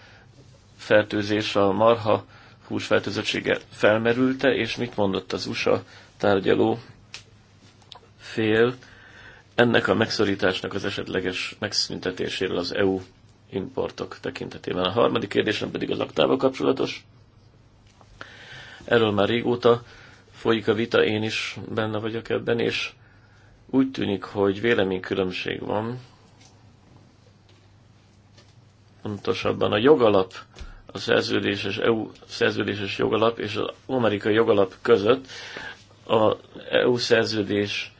[SPEAKER 4] fertőzés, a marha húsfertőzöttsége felmerülte, és mit mondott az USA tárgyaló fél ennek a megszorításnak az esetleges megszüntetéséről az EU importok tekintetében. A harmadik kérdésem pedig az aktával kapcsolatos. Erről már régóta folyik a vita, én is benne vagyok ebben, és úgy tűnik, hogy véleménykülönbség van. Pontosabban a jogalap, a szerződéses EU szerződéses jogalap és az amerikai jogalap között a EU szerződés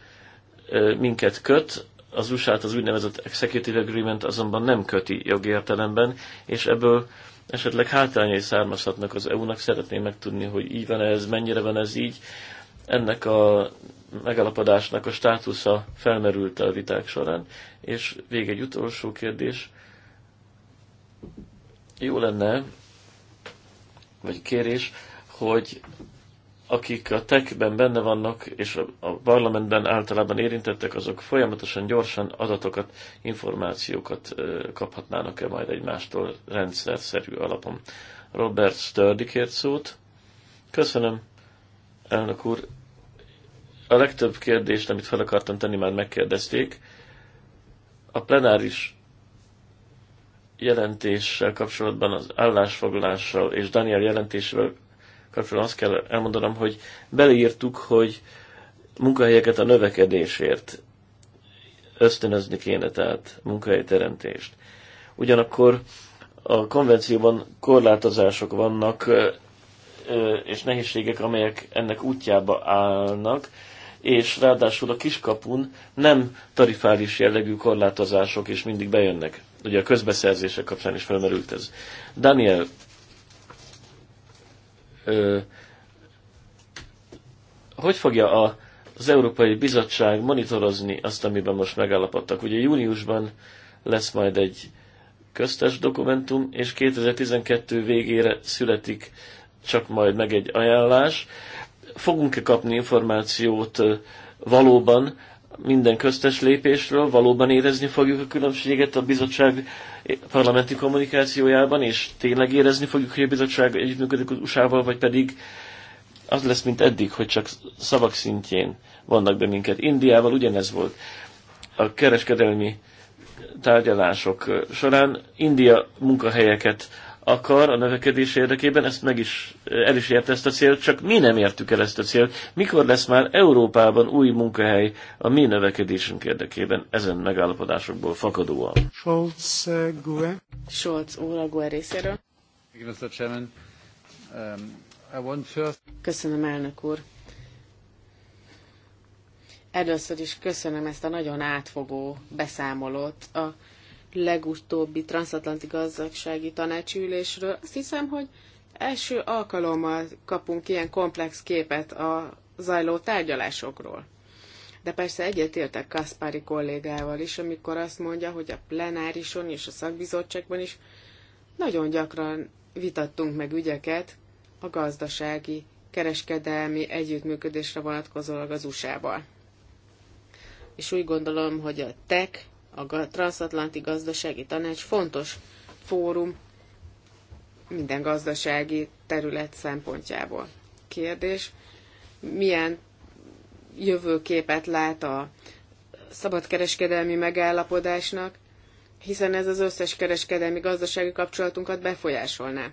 [SPEAKER 4] minket köt, az usa az úgynevezett Executive Agreement azonban nem köti jogértelemben, és ebből esetleg hátrányai származhatnak az EU-nak, szeretném megtudni, hogy így van ez, mennyire van ez így. Ennek a megalapodásnak a státusza felmerült a viták során, és még egy utolsó kérdés. Jó lenne, vagy kérés, hogy akik a techben benne vannak, és a parlamentben általában érintettek, azok folyamatosan gyorsan adatokat, információkat kaphatnának-e majd egymástól rendszerszerű alapon. Robert Sturdy kért szót. Köszönöm, elnök úr. A legtöbb kérdést, amit fel akartam tenni, már megkérdezték. A plenáris jelentéssel kapcsolatban, az állásfoglalással és Daniel jelentésével kapcsolatban azt kell elmondanom, hogy beleírtuk, hogy munkahelyeket a növekedésért ösztönözni kéne, tehát munkahelyteremtést. Ugyanakkor a konvencióban korlátozások vannak, és nehézségek, amelyek ennek útjába állnak, és ráadásul a kiskapun nem tarifális jellegű korlátozások is mindig bejönnek. Ugye a közbeszerzések kapcsán is felmerült ez. Daniel ö, hogy fogja a, az Európai Bizottság monitorozni azt, amiben most megállapodtak? Ugye júniusban lesz majd egy köztes dokumentum, és 2012 végére születik csak majd meg egy ajánlás. Fogunk-e kapni információt valóban minden köztes lépésről, valóban érezni fogjuk a különbséget a bizottság parlamenti kommunikációjában, és tényleg érezni fogjuk, hogy a bizottság együttműködik az USA-val, vagy pedig az lesz, mint eddig, hogy csak szavak szintjén vannak be minket. Indiával ugyanez volt. A kereskedelmi tárgyalások során India munkahelyeket akar a növekedés érdekében, ezt meg is, el is érte ezt a célt, csak mi nem értük el ezt a célt. Mikor lesz már Európában új munkahely a mi növekedésünk érdekében ezen megállapodásokból fakadóan?
[SPEAKER 1] Scholz eh, Gue. Scholz Óla Gue részéről. Um, köszönöm, elnök úr.
[SPEAKER 2] Először is köszönöm ezt a nagyon átfogó beszámolót a legutóbbi transatlanti gazdasági tanácsülésről. Azt hiszem, hogy első alkalommal kapunk ilyen komplex képet a zajló tárgyalásokról. De persze egyetértek Kaspári kollégával is, amikor azt mondja, hogy a plenárison és a szakbizottságban is nagyon gyakran vitattunk meg ügyeket a gazdasági, kereskedelmi együttműködésre vonatkozólag az USA-val. És úgy gondolom, hogy a tech a Transatlanti Gazdasági Tanács fontos fórum minden gazdasági terület szempontjából. Kérdés, milyen jövőképet lát a szabadkereskedelmi megállapodásnak, hiszen ez az összes kereskedelmi gazdasági kapcsolatunkat befolyásolná.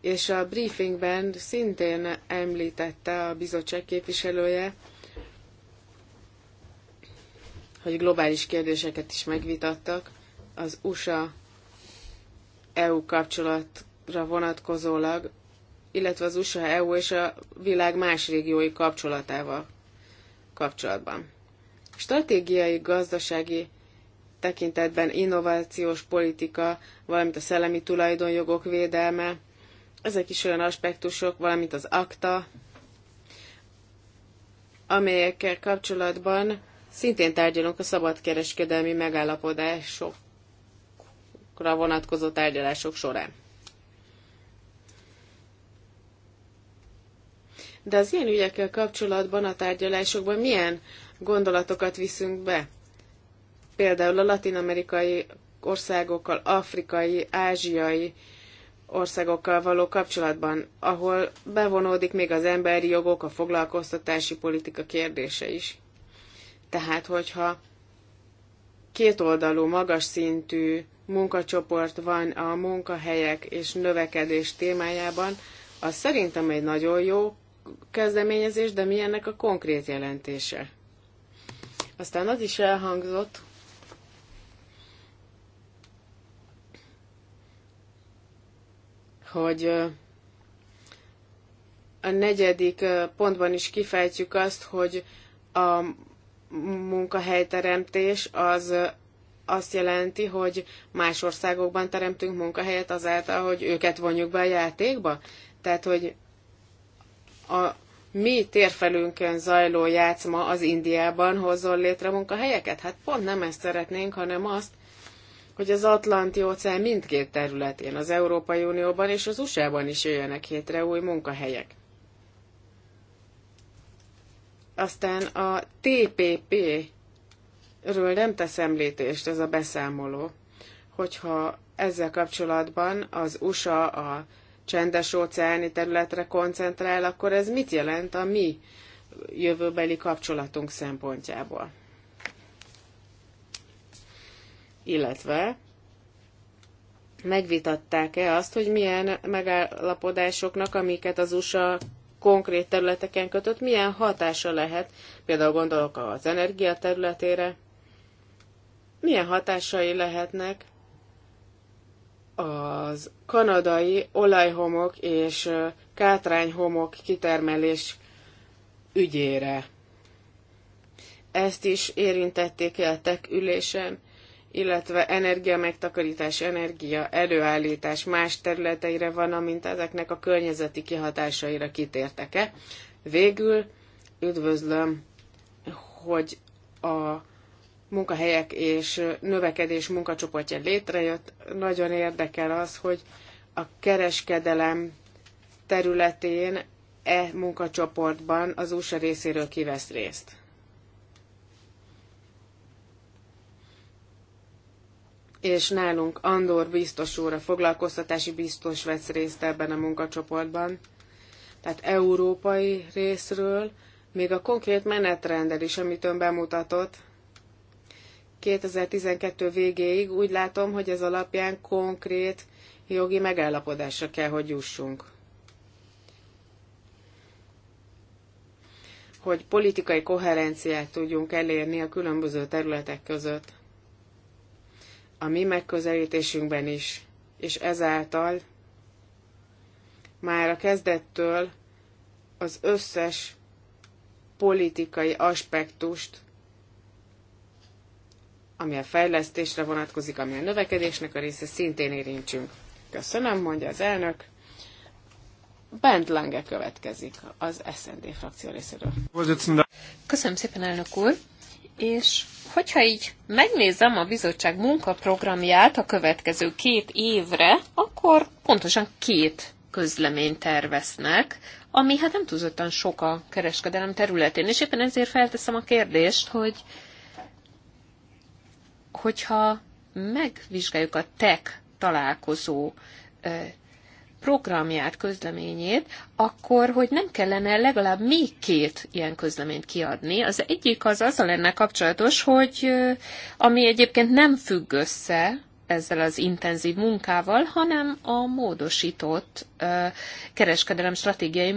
[SPEAKER 2] És a briefingben szintén említette a bizottság képviselője, hogy globális kérdéseket is megvitattak. Az USA-EU kapcsolatra vonatkozólag, illetve az USA-EU és a világ más régiói kapcsolatával kapcsolatban. Stratégiai, gazdasági tekintetben innovációs politika, valamint a szellemi tulajdonjogok védelme, ezek is olyan aspektusok, valamint az akta, amelyekkel kapcsolatban Szintén tárgyalunk a szabadkereskedelmi megállapodásokra vonatkozó tárgyalások során. De az ilyen ügyekkel kapcsolatban a tárgyalásokban milyen gondolatokat viszünk be? Például a latin-amerikai országokkal, afrikai, ázsiai országokkal való kapcsolatban, ahol bevonódik még az emberi jogok, a foglalkoztatási politika kérdése is. Tehát, hogyha kétoldalú, magas szintű munkacsoport van a munkahelyek és növekedés témájában, az szerintem egy nagyon jó kezdeményezés, de mi ennek a konkrét jelentése? Aztán az is elhangzott, hogy a negyedik pontban is kifejtjük azt, hogy a munkahelyteremtés az azt jelenti, hogy más országokban teremtünk munkahelyet azáltal, hogy őket vonjuk be a játékba? Tehát, hogy a mi térfelünkön zajló játszma az Indiában hozzon létre munkahelyeket? Hát pont nem ezt szeretnénk, hanem azt, hogy az Atlanti óceán mindkét területén, az Európai Unióban és az USA-ban is jöjjenek hétre új munkahelyek. Aztán a TPP-ről nem tesz említést ez a beszámoló, hogyha ezzel kapcsolatban az USA a csendes óceáni területre koncentrál, akkor ez mit jelent a mi jövőbeli kapcsolatunk szempontjából? Illetve megvitatták-e azt, hogy milyen megállapodásoknak, amiket az USA konkrét területeken kötött, milyen hatása lehet, például gondolok az energia területére, milyen hatásai lehetnek az kanadai olajhomok és kátrányhomok kitermelés ügyére. Ezt is érintették tek ülésen, illetve energiamegtakarítás, energia előállítás más területeire van, amint ezeknek a környezeti kihatásaira kitértek-e. Végül üdvözlöm, hogy a munkahelyek és növekedés munkacsoportja létrejött. Nagyon érdekel az, hogy a kereskedelem területén e munkacsoportban az USA részéről kivesz részt. és nálunk Andor biztos úr, a foglalkoztatási biztos vesz részt ebben a munkacsoportban, tehát európai részről, még a konkrét menetrendel is, amit ön bemutatott, 2012 végéig úgy látom, hogy ez alapján konkrét jogi megállapodásra kell, hogy jussunk. Hogy politikai koherenciát tudjunk elérni a különböző területek között a mi megközelítésünkben is, és ezáltal már a kezdettől az összes politikai aspektust, ami a fejlesztésre vonatkozik, ami a növekedésnek a része, szintén érintsünk. Köszönöm, mondja az elnök. Bent Lange következik az SND frakció részéről.
[SPEAKER 3] Köszönöm szépen, elnök úr. És hogyha így megnézem a bizottság munkaprogramját a következő két évre, akkor pontosan két közleményt terveznek, ami hát nem túlzottan sok a kereskedelem területén, és éppen ezért felteszem a kérdést, hogy hogyha megvizsgáljuk a TEC találkozó programját, közleményét, akkor hogy nem kellene legalább még két ilyen közleményt kiadni. Az egyik az azzal lenne kapcsolatos, hogy ami egyébként nem függ össze ezzel az intenzív munkával, hanem a módosított kereskedelem stratégiai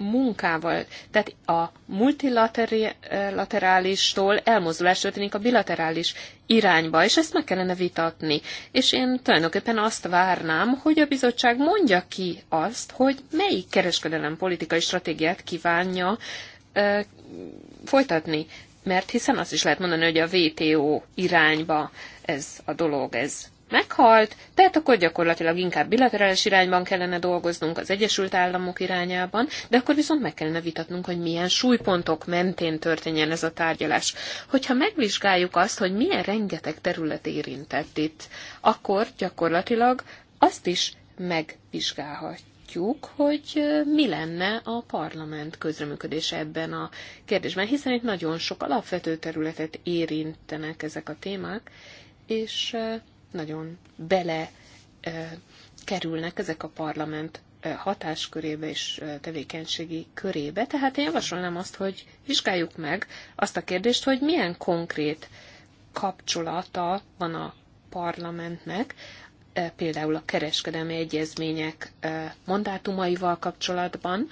[SPEAKER 3] munkával. Tehát a multilaterálistól elmozdulás történik a bilaterális irányba, és ezt meg kellene vitatni. És én tulajdonképpen azt várnám, hogy a bizottság mondja ki azt, hogy melyik kereskedelem politikai stratégiát kívánja ö, folytatni. Mert hiszen azt is lehet mondani, hogy a WTO irányba ez a dolog, ez meghalt, tehát akkor gyakorlatilag inkább bilaterális irányban kellene dolgoznunk az Egyesült Államok irányában, de akkor viszont meg kellene vitatnunk, hogy milyen súlypontok mentén történjen ez a tárgyalás. Hogyha megvizsgáljuk azt, hogy milyen rengeteg terület érintett itt, akkor gyakorlatilag azt is megvizsgálhatjuk hogy mi lenne a parlament közreműködése ebben a kérdésben, hiszen itt nagyon sok alapvető területet érintenek ezek a témák, és nagyon bele kerülnek ezek a parlament hatáskörébe és tevékenységi körébe. Tehát én javasolnám azt, hogy vizsgáljuk meg azt a kérdést, hogy milyen konkrét kapcsolata van a parlamentnek, például a kereskedelmi egyezmények mandátumaival kapcsolatban,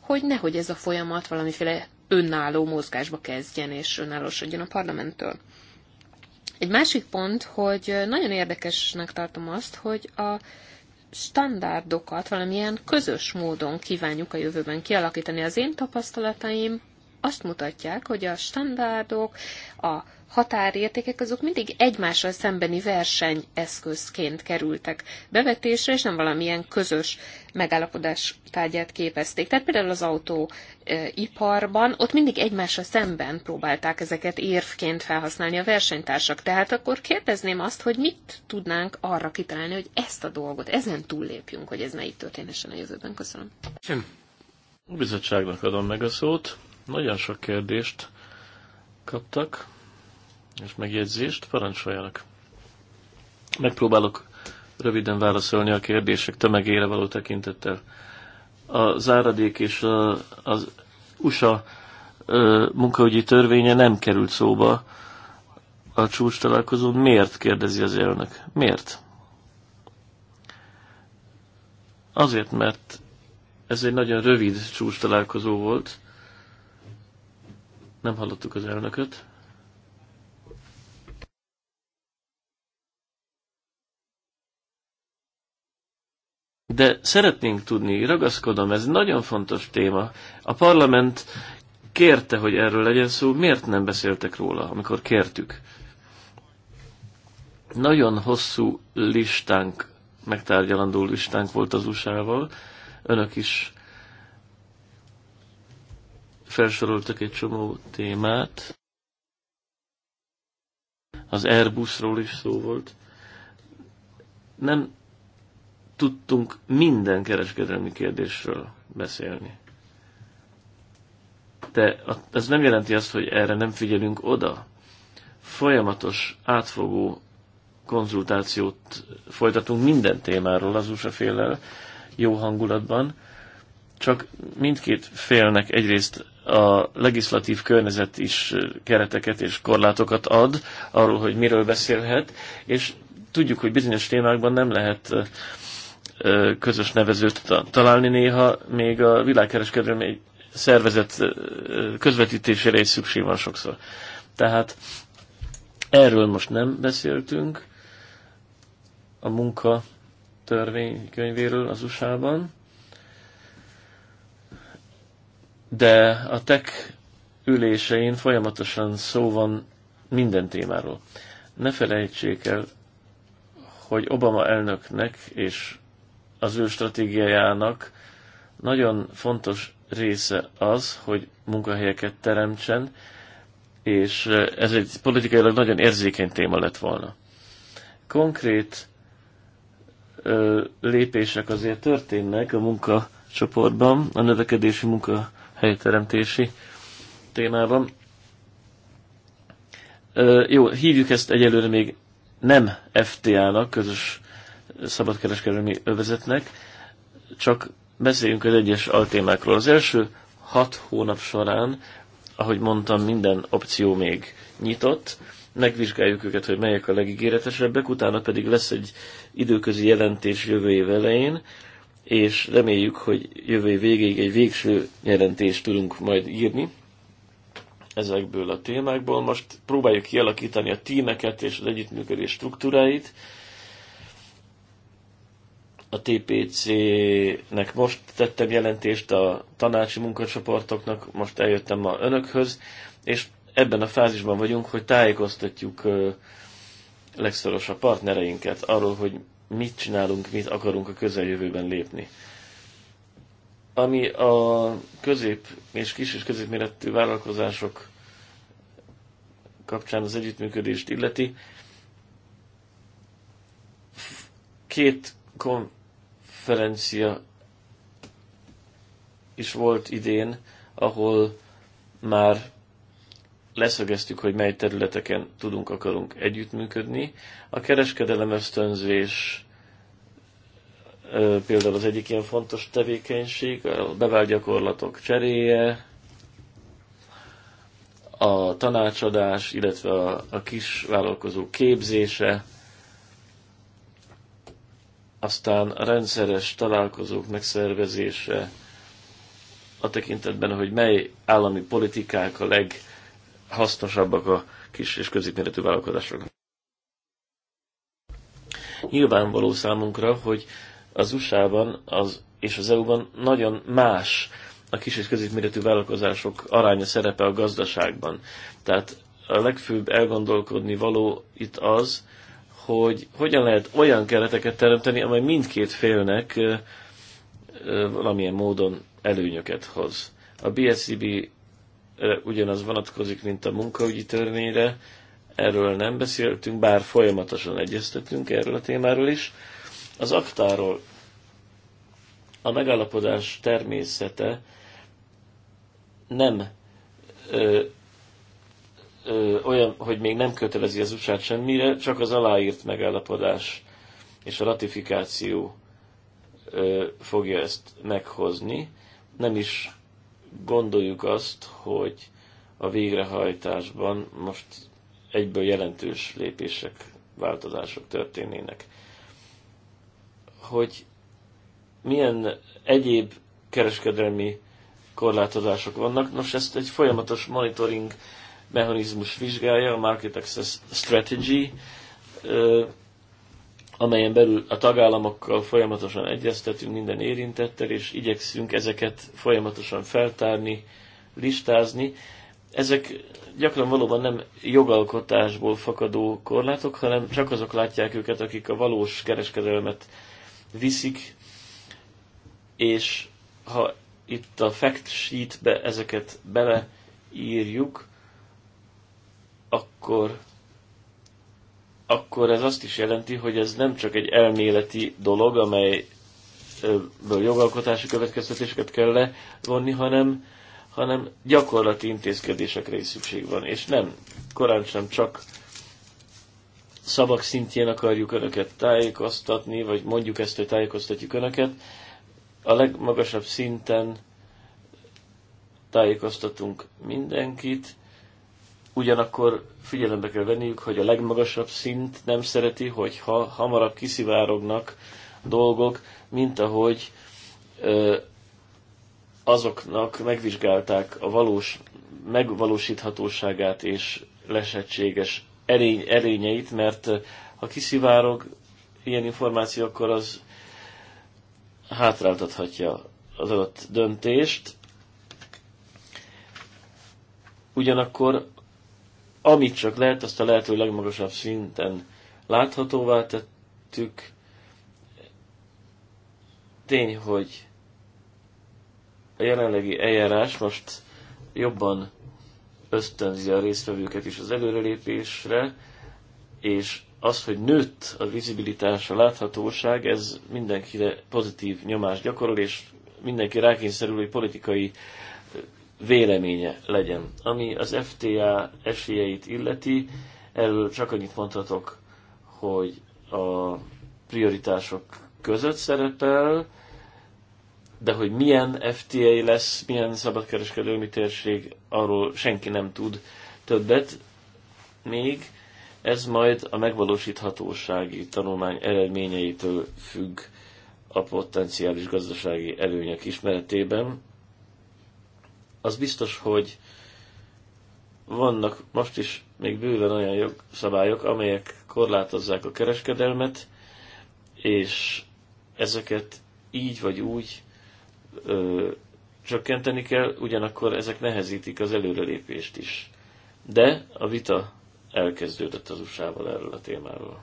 [SPEAKER 3] hogy nehogy ez a folyamat valamiféle önálló mozgásba kezdjen és önállósodjon a parlamenttől. Egy másik pont, hogy nagyon érdekesnek tartom azt, hogy a standardokat valamilyen közös módon kívánjuk a jövőben kialakítani. Az én tapasztalataim azt mutatják, hogy a standardok, a határértékek azok mindig egymással szembeni versenyeszközként kerültek bevetésre, és nem valamilyen közös megállapodás tárgyát képezték. Tehát például az autóiparban ott mindig egymással szemben próbálták ezeket érvként felhasználni a versenytársak. Tehát akkor kérdezném azt, hogy mit tudnánk arra kitalálni, hogy ezt a dolgot, ezen túllépjünk, hogy ez ne így történhessen a jövőben. Köszönöm.
[SPEAKER 4] Köszönöm. Bizottságnak adom meg a szót. Nagyon sok kérdést kaptak, és megjegyzést, parancsoljanak. Megpróbálok röviden válaszolni a kérdések tömegére való tekintettel. A záradék és a, az USA munkaügyi törvénye nem került szóba a csúcs találkozón. Miért kérdezi az elnök? Miért? Azért, mert ez egy nagyon rövid csúcs találkozó volt, nem hallottuk az elnököt. De szeretnénk tudni, ragaszkodom, ez nagyon fontos téma. A parlament kérte, hogy erről legyen szó, miért nem beszéltek róla, amikor kértük? Nagyon hosszú listánk, megtárgyalandó listánk volt az USA-val, önök is felsoroltak egy csomó témát. Az Airbusról is szó volt. Nem tudtunk minden kereskedelmi kérdésről beszélni. De ez nem jelenti azt, hogy erre nem figyelünk oda. Folyamatos, átfogó konzultációt folytatunk minden témáról az USA féllel jó hangulatban, csak mindkét félnek egyrészt a legislatív környezet is kereteket és korlátokat ad arról, hogy miről beszélhet, és tudjuk, hogy bizonyos témákban nem lehet közös nevezőt találni néha, még a világkereskedelmi egy szervezet közvetítésére is szükség van sokszor. Tehát erről most nem beszéltünk, a munka törvénykönyvéről az USA-ban, de a tek ülésein folyamatosan szó van minden témáról. Ne felejtsék el, hogy Obama elnöknek és az ő stratégiájának nagyon fontos része az, hogy munkahelyeket teremtsen, és ez egy politikailag nagyon érzékeny téma lett volna. Konkrét ö, lépések azért történnek a munkacsoportban, a növekedési munka helyteremtési témában. Jó, hívjuk ezt egyelőre még nem FTA-nak, közös szabadkereskedelmi övezetnek, csak beszéljünk az egyes altémákról. Az első hat hónap során, ahogy mondtam, minden opció még nyitott, megvizsgáljuk őket, hogy melyek a legígéretesebbek, utána pedig lesz egy időközi jelentés jövő év elején, és reméljük, hogy jövő végéig egy végső jelentést tudunk majd írni ezekből a témákból. Most próbáljuk kialakítani a tímeket és az együttműködés struktúráit. A TPC-nek most tettem jelentést a tanácsi munkacsoportoknak, most eljöttem ma önökhöz, és ebben a fázisban vagyunk, hogy tájékoztatjuk legszorosabb partnereinket arról, hogy mit csinálunk, mit akarunk a közeljövőben lépni. Ami a közép és kis és középméretű vállalkozások kapcsán az együttműködést illeti, két konferencia is volt idén, ahol már leszögeztük, hogy mely területeken tudunk, akarunk együttműködni. A kereskedelem ösztönzés például az egyik ilyen fontos tevékenység, a bevált gyakorlatok cseréje, a tanácsadás, illetve a, a kis vállalkozó képzése, aztán a rendszeres találkozók megszervezése, a tekintetben, hogy mely állami politikák a leg hasznosabbak a kis és középméretű vállalkozások. Nyilvánvaló számunkra, hogy az USA-ban az, és az EU-ban nagyon más a kis és középméretű vállalkozások aránya szerepe a gazdaságban. Tehát a legfőbb elgondolkodni való itt az, hogy hogyan lehet olyan kereteket teremteni, amely mindkét félnek valamilyen módon előnyöket hoz. A BSCB ugyanaz vonatkozik, mint a munkaügyi törvényre, erről nem beszéltünk, bár folyamatosan egyeztetünk erről a témáról is. Az aktáról a megállapodás természete nem ö, ö, olyan, hogy még nem kötelezi az usa semmire, csak az aláírt megállapodás és a ratifikáció ö, fogja ezt meghozni. Nem is gondoljuk azt, hogy a végrehajtásban most egyből jelentős lépések, változások történnének. Hogy milyen egyéb kereskedelmi korlátozások vannak. Nos, ezt egy folyamatos monitoring mechanizmus vizsgálja, a Market Access Strategy amelyen belül a tagállamokkal folyamatosan egyeztetünk minden érintettel, és igyekszünk ezeket folyamatosan feltárni, listázni. Ezek gyakran valóban nem jogalkotásból fakadó korlátok, hanem csak azok látják őket, akik a valós kereskedelmet viszik, és ha itt a fact sheetbe ezeket beleírjuk, akkor akkor ez azt is jelenti, hogy ez nem csak egy elméleti dolog, amelyből jogalkotási következtetéseket kell levonni, hanem, hanem gyakorlati intézkedésekre is szükség van. És nem, korán sem csak szavak szintjén akarjuk Önöket tájékoztatni, vagy mondjuk ezt, hogy tájékoztatjuk Önöket. A legmagasabb szinten tájékoztatunk mindenkit, Ugyanakkor figyelembe kell venniük, hogy a legmagasabb szint nem szereti, hogyha hamarabb kiszivárognak dolgok, mint ahogy ö, azoknak megvizsgálták a valós megvalósíthatóságát és lesettséges erény, erényeit, mert ha kiszivárog ilyen információ, akkor az hátráltathatja az adott döntést. Ugyanakkor amit csak lehet, azt a lehető legmagasabb szinten láthatóvá tettük. Tény, hogy a jelenlegi eljárás most jobban ösztönzi a résztvevőket is az előrelépésre, és az, hogy nőtt a vizibilitás, a láthatóság, ez mindenkire pozitív nyomást gyakorol, és mindenki rákényszerül, hogy politikai véleménye legyen. Ami az FTA esélyeit illeti, erről csak annyit mondhatok, hogy a prioritások között szerepel, de hogy milyen FTA lesz, milyen szabadkereskedelmi térség, arról senki nem tud többet még. Ez majd a megvalósíthatósági tanulmány eredményeitől függ a potenciális gazdasági előnyek ismeretében az biztos, hogy vannak most is még bőven olyan jogszabályok, amelyek korlátozzák a kereskedelmet, és ezeket így vagy úgy ö, csökkenteni kell, ugyanakkor ezek nehezítik az előrelépést is. De a vita elkezdődött az USA-val erről a témáról.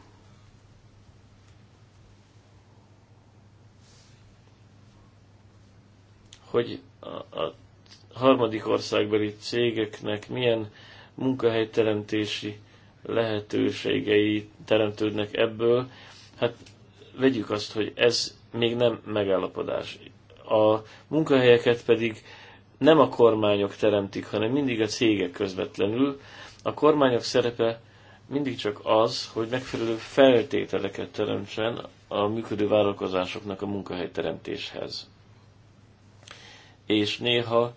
[SPEAKER 4] Hogy a, a harmadik országbeli cégeknek milyen munkahelyteremtési lehetőségei teremtődnek ebből, hát vegyük azt, hogy ez még nem megállapodás. A munkahelyeket pedig nem a kormányok teremtik, hanem mindig a cégek közvetlenül. A kormányok szerepe mindig csak az, hogy megfelelő feltételeket teremtsen a működő vállalkozásoknak a munkahelyteremtéshez. És néha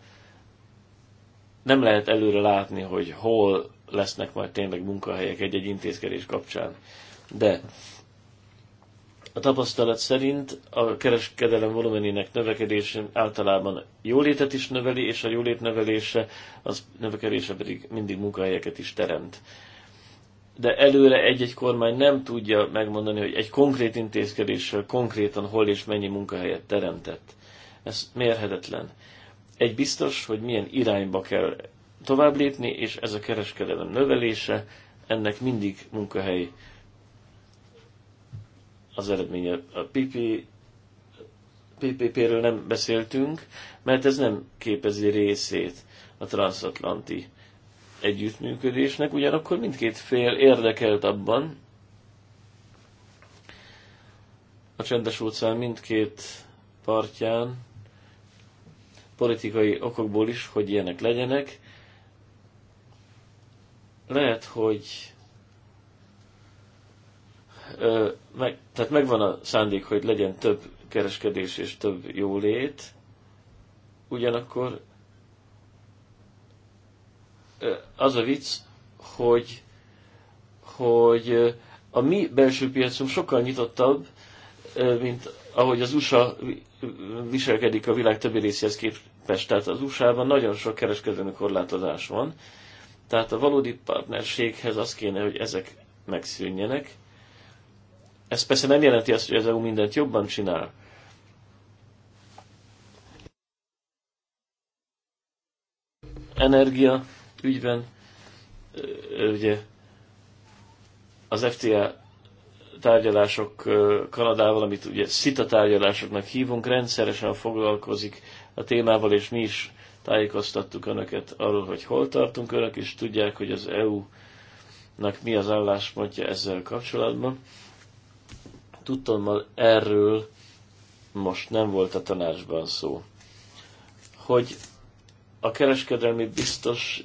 [SPEAKER 4] nem lehet előre látni, hogy hol lesznek majd tényleg munkahelyek egy-egy intézkedés kapcsán. De a tapasztalat szerint a kereskedelem volumenének növekedése általában jólétet is növeli, és a jólét növelése, az növekedése pedig mindig munkahelyeket is teremt. De előre egy-egy kormány nem tudja megmondani, hogy egy konkrét intézkedéssel konkrétan hol és mennyi munkahelyet teremtett. Ez mérhetetlen. Egy biztos, hogy milyen irányba kell tovább lépni, és ez a kereskedelem növelése, ennek mindig munkahely az eredménye. A PP, PPP-ről nem beszéltünk, mert ez nem képezi részét a transatlanti együttműködésnek, ugyanakkor mindkét fél érdekelt abban, a csendes óceán mindkét partján politikai okokból is, hogy ilyenek legyenek. Lehet, hogy ö, meg, tehát megvan a szándék, hogy legyen több kereskedés és több jólét, ugyanakkor ö, az a vicc, hogy, hogy a mi belső piacunk sokkal nyitottabb, mint ahogy az USA viselkedik a világ többi részéhez képest. Tehát az USA-ban nagyon sok kereskedelmi korlátozás van, tehát a valódi partnerséghez az kéne, hogy ezek megszűnjenek. Ez persze nem jelenti azt, hogy az EU mindent jobban csinál, energia ügyben, ugye az FTA tárgyalások Kanadával, amit ugye szita tárgyalásoknak hívunk, rendszeresen foglalkozik a témával, és mi is tájékoztattuk önöket arról, hogy hol tartunk. Önök és tudják, hogy az EU-nak mi az álláspontja ezzel kapcsolatban. Tudtommal erről most nem volt a tanácsban szó. Hogy a kereskedelmi biztos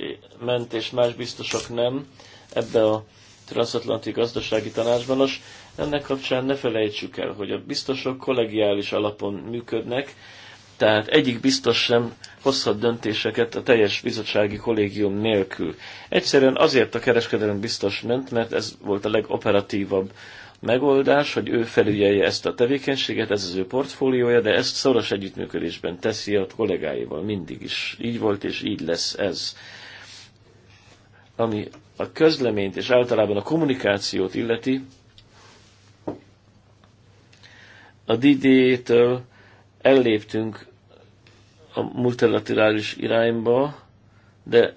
[SPEAKER 4] ment, és más biztosok nem ebbe a transatlanti gazdasági tanácsban. Most ennek kapcsán ne felejtsük el, hogy a biztosok kollegiális alapon működnek, tehát egyik biztos sem hozhat döntéseket a teljes bizottsági kollégium nélkül. Egyszerűen azért a kereskedelem biztos ment, mert ez volt a legoperatívabb megoldás, hogy ő felügyelje ezt a tevékenységet, ez az ő portfóliója, de ezt szoros együttműködésben teszi a kollégáival mindig is. Így volt és így lesz ez. Ami a közleményt és általában a kommunikációt illeti, a DD-től elléptünk a multilaterális irányba, de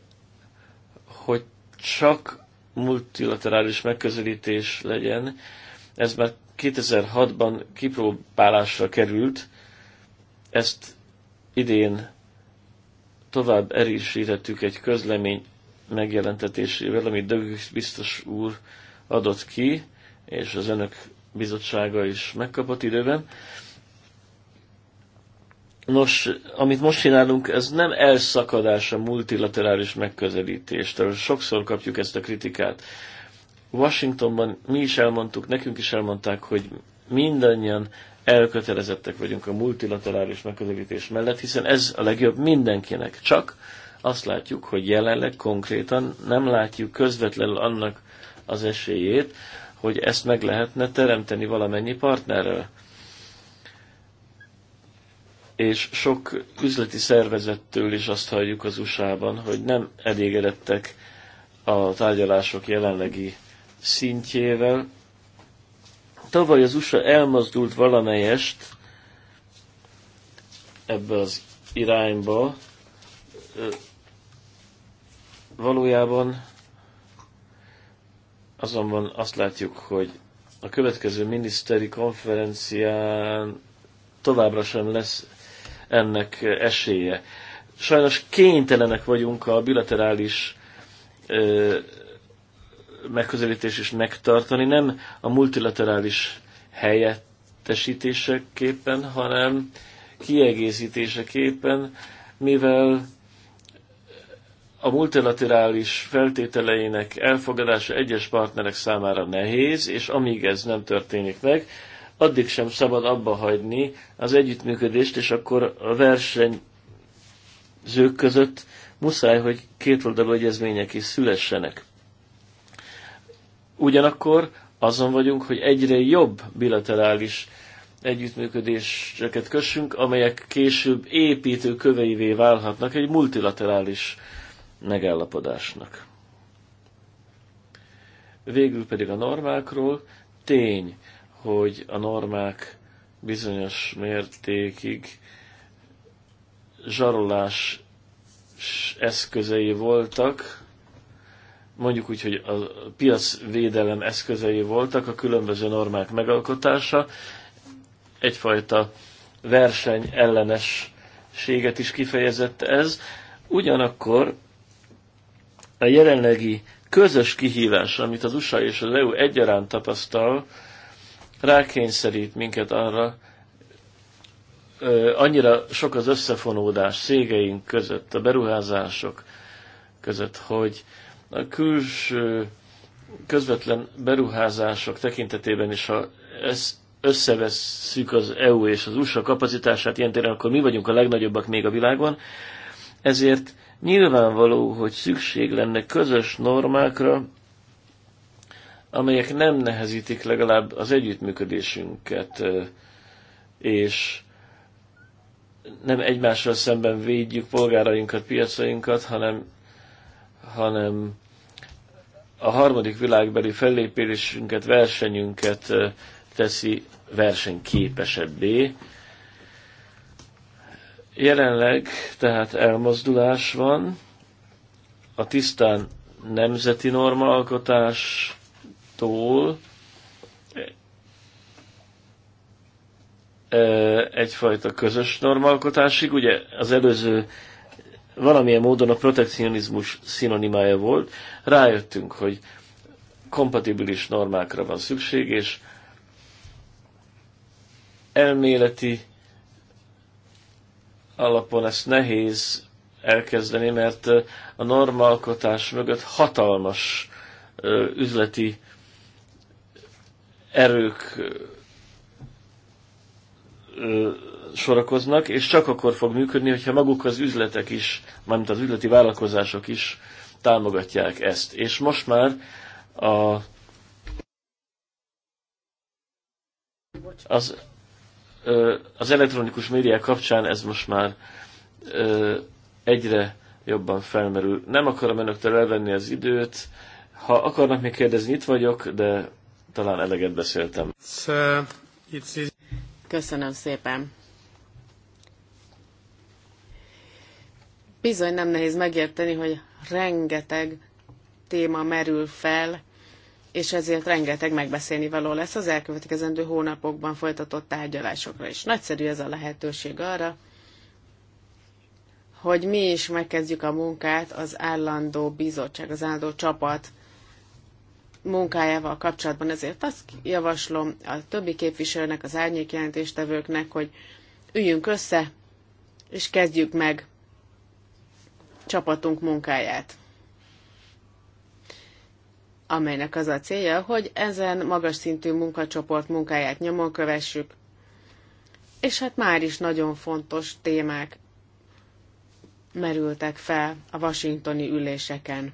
[SPEAKER 4] hogy csak multilaterális megközelítés legyen, ez már 2006-ban kipróbálásra került, ezt idén tovább erősítettük egy közlemény megjelentetésével, amit Dögis biztos úr adott ki, és az önök bizottsága is megkapott időben. Nos, amit most csinálunk, ez nem elszakadás a multilaterális megközelítéstől. Sokszor kapjuk ezt a kritikát. Washingtonban mi is elmondtuk, nekünk is elmondták, hogy mindannyian elkötelezettek vagyunk a multilaterális megközelítés mellett, hiszen ez a legjobb mindenkinek. Csak azt látjuk, hogy jelenleg konkrétan nem látjuk közvetlenül annak az esélyét, hogy ezt meg lehetne teremteni valamennyi partnerrel. És sok üzleti szervezettől is azt halljuk az USA-ban, hogy nem elégedettek a tárgyalások jelenlegi szintjével. Tavaly az USA elmozdult valamelyest ebbe az irányba. Valójában Azonban azt látjuk, hogy a következő miniszteri konferencián továbbra sem lesz ennek esélye. Sajnos kénytelenek vagyunk a bilaterális ö, megközelítés is megtartani, nem a multilaterális helyettesítéseképpen, hanem kiegészítéseképpen, mivel a multilaterális feltételeinek elfogadása egyes partnerek számára nehéz, és amíg ez nem történik meg, addig sem szabad abba hagyni az együttműködést, és akkor a versenyzők között muszáj, hogy kétoldalú egyezmények is szülessenek. Ugyanakkor azon vagyunk, hogy egyre jobb bilaterális együttműködéseket kössünk, amelyek később építő köveivé válhatnak egy multilaterális megállapodásnak. Végül pedig a normákról tény, hogy a normák bizonyos mértékig zsarolás eszközei voltak, mondjuk úgy, hogy a piacvédelem eszközei voltak, a különböző normák megalkotása, egyfajta verseny ellenességet is kifejezett ez. Ugyanakkor a jelenlegi közös kihívás, amit az USA és az EU egyaránt tapasztal, rákényszerít minket arra, annyira sok az összefonódás szégeink között, a beruházások között, hogy a külső közvetlen beruházások tekintetében is, ha ezt összevesszük az EU és az USA kapacitását ilyen téren, akkor mi vagyunk a legnagyobbak még a világon, ezért Nyilvánvaló, hogy szükség lenne közös normákra, amelyek nem nehezítik legalább az együttműködésünket, és nem egymással szemben védjük polgárainkat, piacainkat, hanem, hanem a harmadik világbeli fellépésünket, versenyünket teszi versenyképesebbé, Jelenleg tehát elmozdulás van, a tisztán nemzeti normalkotástól e, egyfajta közös normalkotásig. Ugye az előző valamilyen módon a protekcionizmus szinonimája volt. Rájöttünk, hogy kompatibilis normákra van szükség, és elméleti alapon ezt nehéz elkezdeni, mert a normalkotás mögött hatalmas üzleti erők sorakoznak, és csak akkor fog működni, hogyha maguk az üzletek is, mármint az üzleti vállalkozások is támogatják ezt. És most már a, az az elektronikus médiák kapcsán ez most már egyre jobban felmerül. Nem akarom önöktől elvenni az időt. Ha akarnak még kérdezni, itt vagyok, de talán eleget beszéltem.
[SPEAKER 2] Köszönöm szépen. Bizony nem nehéz megérteni, hogy rengeteg téma merül fel, és ezért rengeteg megbeszélni való lesz az elkövetkezendő hónapokban folytatott tárgyalásokra is. Nagyszerű ez a lehetőség arra, hogy mi is megkezdjük a munkát az állandó bizottság, az állandó csapat munkájával kapcsolatban. Ezért azt javaslom a többi képviselőnek, az árnyékjelentéstevőknek, hogy üljünk össze, és kezdjük meg csapatunk munkáját amelynek az a célja, hogy ezen magas szintű munkacsoport munkáját nyomon kövessük, és hát már is nagyon fontos témák merültek fel a washingtoni üléseken.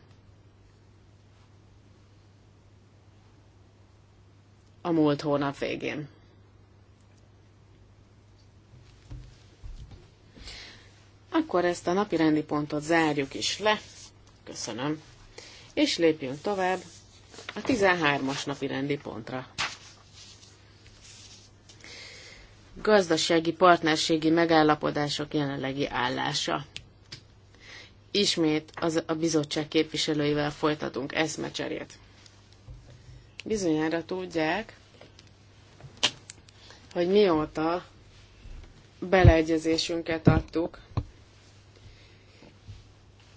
[SPEAKER 2] A múlt hónap végén. Akkor ezt a napi rendi pontot zárjuk is le. Köszönöm. És lépjünk tovább a 13-as napi rendi pontra. Gazdasági partnerségi megállapodások jelenlegi állása. Ismét az, a bizottság képviselőivel folytatunk eszmecserét. Bizonyára tudják, hogy mióta beleegyezésünket adtuk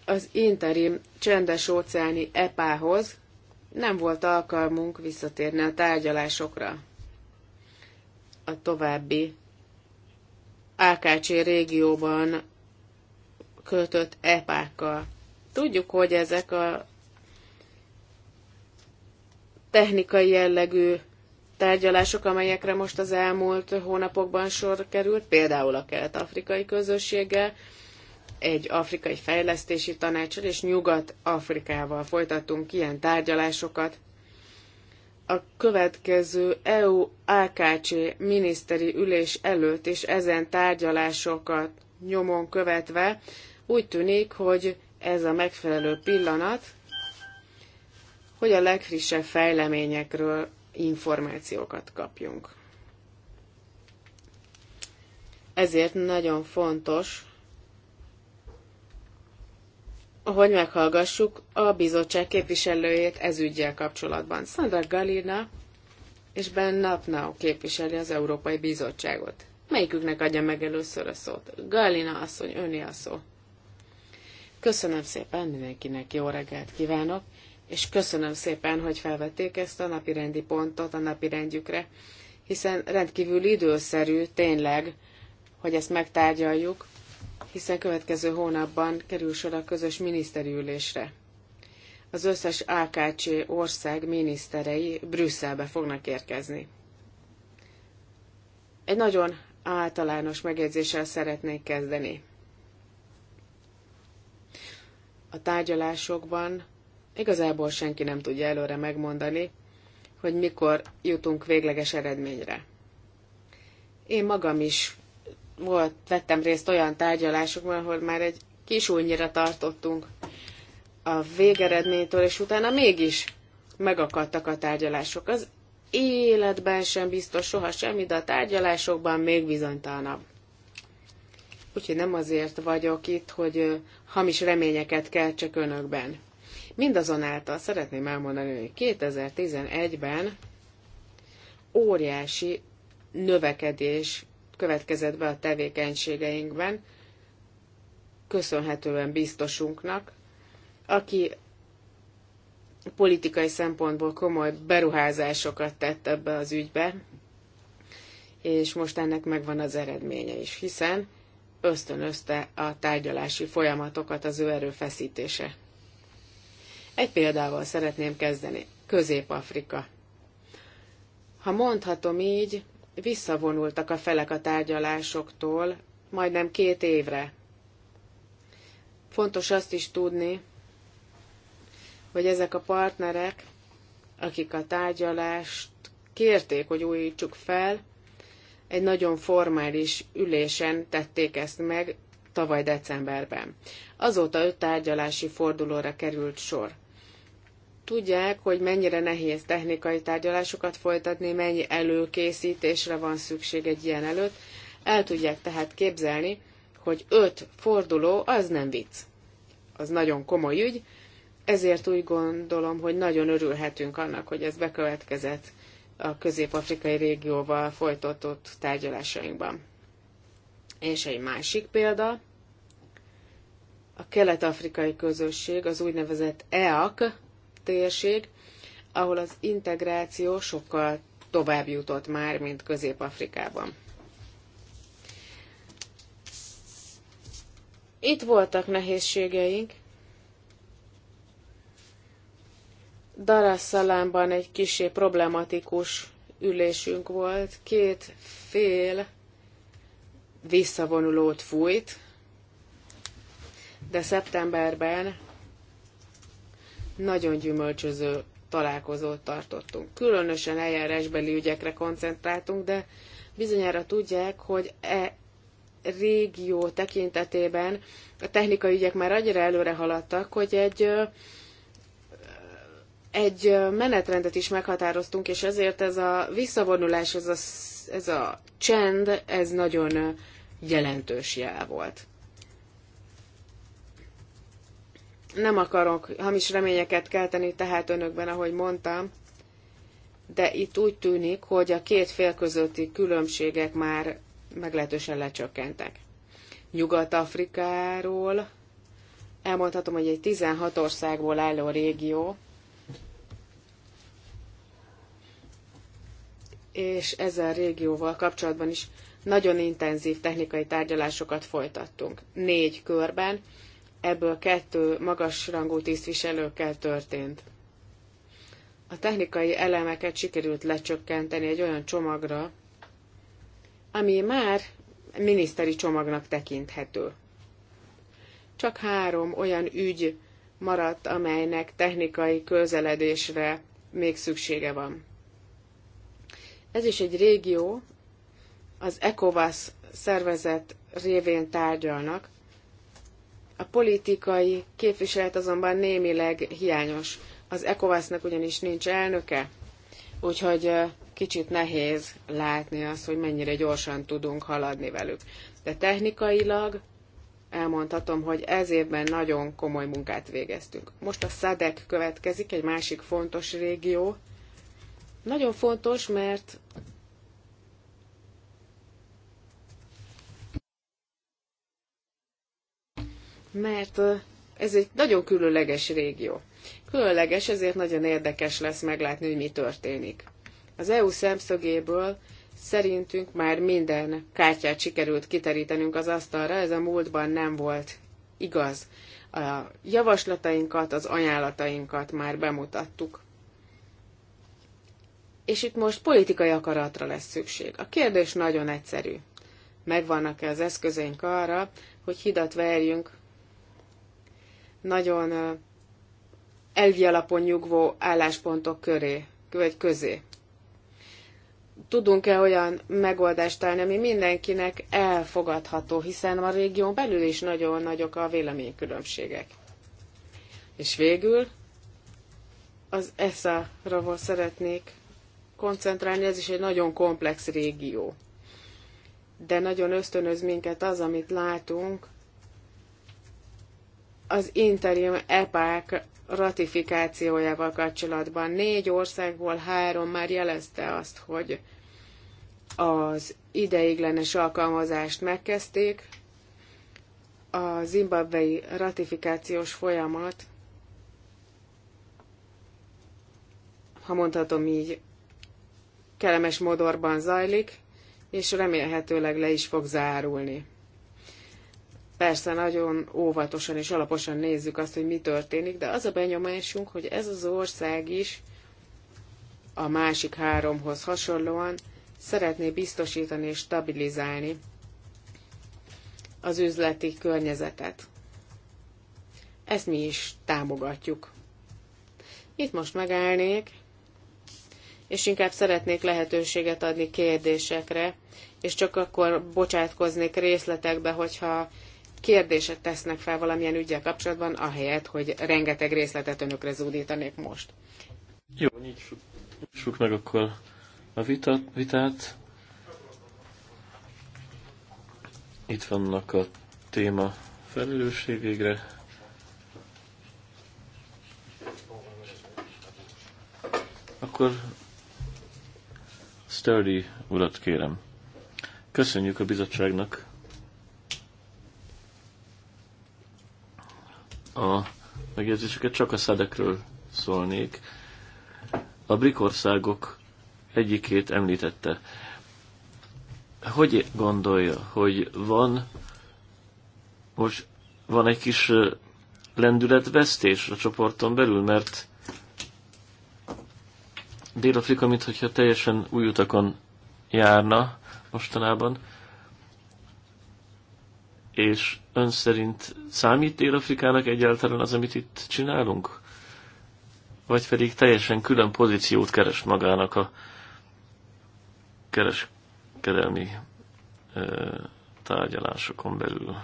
[SPEAKER 2] az interim csendes óceáni epához nem volt alkalmunk visszatérni a tárgyalásokra. A további Ákácsi régióban kötött epákkal. Tudjuk, hogy ezek a technikai jellegű tárgyalások, amelyekre most az elmúlt hónapokban sor került, például a kelet-afrikai közösséggel, egy afrikai fejlesztési tanácsal és Nyugat-Afrikával folytattunk ilyen tárgyalásokat. A következő EU-AKC miniszteri ülés előtt és ezen tárgyalásokat nyomon követve úgy tűnik, hogy ez a megfelelő pillanat, hogy a legfrissebb fejleményekről információkat kapjunk. Ezért nagyon fontos, hogy meghallgassuk a bizottság képviselőjét ez ügyjel kapcsolatban. Sandra Galina és Ben Napnau képviseli az Európai Bizottságot. Melyiküknek adja meg először a szót? Galina asszony, öni a szó. Köszönöm szépen mindenkinek, jó reggelt kívánok, és köszönöm szépen, hogy felvették ezt a napirendi pontot a napirendjükre, hiszen rendkívül időszerű tényleg, hogy ezt megtárgyaljuk, hiszen következő hónapban kerül sor a közös miniszteri ülésre. Az összes AKC ország miniszterei Brüsszelbe fognak érkezni. Egy nagyon általános megjegyzéssel szeretnék kezdeni. A tárgyalásokban igazából senki nem tudja előre megmondani, hogy mikor jutunk végleges eredményre. Én magam is volt, vettem részt olyan tárgyalásokban, ahol már egy kis újnyira tartottunk a végeredménytől, és utána mégis megakadtak a tárgyalások. Az életben sem biztos soha semmi, de a tárgyalásokban még bizonytalanabb. Úgyhogy nem azért vagyok itt, hogy hamis reményeket keltsek önökben. Mindazonáltal szeretném elmondani, hogy 2011-ben óriási növekedés következett be a tevékenységeinkben, köszönhetően biztosunknak, aki politikai szempontból komoly beruházásokat tett ebbe az ügybe, és most ennek megvan az eredménye is, hiszen ösztönözte a tárgyalási folyamatokat az ő erőfeszítése. Egy példával szeretném kezdeni. Közép-Afrika. Ha mondhatom így, visszavonultak a felek a tárgyalásoktól majdnem két évre. Fontos azt is tudni, hogy ezek a partnerek, akik a tárgyalást kérték, hogy újítsuk fel, egy nagyon formális ülésen tették ezt meg tavaly decemberben. Azóta öt tárgyalási fordulóra került sor tudják, hogy mennyire nehéz technikai tárgyalásokat folytatni, mennyi előkészítésre van szükség egy ilyen előtt. El tudják tehát képzelni, hogy öt forduló az nem vicc. Az nagyon komoly ügy, ezért úgy gondolom, hogy nagyon örülhetünk annak, hogy ez bekövetkezett a közép-afrikai régióval folytatott tárgyalásainkban. És egy másik példa, a kelet-afrikai közösség, az úgynevezett EAK, térség, ahol az integráció sokkal tovább jutott már, mint Közép-Afrikában. Itt voltak nehézségeink. Darassalámban egy kisé problematikus ülésünk volt. Két fél visszavonulót fújt, de szeptemberben nagyon gyümölcsöző találkozót tartottunk. Különösen eljárásbeli ügyekre koncentráltunk, de bizonyára tudják, hogy e régió tekintetében a technikai ügyek már annyira előre haladtak, hogy egy egy menetrendet is meghatároztunk, és ezért ez a visszavonulás, ez a, ez a csend, ez nagyon jelentős jel volt. Nem akarok hamis reményeket kelteni tehát önökben, ahogy mondtam, de itt úgy tűnik, hogy a két fél közötti különbségek már meglehetősen lecsökkentek. Nyugat-Afrikáról elmondhatom, hogy egy 16 országból álló régió, és ezzel a régióval kapcsolatban is nagyon intenzív technikai tárgyalásokat folytattunk. Négy körben, ebből kettő magasrangú tisztviselőkkel történt. A technikai elemeket sikerült lecsökkenteni egy olyan csomagra, ami már miniszteri csomagnak tekinthető. Csak három olyan ügy maradt, amelynek technikai közeledésre még szüksége van. Ez is egy régió, az ECOWAS szervezet révén tárgyalnak, a politikai képviselet azonban némileg hiányos. Az ECOWAS-nak ugyanis nincs elnöke, úgyhogy kicsit nehéz látni azt, hogy mennyire gyorsan tudunk haladni velük. De technikailag elmondhatom, hogy ez évben nagyon komoly munkát végeztünk. Most a SZADEK következik, egy másik fontos régió. Nagyon fontos, mert mert ez egy nagyon különleges régió. Különleges, ezért nagyon érdekes lesz meglátni, hogy mi történik. Az EU szemszögéből szerintünk már minden kártyát sikerült kiterítenünk az asztalra, ez a múltban nem volt igaz. A javaslatainkat, az ajánlatainkat már bemutattuk. És itt most politikai akaratra lesz szükség. A kérdés nagyon egyszerű. Megvannak-e az eszközeink arra, hogy hidat verjünk nagyon elvi alapon nyugvó álláspontok köré, vagy közé. Tudunk-e olyan megoldást találni, ami mindenkinek elfogadható, hiszen a régión belül is nagyon nagyok a véleménykülönbségek. És végül az ESA-ra szeretnék koncentrálni, ez is egy nagyon komplex régió. De nagyon ösztönöz minket az, amit látunk, az interim EPÁK ratifikációjával kapcsolatban négy országból három már jelezte azt, hogy az ideiglenes alkalmazást megkezdték. A zimbabvei ratifikációs folyamat, ha mondhatom így, kellemes modorban zajlik, és remélhetőleg le is fog zárulni. Persze nagyon óvatosan és alaposan nézzük azt, hogy mi történik, de az a benyomásunk, hogy ez az ország is a másik háromhoz hasonlóan szeretné biztosítani és stabilizálni az üzleti környezetet. Ezt mi is támogatjuk. Itt most megállnék, és inkább szeretnék lehetőséget adni kérdésekre, és csak akkor bocsátkoznék részletekbe, hogyha kérdéset tesznek fel valamilyen ügyel kapcsolatban, ahelyett, hogy rengeteg részletet önökre zúdítanék most.
[SPEAKER 4] Jó, nyitjuk meg akkor a vitat, vitát. Itt vannak a téma felelősségére. végre. Akkor Sturdy urat kérem. Köszönjük a bizottságnak a megjegyzéseket, csak a szedekről szólnék. A brikországok egyikét említette. Hogy gondolja, hogy van most van egy kis lendületvesztés a csoporton belül, mert Dél-Afrika, mintha teljesen új utakon járna mostanában. És ön szerint számít Dél-Afrikának egyáltalán az, amit itt csinálunk? Vagy pedig teljesen külön pozíciót keres magának a kereskedelmi ö, tárgyalásokon belül?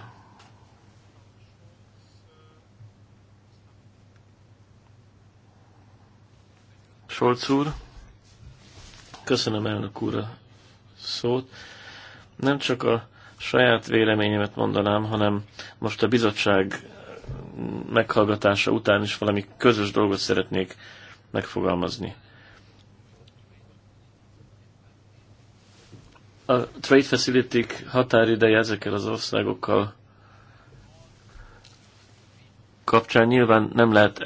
[SPEAKER 4] Solc úr, köszönöm elnök úr a szót. Nem csak a saját véleményemet mondanám, hanem most a bizottság meghallgatása után is valami közös dolgot szeretnék megfogalmazni. A trade facility határideje ezekkel az országokkal kapcsán nyilván nem lehet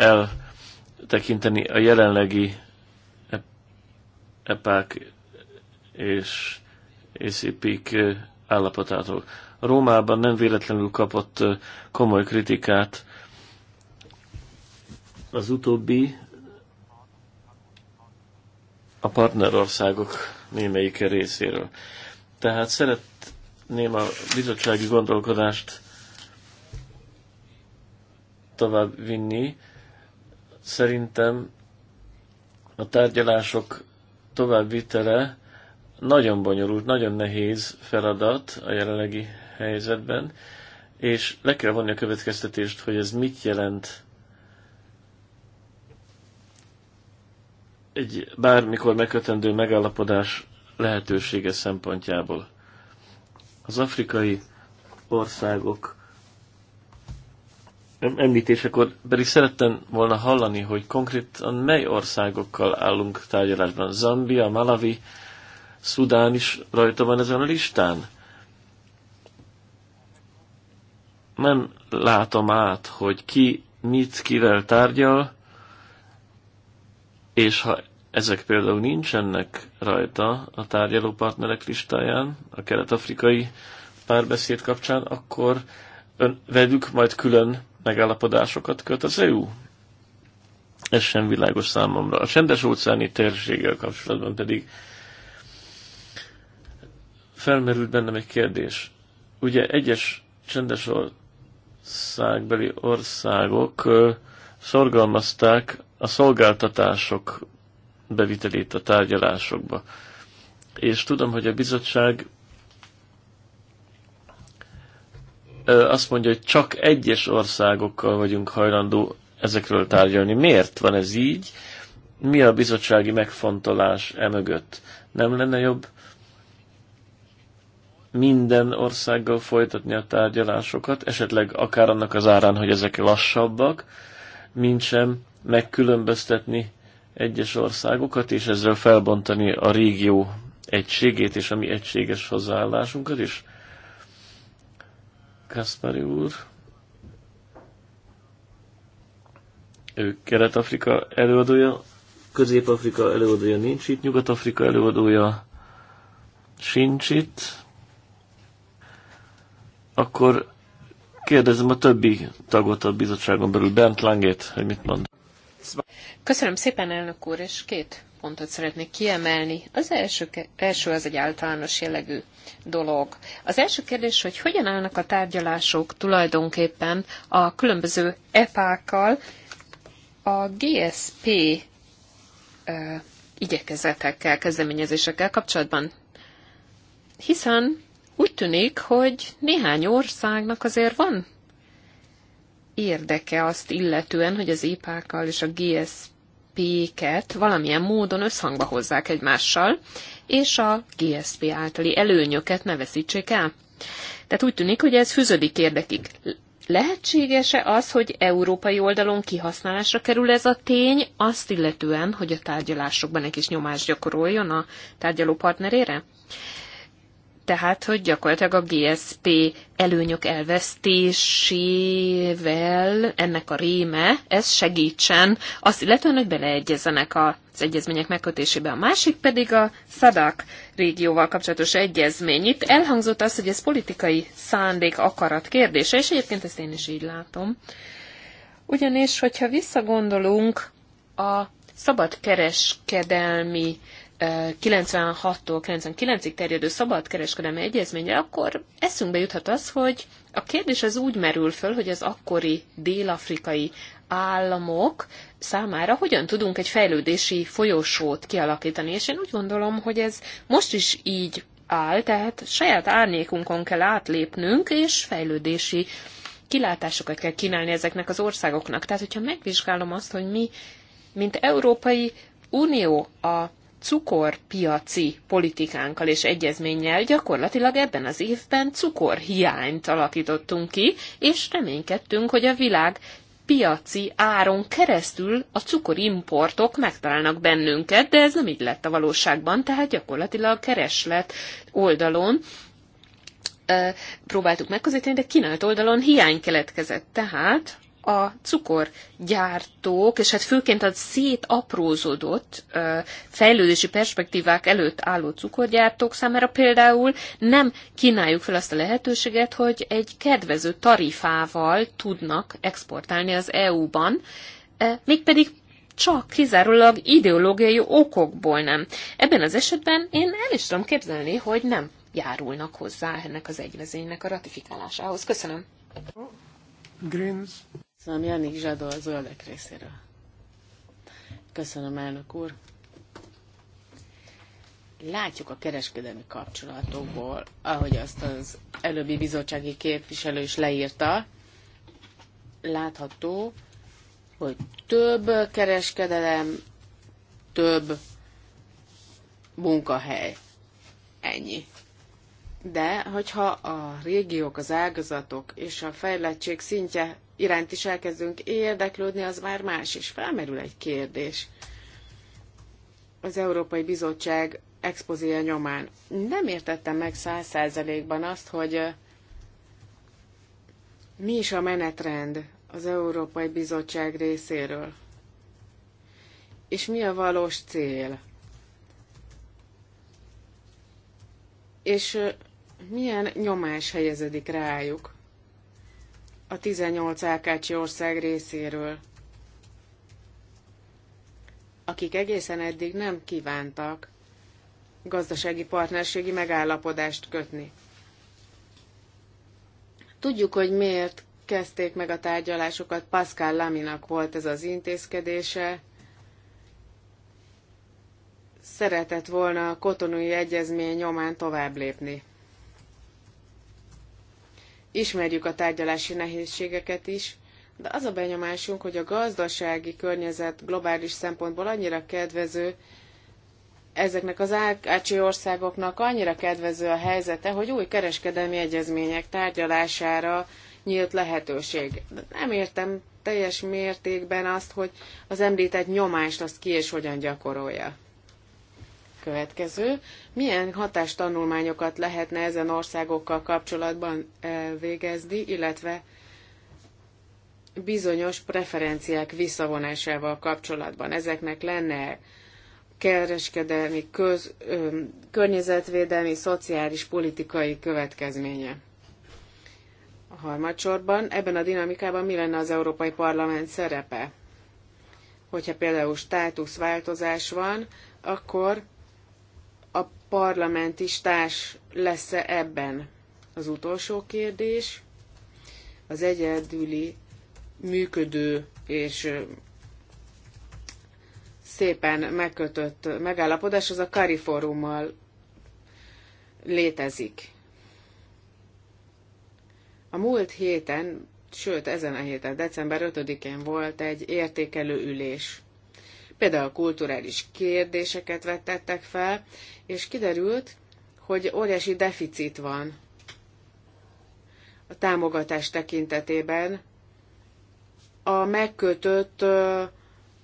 [SPEAKER 4] eltekinteni a jelenlegi epák és acp állapotától. Rómában nem véletlenül kapott komoly kritikát az utóbbi a partnerországok némelyike részéről. Tehát szeretném a bizottsági gondolkodást tovább vinni. Szerintem a tárgyalások továbbvitele nagyon bonyolult, nagyon nehéz feladat a jelenlegi helyzetben, és le kell vonni a következtetést, hogy ez mit jelent egy bármikor megkötendő megállapodás lehetősége szempontjából. Az afrikai országok említésekor pedig szerettem volna hallani, hogy konkrétan mely országokkal állunk tárgyalásban. Zambia, Malawi, Szudán is rajta van ezen a listán? Nem látom át, hogy ki mit kivel tárgyal, és ha ezek például nincsenek rajta a tárgyaló partnerek listáján, a kelet-afrikai párbeszéd kapcsán, akkor ön, velük majd külön megállapodásokat köt az EU? Ez sem világos számomra. A csendes óceáni térséggel kapcsolatban pedig felmerült bennem egy kérdés. Ugye egyes csendes országbeli országok szorgalmazták a szolgáltatások bevitelét a tárgyalásokba. És tudom, hogy a bizottság azt mondja, hogy csak egyes országokkal vagyunk hajlandó ezekről tárgyalni. Miért van ez így? Mi a bizottsági megfontolás emögött? Nem lenne jobb minden országgal folytatni a tárgyalásokat, esetleg akár annak az árán, hogy ezek lassabbak, mint sem megkülönböztetni egyes országokat, és ezzel felbontani a régió egységét és a mi egységes hozzáállásunkat is. Kaspari úr, ő Kelet-Afrika előadója, Közép-Afrika előadója nincs itt, Nyugat-Afrika előadója sincs itt. Akkor kérdezem a többi tagot a bizottságon belül, Bent Langét, hogy mit mond.
[SPEAKER 3] Köszönöm szépen, elnök úr, és két pontot szeretnék kiemelni. Az első, első az egy általános jellegű dolog. Az első kérdés, hogy hogyan állnak a tárgyalások tulajdonképpen a különböző EPÁkkal a GSP e, igyekezetekkel, kezdeményezésekkel kapcsolatban. Hiszen úgy tűnik, hogy néhány országnak azért van érdeke azt illetően, hogy az IPA-kkal és a GSP-ket valamilyen módon összhangba hozzák egymással, és a GSP általi előnyöket ne veszítsék el. Tehát úgy tűnik, hogy ez fűződik érdekig. Lehetséges-e az, hogy európai oldalon kihasználásra kerül ez a tény, azt illetően, hogy a tárgyalásokban egy kis nyomást gyakoroljon a tárgyaló partnerére? tehát, hogy gyakorlatilag a GSP előnyök elvesztésével ennek a réme, ez segítsen, azt illetően, hogy a az egyezmények megkötésébe. A másik pedig a SZADAK régióval kapcsolatos egyezmény. Itt elhangzott az, hogy ez politikai szándék, akarat kérdése, és egyébként ezt én is így látom. Ugyanis, hogyha visszagondolunk a szabadkereskedelmi 96-tól 99-ig terjedő szabadkereskedelmi egyezményre, akkor eszünkbe juthat az, hogy a kérdés az úgy merül föl, hogy az akkori dél-afrikai államok számára hogyan tudunk egy fejlődési folyosót kialakítani. És én úgy gondolom, hogy ez most is így áll, tehát saját árnyékunkon kell átlépnünk, és fejlődési kilátásokat kell kínálni ezeknek az országoknak. Tehát, hogyha megvizsgálom azt, hogy mi, mint Európai Unió a cukorpiaci politikánkkal és egyezménnyel gyakorlatilag ebben az évben cukorhiányt alakítottunk ki, és reménykedtünk, hogy a világ piaci áron keresztül a cukorimportok megtalálnak bennünket, de ez nem így lett a valóságban, tehát gyakorlatilag a kereslet oldalon próbáltuk megközelíteni, de kínált oldalon hiány keletkezett. Tehát a cukorgyártók, és hát főként a szétaprózódott fejlődési perspektívák előtt álló cukorgyártók számára például nem kínáljuk fel azt a lehetőséget, hogy egy kedvező tarifával tudnak exportálni az EU-ban, mégpedig csak kizárólag ideológiai okokból nem. Ebben az esetben én el is tudom képzelni, hogy nem járulnak hozzá ennek az egyvezénynek a ratifikálásához. Köszönöm. Greens.
[SPEAKER 2] Szóval Janik Zsadó az zöldek részéről. Köszönöm, elnök úr. Látjuk a kereskedelmi kapcsolatokból, ahogy azt az előbbi bizottsági képviselő is leírta, látható, hogy több kereskedelem, több munkahely. Ennyi. De hogyha a régiók, az ágazatok és a fejlettség szintje iránt is elkezdünk érdeklődni, az már más is. Felmerül egy kérdés az Európai Bizottság expozíja nyomán. Nem értettem meg száz százalékban azt, hogy mi is a menetrend az Európai Bizottság részéről, és mi a valós cél. És milyen nyomás helyeződik rájuk a 18 Ákácsi ország részéről, akik egészen eddig nem kívántak gazdasági partnerségi megállapodást kötni. Tudjuk, hogy miért kezdték meg a tárgyalásokat. Pascal Laminak volt ez az intézkedése. Szeretett volna a kotonui egyezmény nyomán tovább lépni ismerjük a tárgyalási nehézségeket is, de az a benyomásunk, hogy a gazdasági környezet globális szempontból annyira kedvező, ezeknek az ácsi országoknak annyira kedvező a helyzete, hogy új kereskedelmi egyezmények tárgyalására nyílt lehetőség. Nem értem teljes mértékben azt, hogy az említett nyomást azt ki és hogyan gyakorolja következő. Milyen hatástanulmányokat lehetne ezen országokkal kapcsolatban eh, végezni, illetve bizonyos preferenciák visszavonásával kapcsolatban? Ezeknek lenne kereskedelmi, köz, ö, környezetvédelmi, szociális, politikai következménye? A harmadsorban ebben a dinamikában mi lenne az Európai Parlament szerepe? Hogyha például státuszváltozás van, akkor a parlament is társ lesz-e ebben? Az utolsó kérdés, az egyedüli működő és szépen megkötött megállapodás az a Kariforummal létezik. A múlt héten, sőt ezen a héten, december 5-én volt egy értékelő ülés Például kulturális kérdéseket vettettek fel, és kiderült, hogy óriási deficit van a támogatás tekintetében a megkötött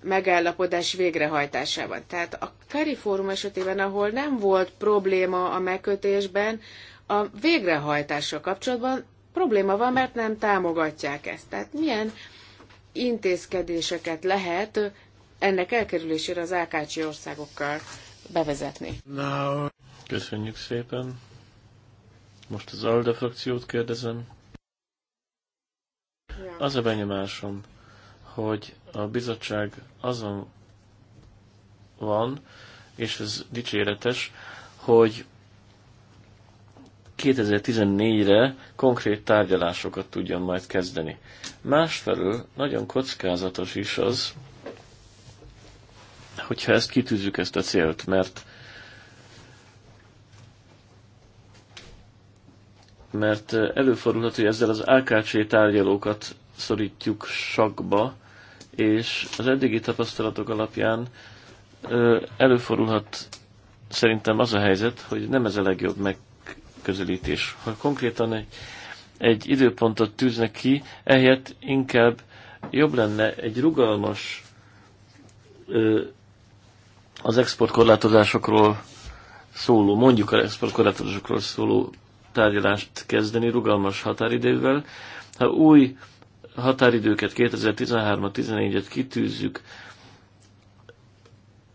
[SPEAKER 2] megállapodás végrehajtásában. Tehát a Kari Fórum esetében, ahol nem volt probléma a megkötésben, a végrehajtással kapcsolatban probléma van, mert nem támogatják ezt. Tehát milyen intézkedéseket lehet ennek elkerülésére az Ákácsi országokkal bevezetni.
[SPEAKER 4] No. Köszönjük szépen. Most az ALDA frakciót kérdezem. Ja. Az a benyomásom, hogy a bizottság azon van, és ez dicséretes, hogy 2014-re konkrét tárgyalásokat tudjon majd kezdeni. Másfelől nagyon kockázatos is az, hogyha ezt kitűzzük, ezt a célt, mert mert előfordulhat, hogy ezzel az AKC tárgyalókat szorítjuk sakba, és az eddigi tapasztalatok alapján előfordulhat szerintem az a helyzet, hogy nem ez a legjobb megközelítés. Ha konkrétan egy, egy időpontot tűznek ki, ehelyett inkább jobb lenne egy rugalmas ö, az exportkorlátozásokról szóló, mondjuk az exportkorlátozásokról szóló tárgyalást kezdeni rugalmas határidővel. Ha új határidőket 2013-14-et kitűzzük,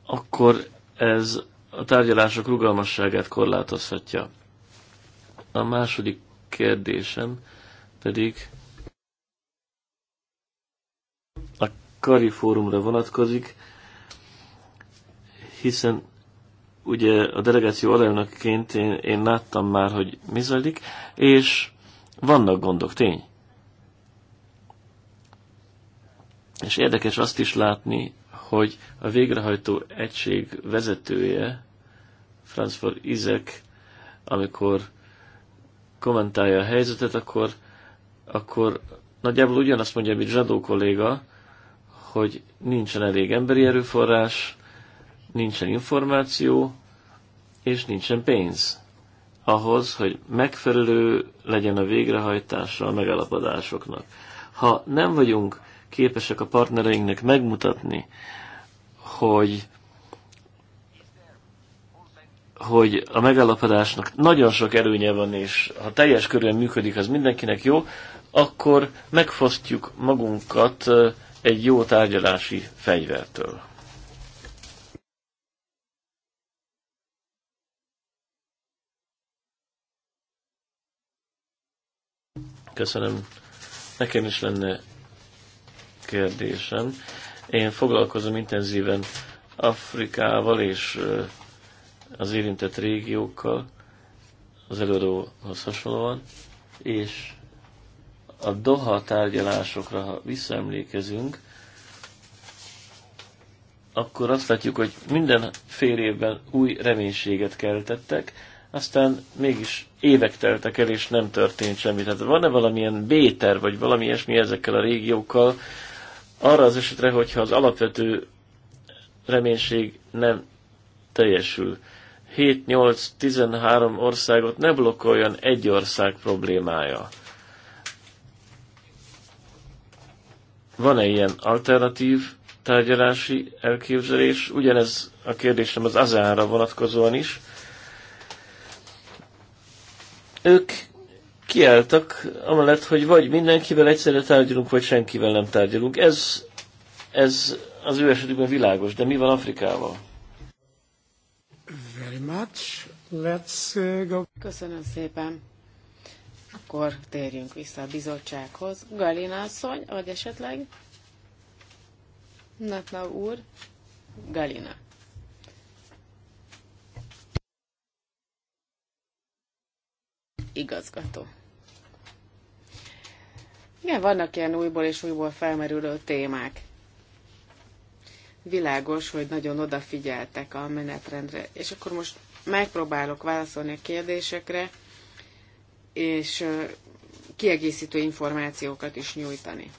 [SPEAKER 4] akkor ez a tárgyalások rugalmasságát korlátozhatja. A második kérdésem pedig a Kari Fórumra vonatkozik hiszen ugye a delegáció alelnökként én, én láttam már, hogy mi zajlik, és vannak gondok, tény. És érdekes azt is látni, hogy a végrehajtó egység vezetője, Franz von Izek, amikor kommentálja a helyzetet, akkor, akkor nagyjából ugyanazt mondja, mint Zsadó kolléga, hogy nincsen elég emberi erőforrás, nincsen információ, és nincsen pénz ahhoz, hogy megfelelő legyen a végrehajtása a megállapodásoknak. Ha nem vagyunk képesek a partnereinknek megmutatni, hogy hogy a megállapodásnak nagyon sok előnye van, és ha teljes körülön működik, az mindenkinek jó, akkor megfosztjuk magunkat egy jó tárgyalási fegyvertől. Köszönöm. Nekem is lenne kérdésem. Én foglalkozom intenzíven Afrikával és az érintett régiókkal, az előadóhoz hasonlóan, és a Doha tárgyalásokra, ha visszaemlékezünk, akkor azt látjuk, hogy minden fél évben új reménységet keltettek, aztán mégis évek teltek el, és nem történt semmi. Tehát van-e valamilyen béter, vagy valami ilyesmi ezekkel a régiókkal, arra az esetre, hogyha az alapvető reménység nem teljesül. 7-8-13 országot ne blokkoljon egy ország problémája. Van-e ilyen alternatív tárgyalási elképzelés? Ugyanez a kérdésem az azára vonatkozóan is ők kiálltak amellett, hogy vagy mindenkivel egyszerre tárgyalunk, vagy senkivel nem tárgyalunk. Ez, ez az ő esetükben világos, de mi van Afrikával?
[SPEAKER 1] Very much. Let's uh, go.
[SPEAKER 2] Köszönöm szépen. Akkor térjünk vissza a bizottsághoz. Galina asszony, vagy esetleg? Natna úr, Galina. igazgató. Igen, vannak ilyen újból és újból felmerülő témák. Világos, hogy nagyon odafigyeltek a menetrendre. És akkor most megpróbálok válaszolni a kérdésekre, és kiegészítő információkat is nyújtani.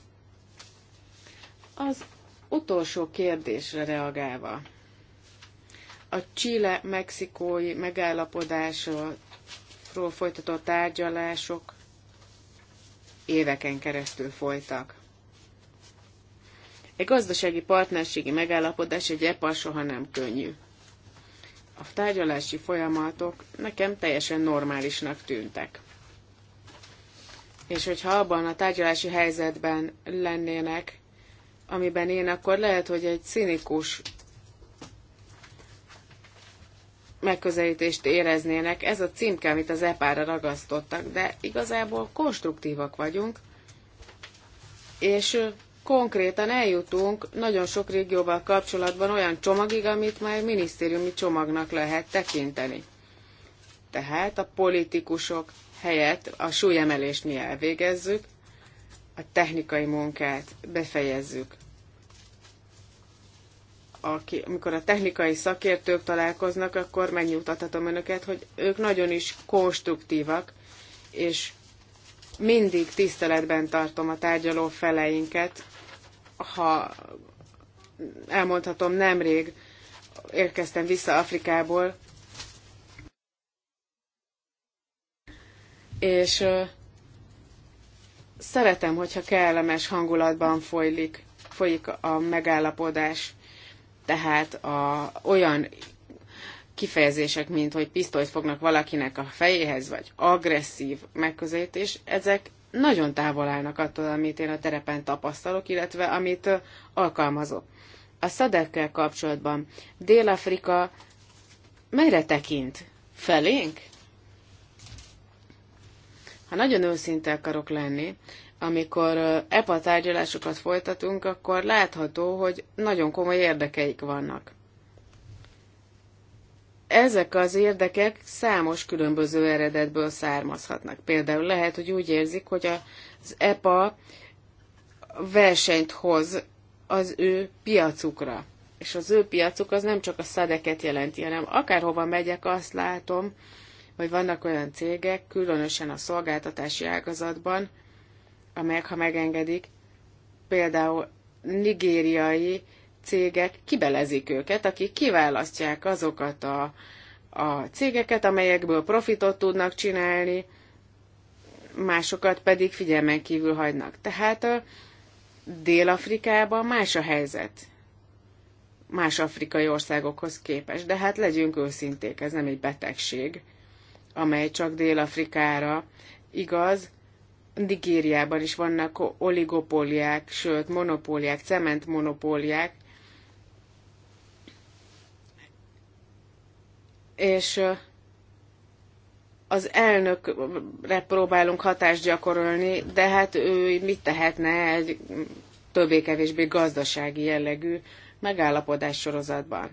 [SPEAKER 2] Az utolsó kérdésre reagálva. A Chile-Mexikói megállapodásról csomagról folytatott tárgyalások éveken keresztül folytak. Egy gazdasági partnerségi megállapodás egy EPA soha nem könnyű. A tárgyalási folyamatok nekem teljesen normálisnak tűntek. És hogyha abban a tárgyalási helyzetben lennének, amiben én, akkor lehet, hogy egy színikus megközelítést éreznének. Ez a címke, amit az epára ragasztottak, de igazából konstruktívak vagyunk, és konkrétan eljutunk nagyon sok régióval kapcsolatban olyan csomagig, amit már minisztériumi csomagnak lehet tekinteni. Tehát a politikusok helyett a súlyemelést mi elvégezzük, a technikai munkát befejezzük aki, amikor a technikai szakértők találkoznak, akkor megnyugtathatom önöket, hogy ők nagyon is konstruktívak, és mindig tiszteletben tartom a tárgyaló feleinket, ha elmondhatom, nemrég érkeztem vissza Afrikából, és szeretem, hogyha kellemes hangulatban folyik, folyik a megállapodás. Tehát a, olyan kifejezések, mint hogy pisztolyt fognak valakinek a fejéhez, vagy agresszív megközelítés, ezek nagyon távol állnak attól, amit én a terepen tapasztalok, illetve amit alkalmazok. A szadekkel kapcsolatban Dél-Afrika merre tekint? Felénk? Ha nagyon őszinte akarok lenni, amikor EPA tárgyalásokat folytatunk, akkor látható, hogy nagyon komoly érdekeik vannak. Ezek az érdekek számos különböző eredetből származhatnak. Például lehet, hogy úgy érzik, hogy az EPA versenyt hoz az ő piacukra. És az ő piacuk az nem csak a szadeket jelenti, hanem akárhova megyek, azt látom, hogy vannak olyan cégek, különösen a szolgáltatási ágazatban, amelyek, ha megengedik, például nigériai cégek kibelezik őket, akik kiválasztják azokat a, a cégeket, amelyekből profitot tudnak csinálni, másokat pedig figyelmen kívül hagynak. Tehát Dél-Afrikában más a helyzet más afrikai országokhoz képest. De hát legyünk őszinték, ez nem egy betegség, amely csak Dél-Afrikára igaz, Nigériában is vannak oligopóliák, sőt monopóliák, cementmonopóliák. és az elnökre próbálunk hatást gyakorolni, de hát ő mit tehetne egy többé-kevésbé gazdasági jellegű megállapodás sorozatban.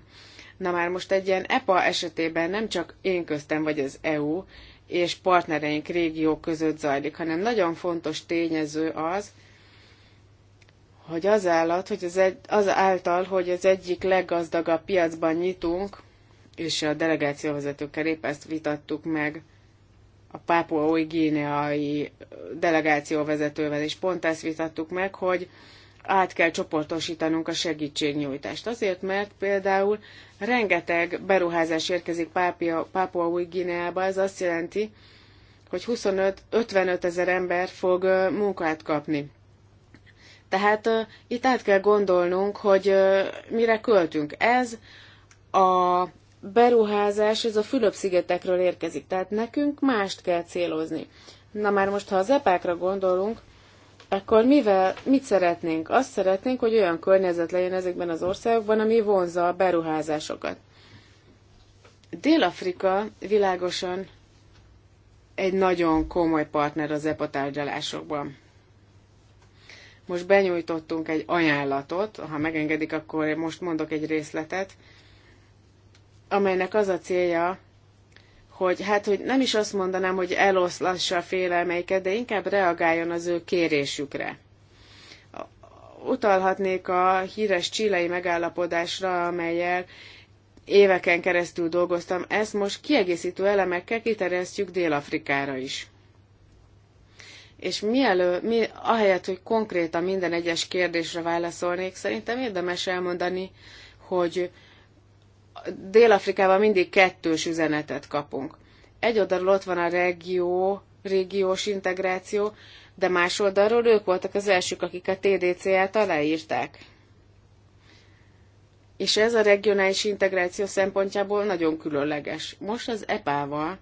[SPEAKER 2] Na már most egy ilyen EPA esetében nem csak én köztem vagy az EU, és partnereink régió között zajlik, hanem nagyon fontos tényező az, hogy az állat, hogy az, egy, az által, hogy az egyik leggazdagabb piacban nyitunk, és a delegációvezetőkkel épp ezt vitattuk meg a pápuai gíneai delegációvezetővel, és pont ezt vitattuk meg, hogy át kell csoportosítanunk a segítségnyújtást. Azért, mert például rengeteg beruházás érkezik Pápia, Pápua új Guineába, ez azt jelenti, hogy 25-55 ezer ember fog munkát kapni. Tehát uh, itt át kell gondolnunk, hogy uh, mire költünk. Ez a beruházás, ez a Fülöp-szigetekről érkezik, tehát nekünk mást kell célozni. Na már most, ha az epákra gondolunk, akkor mivel, mit szeretnénk? Azt szeretnénk, hogy olyan környezet legyen ezekben az országokban, ami vonzza a beruházásokat. Dél-Afrika világosan egy nagyon komoly partner az EPA tárgyalásokban. Most benyújtottunk egy ajánlatot, ha megengedik, akkor most mondok egy részletet, amelynek az a célja, hogy hát, hogy nem is azt mondanám, hogy eloszlassa a félelmeiket, de inkább reagáljon az ő kérésükre. Utalhatnék a híres csilei megállapodásra, amelyel éveken keresztül dolgoztam, ezt most kiegészítő elemekkel kiterjesztjük Dél-Afrikára is. És mielőtt, mi, ahelyett, hogy konkrétan minden egyes kérdésre válaszolnék, szerintem érdemes elmondani, hogy Dél-Afrikában mindig kettős üzenetet kapunk. Egy oldalról ott van a regió, régiós integráció, de más oldalról ők voltak az elsők, akik a TDC-et aláírták. És ez a regionális integráció szempontjából nagyon különleges. Most az EPA-val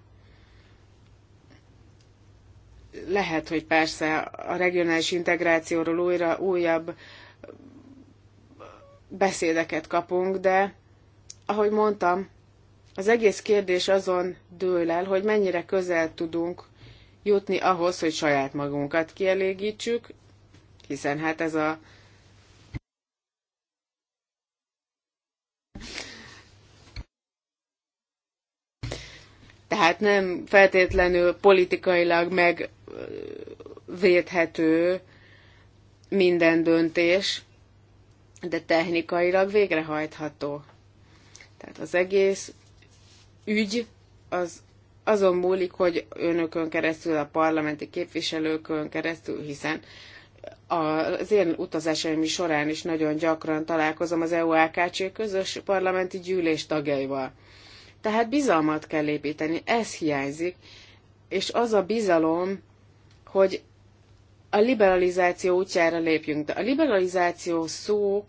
[SPEAKER 2] lehet, hogy persze a regionális integrációról újra újabb beszédeket kapunk, de ahogy mondtam, az egész kérdés azon dől el, hogy mennyire közel tudunk jutni ahhoz, hogy saját magunkat kielégítsük, hiszen hát ez a tehát nem feltétlenül politikailag megvédhető minden döntés, de technikailag végrehajtható. Tehát az egész ügy az azon múlik, hogy önökön keresztül, a parlamenti képviselőkön keresztül, hiszen az én utazásaim során is nagyon gyakran találkozom az EU-AKC közös parlamenti gyűlés tagjaival. Tehát bizalmat kell építeni, ez hiányzik, és az a bizalom, hogy a liberalizáció útjára lépjünk. De a liberalizáció szó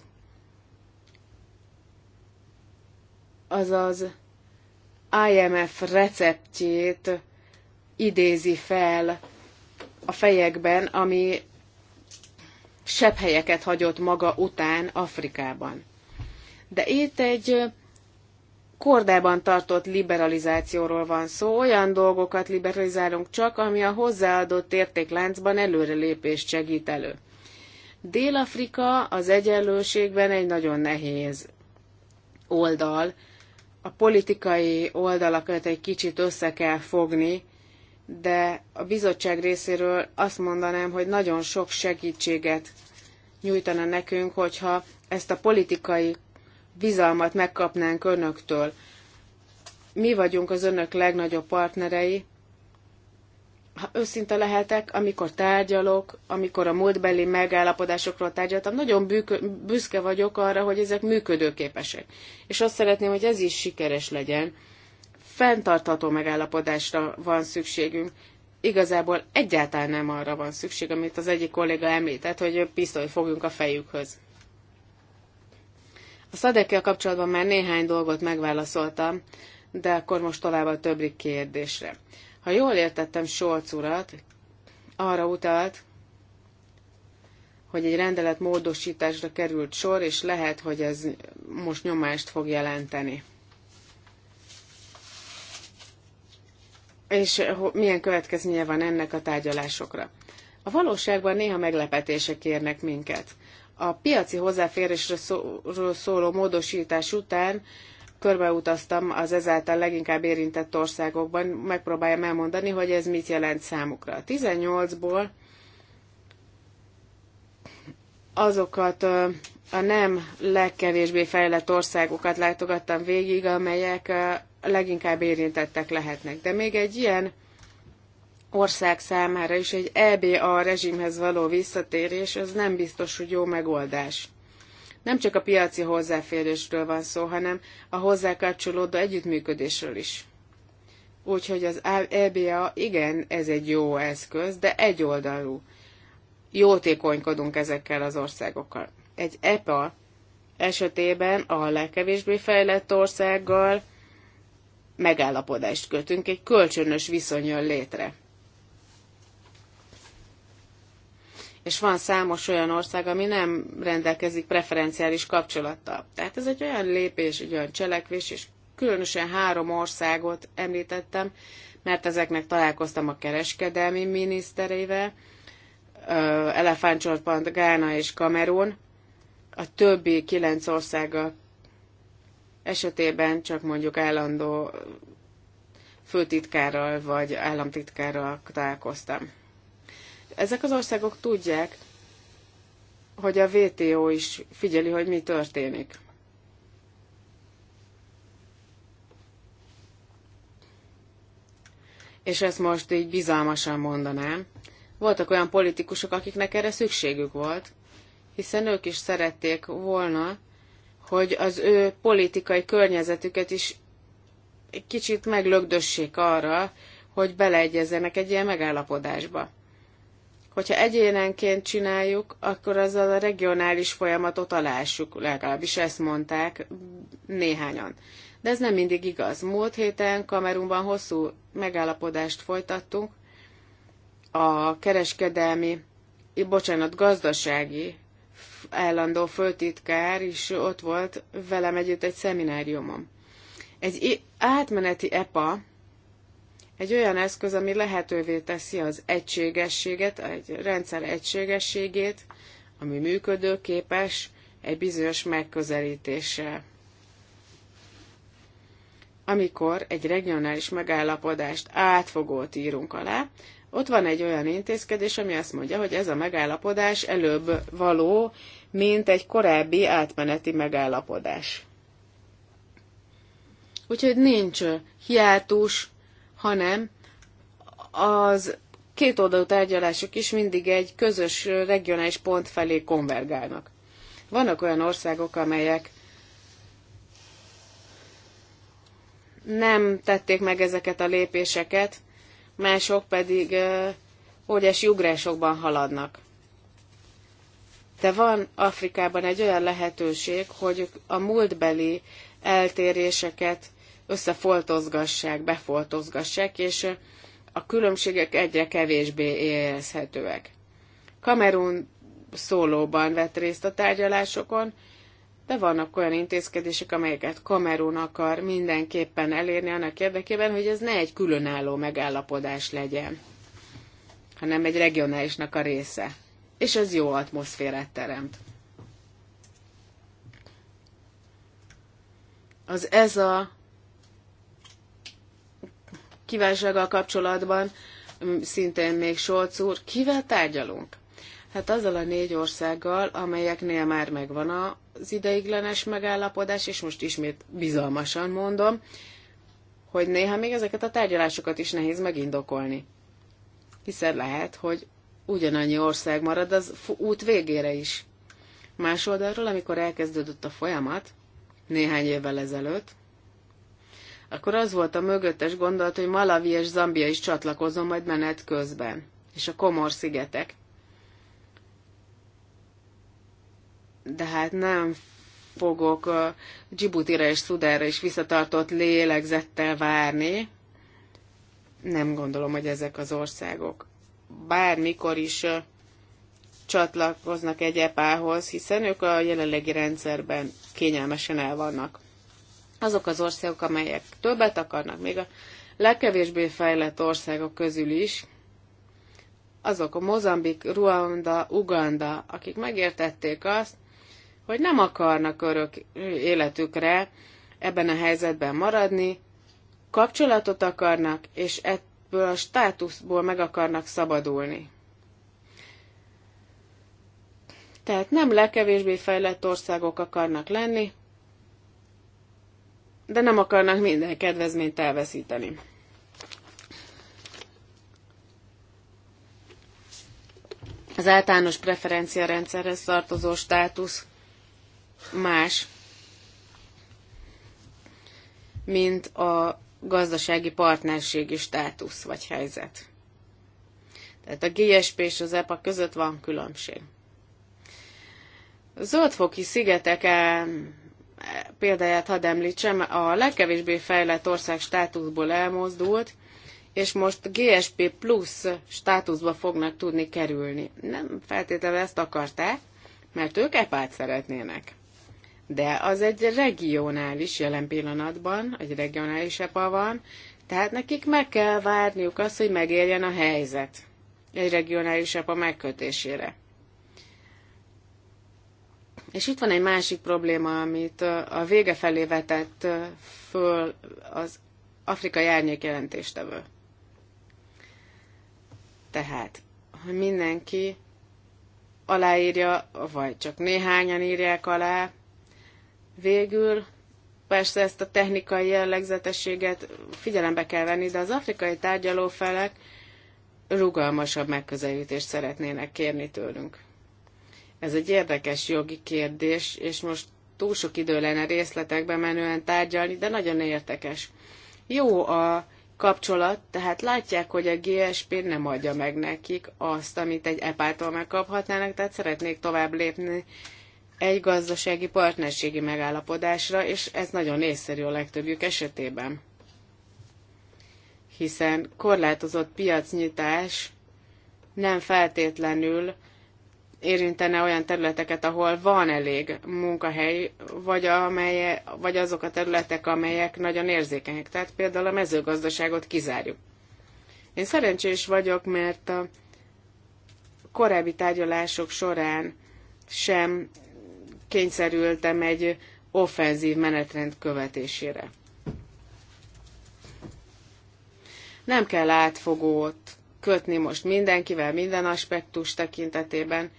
[SPEAKER 2] azaz IMF receptjét idézi fel a fejekben, ami helyeket hagyott maga után Afrikában. De itt egy kordában tartott liberalizációról van szó, olyan dolgokat liberalizálunk csak, ami a hozzáadott értékláncban előrelépést segít elő. Dél-Afrika az egyenlőségben egy nagyon nehéz oldal, a politikai oldalakat egy kicsit össze kell fogni, de a bizottság részéről azt mondanám, hogy nagyon sok segítséget nyújtana nekünk, hogyha ezt a politikai bizalmat megkapnánk önöktől. Mi vagyunk az önök legnagyobb partnerei, ha őszinte lehetek, amikor tárgyalok, amikor a múltbeli megállapodásokról tárgyaltam, nagyon bűkö, büszke vagyok arra, hogy ezek működőképesek. És azt szeretném, hogy ez is sikeres legyen. Fentartható megállapodásra van szükségünk. Igazából egyáltalán nem arra van szükség, amit az egyik kolléga említett, hogy pisztolyt fogjunk a fejükhöz. A szadekkel kapcsolatban már néhány dolgot megválaszoltam, de akkor most tovább a többi kérdésre. Ha jól értettem Solc urat, arra utalt, hogy egy rendelet módosításra került sor, és lehet, hogy ez most nyomást fog jelenteni. És milyen következménye van ennek a tárgyalásokra? A valóságban néha meglepetések érnek minket. A piaci hozzáférésről szóló módosítás után körbeutaztam az ezáltal leginkább érintett országokban, megpróbáljam elmondani, hogy ez mit jelent számukra. 18-ból azokat a nem legkevésbé fejlett országokat látogattam végig, amelyek leginkább érintettek lehetnek. De még egy ilyen ország számára is egy EBA rezsimhez való visszatérés, az nem biztos, hogy jó megoldás nem csak a piaci hozzáférésről van szó, hanem a hozzá kapcsolódó együttműködésről is. Úgyhogy az EBA igen, ez egy jó eszköz, de egyoldalú. Jótékonykodunk ezekkel az országokkal. Egy EPA esetében a legkevésbé fejlett országgal megállapodást kötünk, egy kölcsönös viszony jön létre. és van számos olyan ország, ami nem rendelkezik preferenciális kapcsolattal. Tehát ez egy olyan lépés, egy olyan cselekvés, és különösen három országot említettem, mert ezeknek találkoztam a kereskedelmi miniszterével, Elefántcsortpant, Gána és Kamerun, a többi kilenc országa esetében csak mondjuk állandó főtitkárral vagy államtitkárral találkoztam. Ezek az országok tudják, hogy a VTO is figyeli, hogy mi történik. És ezt most így bizalmasan mondanám. Voltak olyan politikusok, akiknek erre szükségük volt, hiszen ők is szerették volna, hogy az ő politikai környezetüket is egy kicsit meglögdössék arra, hogy beleegyezzenek egy ilyen megállapodásba. Hogyha egyénenként csináljuk, akkor azzal a regionális folyamatot alássuk, legalábbis ezt mondták néhányan. De ez nem mindig igaz. Múlt héten Kamerunban hosszú megállapodást folytattunk a kereskedelmi, bocsánat, gazdasági állandó föltitkár is ott volt velem együtt egy szemináriumon. Egy átmeneti EPA, egy olyan eszköz, ami lehetővé teszi az egységességet, egy rendszer egységességét, ami működőképes, egy bizonyos megközelítéssel. Amikor egy regionális megállapodást átfogót írunk alá, ott van egy olyan intézkedés, ami azt mondja, hogy ez a megállapodás előbb való, mint egy korábbi átmeneti megállapodás. Úgyhogy nincs hiátus, hanem az kétoldalú tárgyalások is mindig egy közös regionális pont felé konvergálnak. Vannak olyan országok, amelyek nem tették meg ezeket a lépéseket, mások pedig óriási ugrásokban haladnak. De van Afrikában egy olyan lehetőség, hogy a múltbeli eltéréseket összefoltozgassák, befoltozgassák, és a különbségek egyre kevésbé érezhetőek. Kamerun szólóban vett részt a tárgyalásokon, de vannak olyan intézkedések, amelyeket Kamerun akar mindenképpen elérni annak érdekében, hogy ez ne egy különálló megállapodás legyen, hanem egy regionálisnak a része. És ez jó atmoszférát teremt. Az ez a kívánsággal kapcsolatban mm, szintén még Solc úr, kivel tárgyalunk? Hát azzal a négy országgal, amelyeknél már megvan az ideiglenes megállapodás, és most ismét bizalmasan mondom, hogy néha még ezeket a tárgyalásokat is nehéz megindokolni. Hiszen lehet, hogy ugyanannyi ország marad az út végére is. Más oldalról, amikor elkezdődött a folyamat, néhány évvel ezelőtt, akkor az volt a mögöttes gondolat, hogy Malawi és Zambia is csatlakozom majd menet közben, és a Komor-szigetek. De hát nem fogok a Djibouti-re és Szudára is visszatartott lélegzettel várni. Nem gondolom, hogy ezek az országok bármikor is csatlakoznak egy epához, hiszen ők a jelenlegi rendszerben kényelmesen el vannak. Azok az országok, amelyek többet akarnak, még a legkevésbé fejlett országok közül is, azok a Mozambik, Ruanda, Uganda, akik megértették azt, hogy nem akarnak örök életükre ebben a helyzetben maradni, kapcsolatot akarnak, és ebből a státuszból meg akarnak szabadulni. Tehát nem legkevésbé fejlett országok akarnak lenni, de nem akarnak minden kedvezményt elveszíteni. Az általános preferencia rendszerhez tartozó státusz más, mint a gazdasági partnerségi státusz vagy helyzet. Tehát a GSP és az EPA között van különbség. Zöldfoki szigeteken példáját hadd említsem, a legkevésbé fejlett ország státuszból elmozdult, és most GSP plusz státuszba fognak tudni kerülni. Nem feltétlenül ezt akarták, mert ők epát szeretnének. De az egy regionális jelen pillanatban, egy regionális epa van, tehát nekik meg kell várniuk azt, hogy megérjen a helyzet egy regionális epa megkötésére. És itt van egy másik probléma, amit a vége felé vetett föl az afrikai árnyék jelentéstevő. Tehát, ha mindenki aláírja, vagy csak néhányan írják alá, végül persze ezt a technikai jellegzetességet figyelembe kell venni, de az afrikai tárgyalófelek rugalmasabb megközelítést szeretnének kérni tőlünk. Ez egy érdekes jogi kérdés, és most túl sok idő lenne részletekbe menően tárgyalni, de nagyon érdekes. Jó a kapcsolat, tehát látják, hogy a GSP nem adja meg nekik azt, amit egy epától megkaphatnának, tehát szeretnék tovább lépni egy gazdasági partnerségi megállapodásra, és ez nagyon észszerű a legtöbbjük esetében. Hiszen korlátozott piacnyitás nem feltétlenül érintene olyan területeket, ahol van elég munkahely, vagy, amely, vagy azok a területek, amelyek nagyon érzékenyek. Tehát például a mezőgazdaságot kizárjuk. Én szerencsés vagyok, mert a korábbi tárgyalások során sem kényszerültem egy offenzív menetrend követésére. Nem kell átfogót kötni most mindenkivel, minden aspektus tekintetében,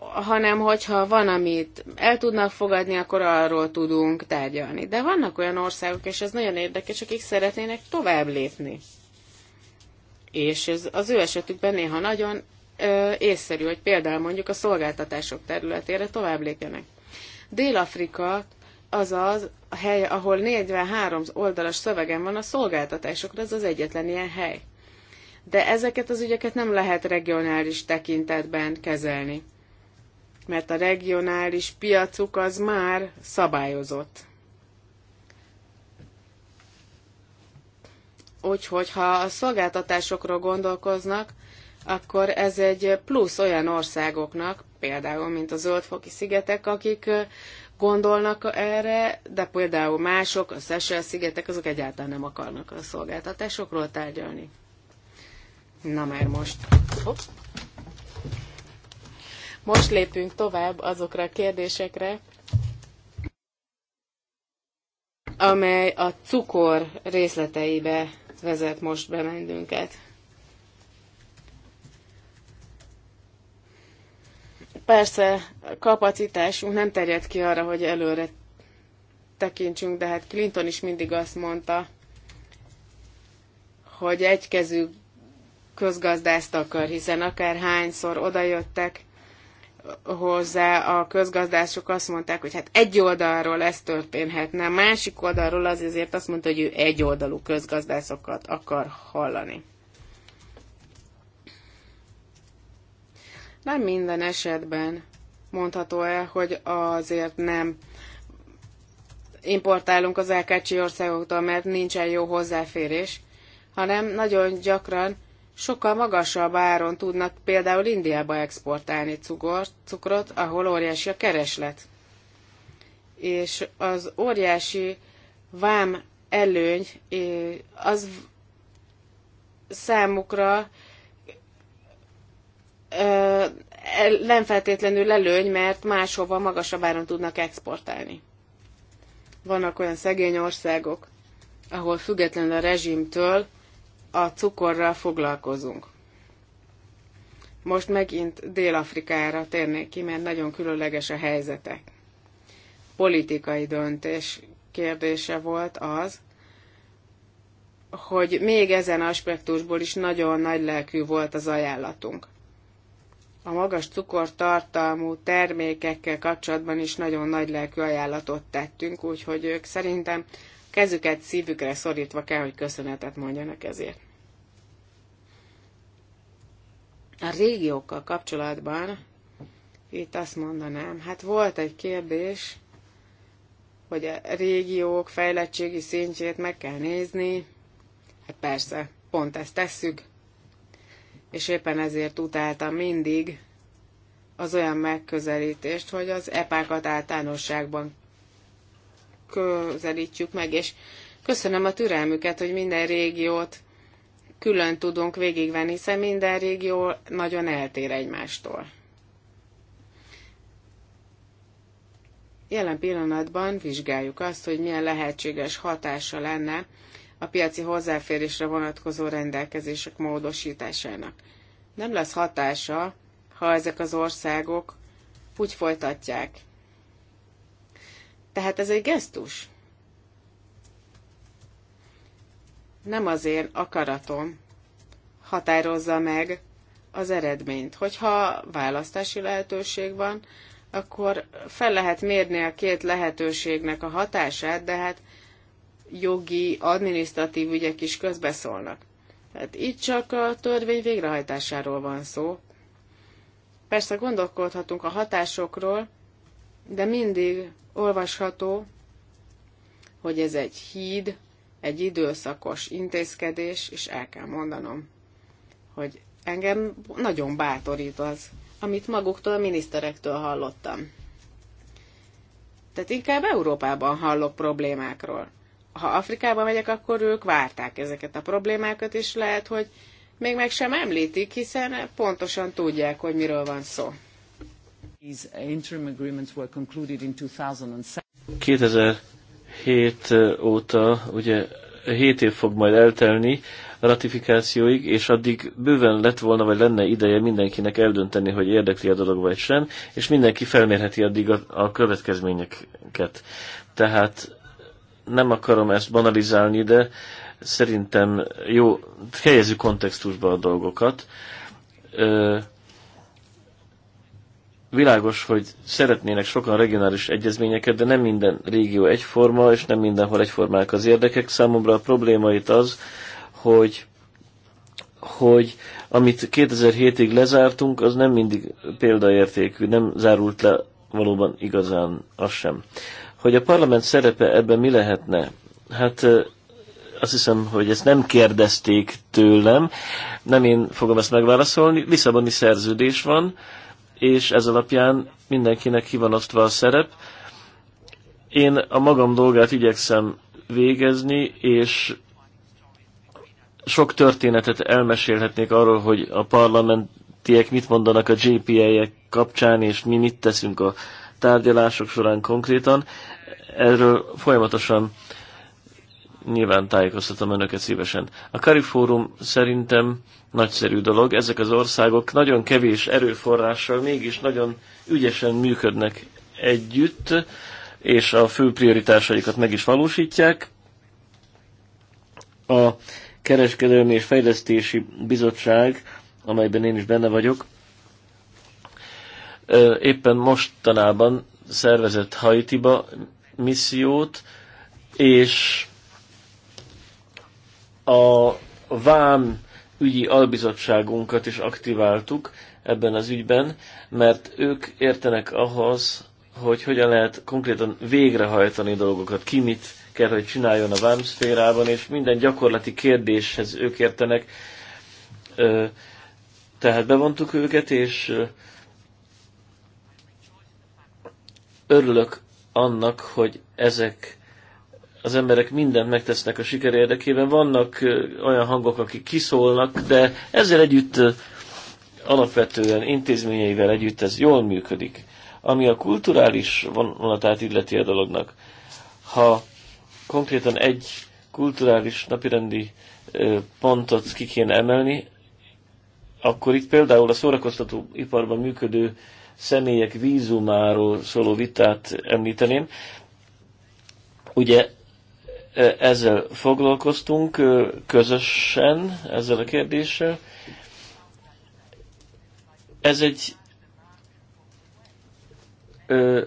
[SPEAKER 2] hanem hogyha van, amit el tudnak fogadni, akkor arról tudunk tárgyalni. De vannak olyan országok, és ez nagyon érdekes, akik szeretnének tovább lépni. És ez az ő esetükben néha nagyon ö, észszerű, hogy például mondjuk a szolgáltatások területére tovább lépjenek. Dél-Afrika az az hely, ahol 43 oldalas szövegen van a szolgáltatásokra, ez az egyetlen ilyen hely. De ezeket az ügyeket nem lehet regionális tekintetben kezelni mert a regionális piacuk az már szabályozott. Úgyhogy ha a szolgáltatásokról gondolkoznak, akkor ez egy plusz olyan országoknak, például mint a Zöldfoki szigetek, akik gondolnak erre, de például mások, a Szesel szigetek, azok egyáltalán nem akarnak a szolgáltatásokról tárgyalni. Na már most. Hopp. Most lépünk tovább azokra a kérdésekre, amely a cukor részleteibe vezet most be bennünket. Persze a kapacitásunk nem terjed ki arra, hogy előre tekintsünk, de hát Clinton is mindig azt mondta, hogy egykezű közgazdászt akar, hiszen akár hányszor odajöttek, hozzá a közgazdások azt mondták, hogy hát egy oldalról ez történhetne, másik oldalról az azért azt mondta, hogy ő egy oldalú közgazdászokat akar hallani. Nem minden esetben mondható el, hogy azért nem importálunk az LKC országoktól, mert nincsen jó hozzáférés, hanem nagyon gyakran sokkal magasabb áron tudnak például Indiába exportálni cukrot, cukrot ahol óriási a kereslet. És az óriási vám előny az számukra nem feltétlenül előny, mert máshova magasabb áron tudnak exportálni. Vannak olyan szegény országok, ahol függetlenül a rezsimtől a cukorral foglalkozunk. Most megint Dél-Afrikára térnék ki, mert nagyon különleges a helyzetek. Politikai döntés kérdése volt az, hogy még ezen aspektusból is nagyon nagy lelkű volt az ajánlatunk. A magas cukortartalmú termékekkel kapcsolatban is nagyon nagy lelkű ajánlatot tettünk, úgyhogy ők szerintem kezüket szívükre szorítva kell, hogy köszönetet mondjanak ezért. A régiókkal kapcsolatban itt azt mondanám, hát volt egy kérdés, hogy a régiók fejlettségi szintjét meg kell nézni. Hát persze, pont ezt tesszük. És éppen ezért utáltam mindig az olyan megközelítést, hogy az epákat általánosságban közelítjük meg, és köszönöm a türelmüket, hogy minden régiót külön tudunk végigvenni, hiszen minden régió nagyon eltér egymástól. Jelen pillanatban vizsgáljuk azt, hogy milyen lehetséges hatása lenne a piaci hozzáférésre vonatkozó rendelkezések módosításának. Nem lesz hatása, ha ezek az országok úgy folytatják tehát ez egy gesztus. Nem az én akaratom határozza meg az eredményt. Hogyha választási lehetőség van, akkor fel lehet mérni a két lehetőségnek a hatását, de hát jogi, adminisztratív ügyek is közbeszólnak. Tehát itt csak a törvény végrehajtásáról van szó. Persze gondolkodhatunk a hatásokról, de mindig olvasható, hogy ez egy híd, egy időszakos intézkedés, és el kell mondanom, hogy engem nagyon bátorít az, amit maguktól, a miniszterektől hallottam. Tehát inkább Európában hallok problémákról. Ha Afrikában megyek, akkor ők várták ezeket a problémákat, és lehet, hogy még meg sem említik, hiszen pontosan tudják, hogy miről van szó.
[SPEAKER 1] 2007.
[SPEAKER 4] 2007 eh, óta, ugye 7 év fog majd eltelni a ratifikációig, és addig bőven lett volna, vagy lenne ideje mindenkinek eldönteni, hogy érdekli a dolog vagy sem, és mindenki felmérheti addig a, a következményeket. Tehát nem akarom ezt banalizálni, de szerintem jó, helyezzük kontextusba a dolgokat. Ö, eh, Világos, hogy szeretnének sokan regionális egyezményeket, de nem minden régió egyforma, és nem mindenhol egyformák az érdekek. Számomra a probléma itt az, hogy hogy amit 2007-ig lezártunk, az nem mindig példaértékű, nem zárult le valóban igazán az sem. Hogy a parlament szerepe ebben mi lehetne? Hát azt hiszem, hogy ezt nem kérdezték tőlem, nem én fogom ezt megválaszolni. Lisszaboni szerződés van, és ez alapján mindenkinek ki van osztva a szerep. Én a magam dolgát igyekszem végezni, és sok történetet elmesélhetnék arról, hogy a parlamentiek mit mondanak a JPA-ek kapcsán, és mi mit teszünk a tárgyalások során konkrétan. Erről folyamatosan nyilván tájékoztatom önöket szívesen. A Karifórum szerintem nagyszerű dolog. Ezek az országok nagyon kevés erőforrással mégis nagyon ügyesen működnek együtt, és a fő prioritásaikat meg is valósítják. A Kereskedelmi és Fejlesztési Bizottság, amelyben én is benne vagyok, éppen mostanában szervezett Haitiba missziót, és a vám ügyi albizottságunkat is aktiváltuk ebben az ügyben, mert ők értenek ahhoz, hogy hogyan lehet konkrétan végrehajtani dolgokat, ki mit kell, hogy csináljon a Vám szférában és minden gyakorlati kérdéshez ők értenek. Tehát bevontuk őket, és örülök annak, hogy ezek az emberek mindent megtesznek a siker érdekében. Vannak olyan hangok, akik kiszólnak, de ezzel együtt alapvetően intézményeivel együtt ez jól működik. Ami a kulturális vonatát illeti a dolognak, ha konkrétan egy kulturális napirendi pontot ki kéne emelni, akkor itt például a szórakoztató iparban működő személyek vízumáról szóló vitát említeném. Ugye ezzel foglalkoztunk közösen, ezzel a kérdéssel. Ez egy ö,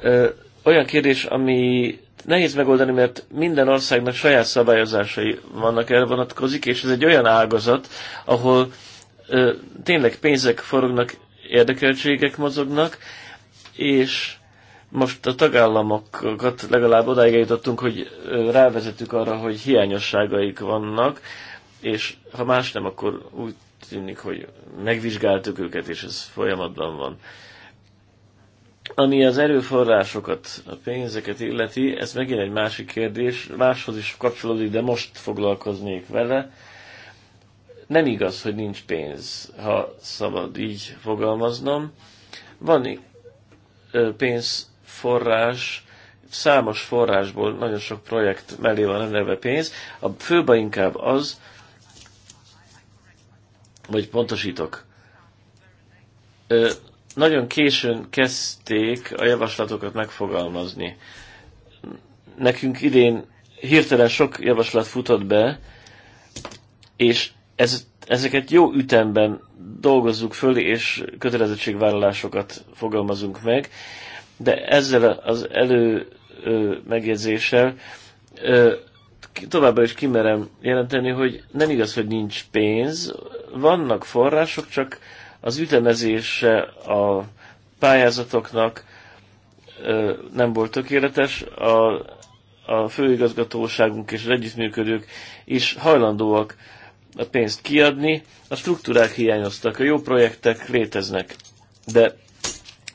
[SPEAKER 4] ö, olyan kérdés, ami nehéz megoldani, mert minden országnak saját szabályozásai vannak, erre vonatkozik, és ez egy olyan ágazat, ahol ö, tényleg pénzek forognak, érdekeltségek mozognak, és most a tagállamokat legalább odáig eljutottunk, hogy rávezetük arra, hogy hiányosságaik vannak, és ha más nem, akkor úgy tűnik, hogy megvizsgáltuk őket, és ez folyamatban van. Ami az erőforrásokat, a pénzeket illeti, ez megint egy másik kérdés, máshoz is kapcsolódik, de most foglalkoznék vele. Nem igaz, hogy nincs pénz, ha szabad így fogalmaznom. Van pénz forrás, számos forrásból nagyon sok projekt mellé van rendelve pénz. A főbe inkább az, vagy pontosítok, nagyon későn kezdték a javaslatokat megfogalmazni. Nekünk idén hirtelen sok javaslat futott be, és ez, ezeket jó ütemben dolgozzuk föl, és kötelezettségvállalásokat fogalmazunk meg, de ezzel az elő megjegyzéssel továbbra is kimerem jelenteni, hogy nem igaz, hogy nincs pénz, vannak források, csak az ütemezése a pályázatoknak nem volt tökéletes, a, a főigazgatóságunk és az együttműködők is hajlandóak a pénzt kiadni, a struktúrák hiányoztak, a jó projektek léteznek, de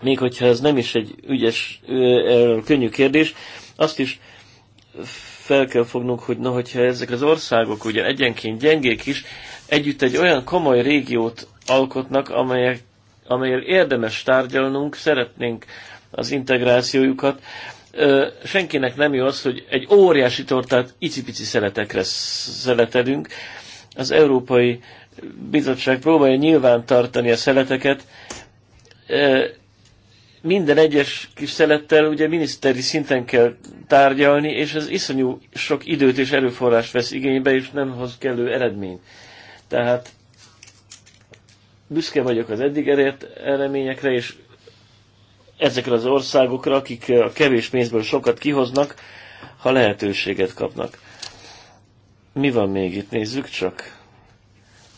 [SPEAKER 4] még hogyha ez nem is egy ügyes, könnyű kérdés, azt is fel kell fognunk, hogy na, hogyha ezek az országok ugye egyenként gyengék is, együtt egy olyan komoly régiót alkotnak, amelyek, amelyel érdemes tárgyalnunk, szeretnénk az integrációjukat. Ö, senkinek nem jó az, hogy egy óriási tortát icipici szeletekre szeletedünk. Az Európai Bizottság próbálja nyilván tartani a szeleteket, minden egyes kis szelettel ugye miniszteri szinten kell tárgyalni, és ez iszonyú sok időt és erőforrást vesz igénybe, és nem hoz kellő eredményt. Tehát büszke vagyok az eddig elért eredményekre, és ezekre az országokra, akik a kevés pénzből sokat kihoznak, ha lehetőséget kapnak. Mi van még itt? Nézzük csak.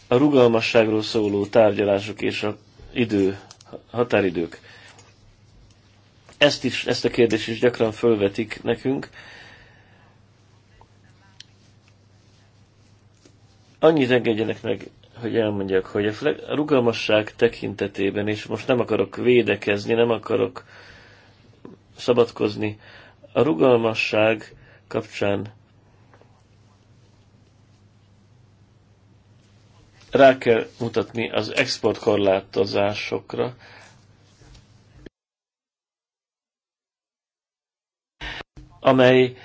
[SPEAKER 4] A rugalmasságról szóló tárgyalások és a idő, határidők ezt, is, ezt a kérdést is gyakran fölvetik nekünk. Annyit engedjenek meg, hogy elmondjak, hogy a rugalmasság tekintetében, és most nem akarok védekezni, nem akarok szabadkozni, a rugalmasság kapcsán rá kell mutatni az exportkorlátozásokra, amely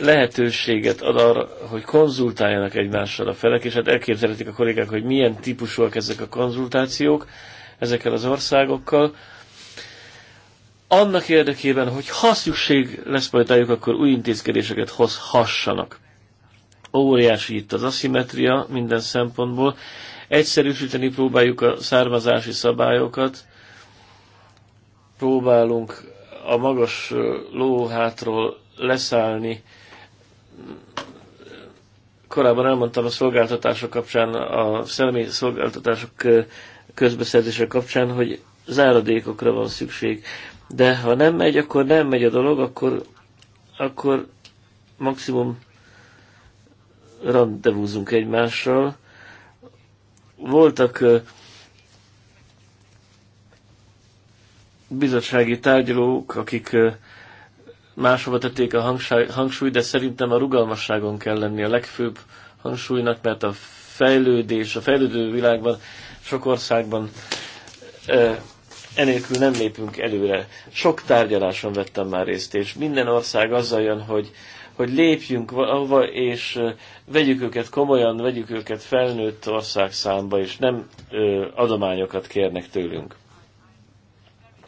[SPEAKER 4] lehetőséget ad arra, hogy konzultáljanak egymással a felek, és hát elképzelhetik a kollégák, hogy milyen típusúak ezek a konzultációk ezekkel az országokkal. Annak érdekében, hogy ha szükség lesz majd rájuk, akkor új intézkedéseket hozhassanak. Óriási itt az aszimetria minden szempontból. Egyszerűsíteni próbáljuk a származási szabályokat, próbálunk a magas lóhátról leszállni. Korábban elmondtam a szolgáltatások kapcsán, a szellemi szolgáltatások közbeszerzése kapcsán, hogy záradékokra van szükség. De ha nem megy, akkor nem megy a dolog, akkor, akkor maximum rendezvúzunk egymással. Voltak bizottsági tárgyalók, akik máshova tették a hangsúlyt, de szerintem a rugalmasságon kell lenni a legfőbb hangsúlynak, mert a fejlődés, a fejlődő világban, sok országban enélkül nem lépünk előre. Sok tárgyaláson vettem már részt, és minden ország azzal jön, hogy, hogy lépjünk ahova, és vegyük őket komolyan, vegyük őket felnőtt ország számba, és nem adományokat kérnek tőlünk.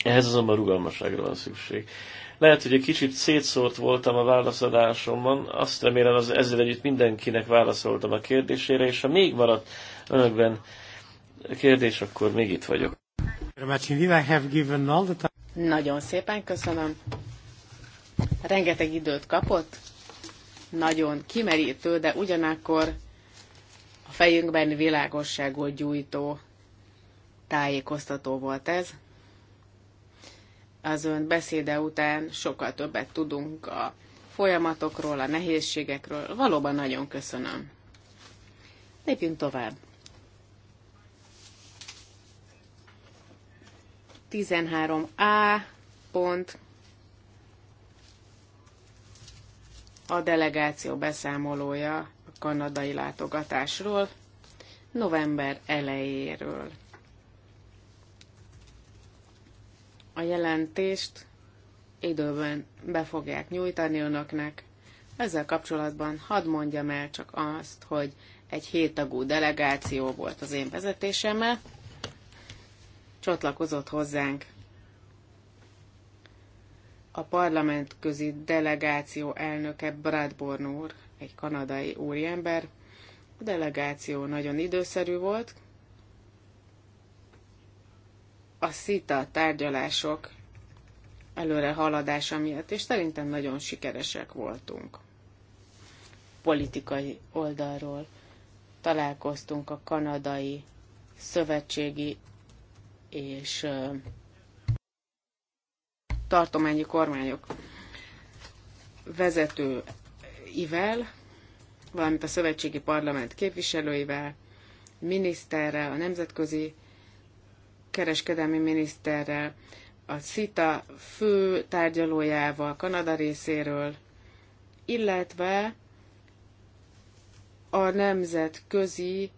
[SPEAKER 4] Ehhez azonban rugalmasságra van szükség. Lehet, hogy egy kicsit szétszórt voltam a válaszadásomban, azt remélem az ezzel együtt mindenkinek válaszoltam a kérdésére, és ha még maradt önökben kérdés, akkor még itt vagyok.
[SPEAKER 2] Nagyon szépen köszönöm. Rengeteg időt kapott, nagyon kimerítő, de ugyanakkor a fejünkben világosságot gyújtó tájékoztató volt ez az ön beszéde után sokkal többet tudunk a folyamatokról, a nehézségekről. Valóban nagyon köszönöm. Lépjünk tovább. 13a pont a delegáció beszámolója a kanadai látogatásról november elejéről. a jelentést időben be fogják nyújtani önöknek. Ezzel kapcsolatban hadd mondjam el csak azt, hogy egy héttagú delegáció volt az én vezetésemmel, csatlakozott hozzánk a parlament közi delegáció elnöke Bradborn úr, egy kanadai úriember. A delegáció nagyon időszerű volt, a szita tárgyalások előre haladása miatt, és szerintem nagyon sikeresek voltunk politikai oldalról. Találkoztunk a kanadai szövetségi és tartományi kormányok vezetőivel, valamint a szövetségi parlament képviselőivel, miniszterrel, a nemzetközi kereskedelmi miniszterrel, a CITA fő tárgyalójával Kanada részéről, illetve a nemzetközi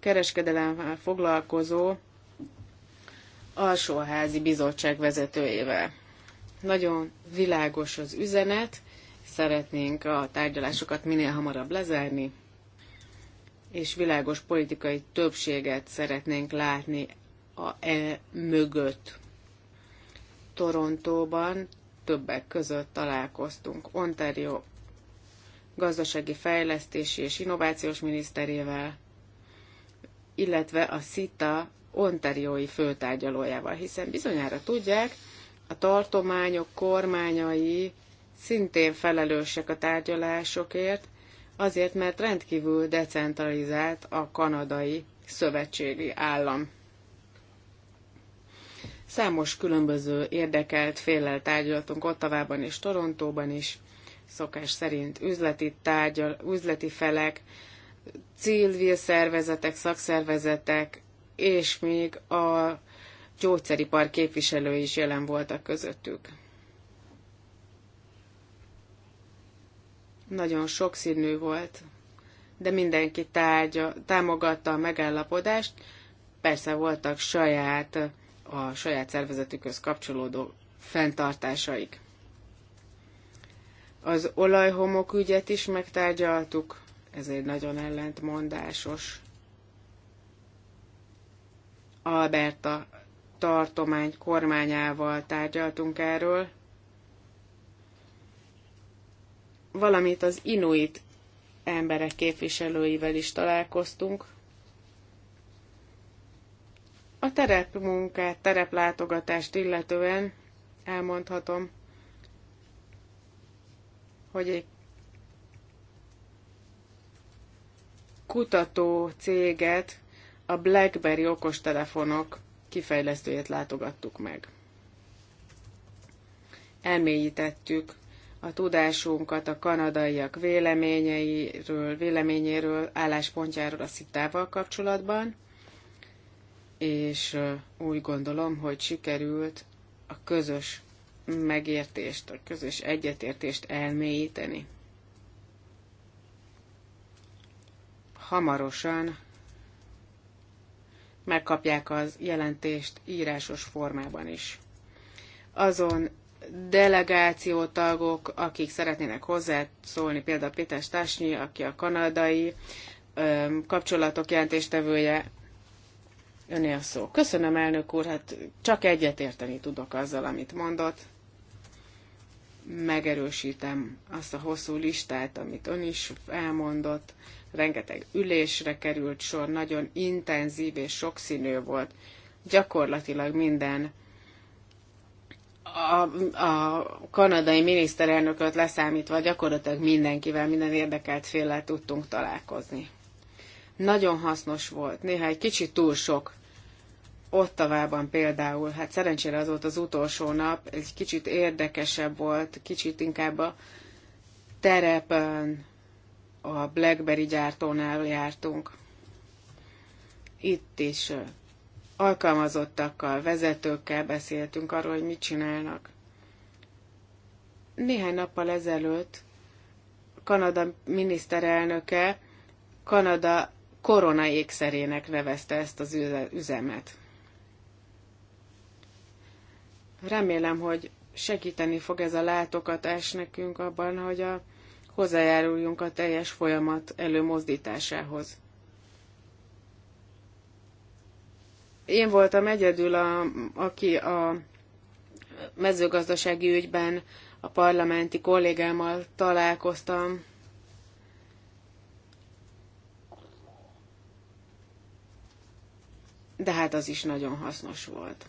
[SPEAKER 2] kereskedelemmel foglalkozó alsóházi bizottság vezetőjével. Nagyon világos az üzenet, szeretnénk a tárgyalásokat minél hamarabb lezárni, és világos politikai többséget szeretnénk látni a E mögött. Torontóban többek között találkoztunk Ontario gazdasági fejlesztési és innovációs miniszterével, illetve a SITA ontariói főtárgyalójával, hiszen bizonyára tudják, a tartományok kormányai szintén felelősek a tárgyalásokért, azért, mert rendkívül decentralizált a kanadai szövetségi állam. Számos különböző érdekelt féllel tárgyaltunk Ottavában és Torontóban is, szokás szerint üzleti, tárgyal, üzleti felek, civil szervezetek, szakszervezetek, és még a gyógyszeripar képviselői is jelen voltak közöttük. Nagyon sokszínű volt, de mindenki tárgya, támogatta a megállapodást, persze voltak saját a saját szervezetükhöz kapcsolódó fenntartásaik. Az olajhomok ügyet is megtárgyaltuk, ez egy nagyon ellentmondásos Alberta tartomány kormányával tárgyaltunk erről, valamint az inuit emberek képviselőivel is találkoztunk, a terepmunkát, tereplátogatást illetően elmondhatom, hogy egy kutató céget, a BlackBerry okostelefonok kifejlesztőjét látogattuk meg. Elmélyítettük a tudásunkat a kanadaiak véleményeiről, véleményéről, álláspontjáról a szitával kapcsolatban, és úgy gondolom, hogy sikerült a közös megértést, a közös egyetértést elmélyíteni. Hamarosan megkapják az jelentést írásos formában is. Azon delegációtagok, akik szeretnének hozzászólni, például Péter Stásnyi, aki a kanadai kapcsolatok jelentéstevője, Öné a szó. Köszönöm, elnök úr, hát csak egyetérteni tudok azzal, amit mondott. Megerősítem azt a hosszú listát, amit ön is elmondott. Rengeteg ülésre került sor, nagyon intenzív és sokszínű volt. Gyakorlatilag minden a, a kanadai miniszterelnököt leszámítva gyakorlatilag mindenkivel, minden érdekelt féllel tudtunk találkozni nagyon hasznos volt, néha egy kicsit túl sok. Ottavában például, hát szerencsére az volt az utolsó nap, egy kicsit érdekesebb volt, kicsit inkább a terepen, a Blackberry gyártónál jártunk. Itt is alkalmazottakkal, vezetőkkel beszéltünk arról, hogy mit csinálnak. Néhány nappal ezelőtt Kanada miniszterelnöke Kanada korona ékszerének nevezte ezt az üzemet. Remélem, hogy segíteni fog ez a látogatás nekünk abban, hogy a, hozzájáruljunk a teljes folyamat előmozdításához. Én voltam egyedül, a, aki a mezőgazdasági ügyben a parlamenti kollégámmal találkoztam de hát az is nagyon hasznos volt.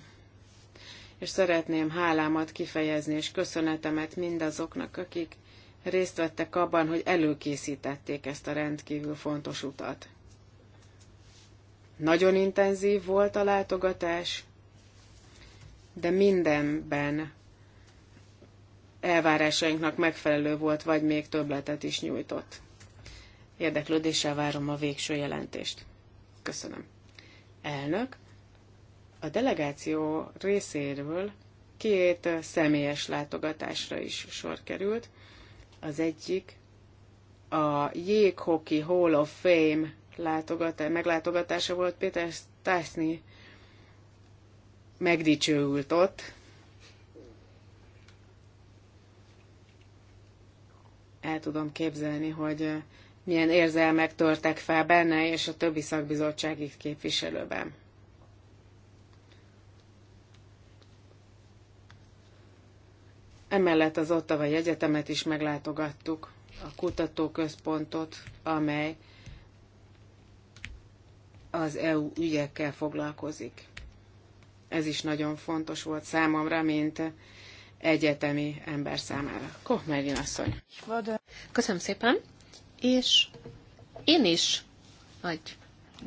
[SPEAKER 2] És szeretném hálámat kifejezni és köszönetemet mindazoknak, akik részt vettek abban, hogy előkészítették ezt a rendkívül fontos utat. Nagyon intenzív volt a látogatás, de mindenben elvárásainknak megfelelő volt, vagy még többletet is nyújtott. Érdeklődéssel várom a végső jelentést. Köszönöm. Elnök, a delegáció részéről két személyes látogatásra is sor került. Az egyik a Jéghoki Hall of Fame látogatá- meglátogatása volt. Péter Stasny megdicsőült ott. El tudom képzelni, hogy milyen érzelmek törtek fel benne és a többi szakbizottsági képviselőben. Emellett az Ottavai Egyetemet is meglátogattuk, a kutatóközpontot, amely az EU ügyekkel foglalkozik. Ez is nagyon fontos volt számomra, mint egyetemi ember számára. Kohmerin asszony.
[SPEAKER 3] Köszönöm szépen és én is nagy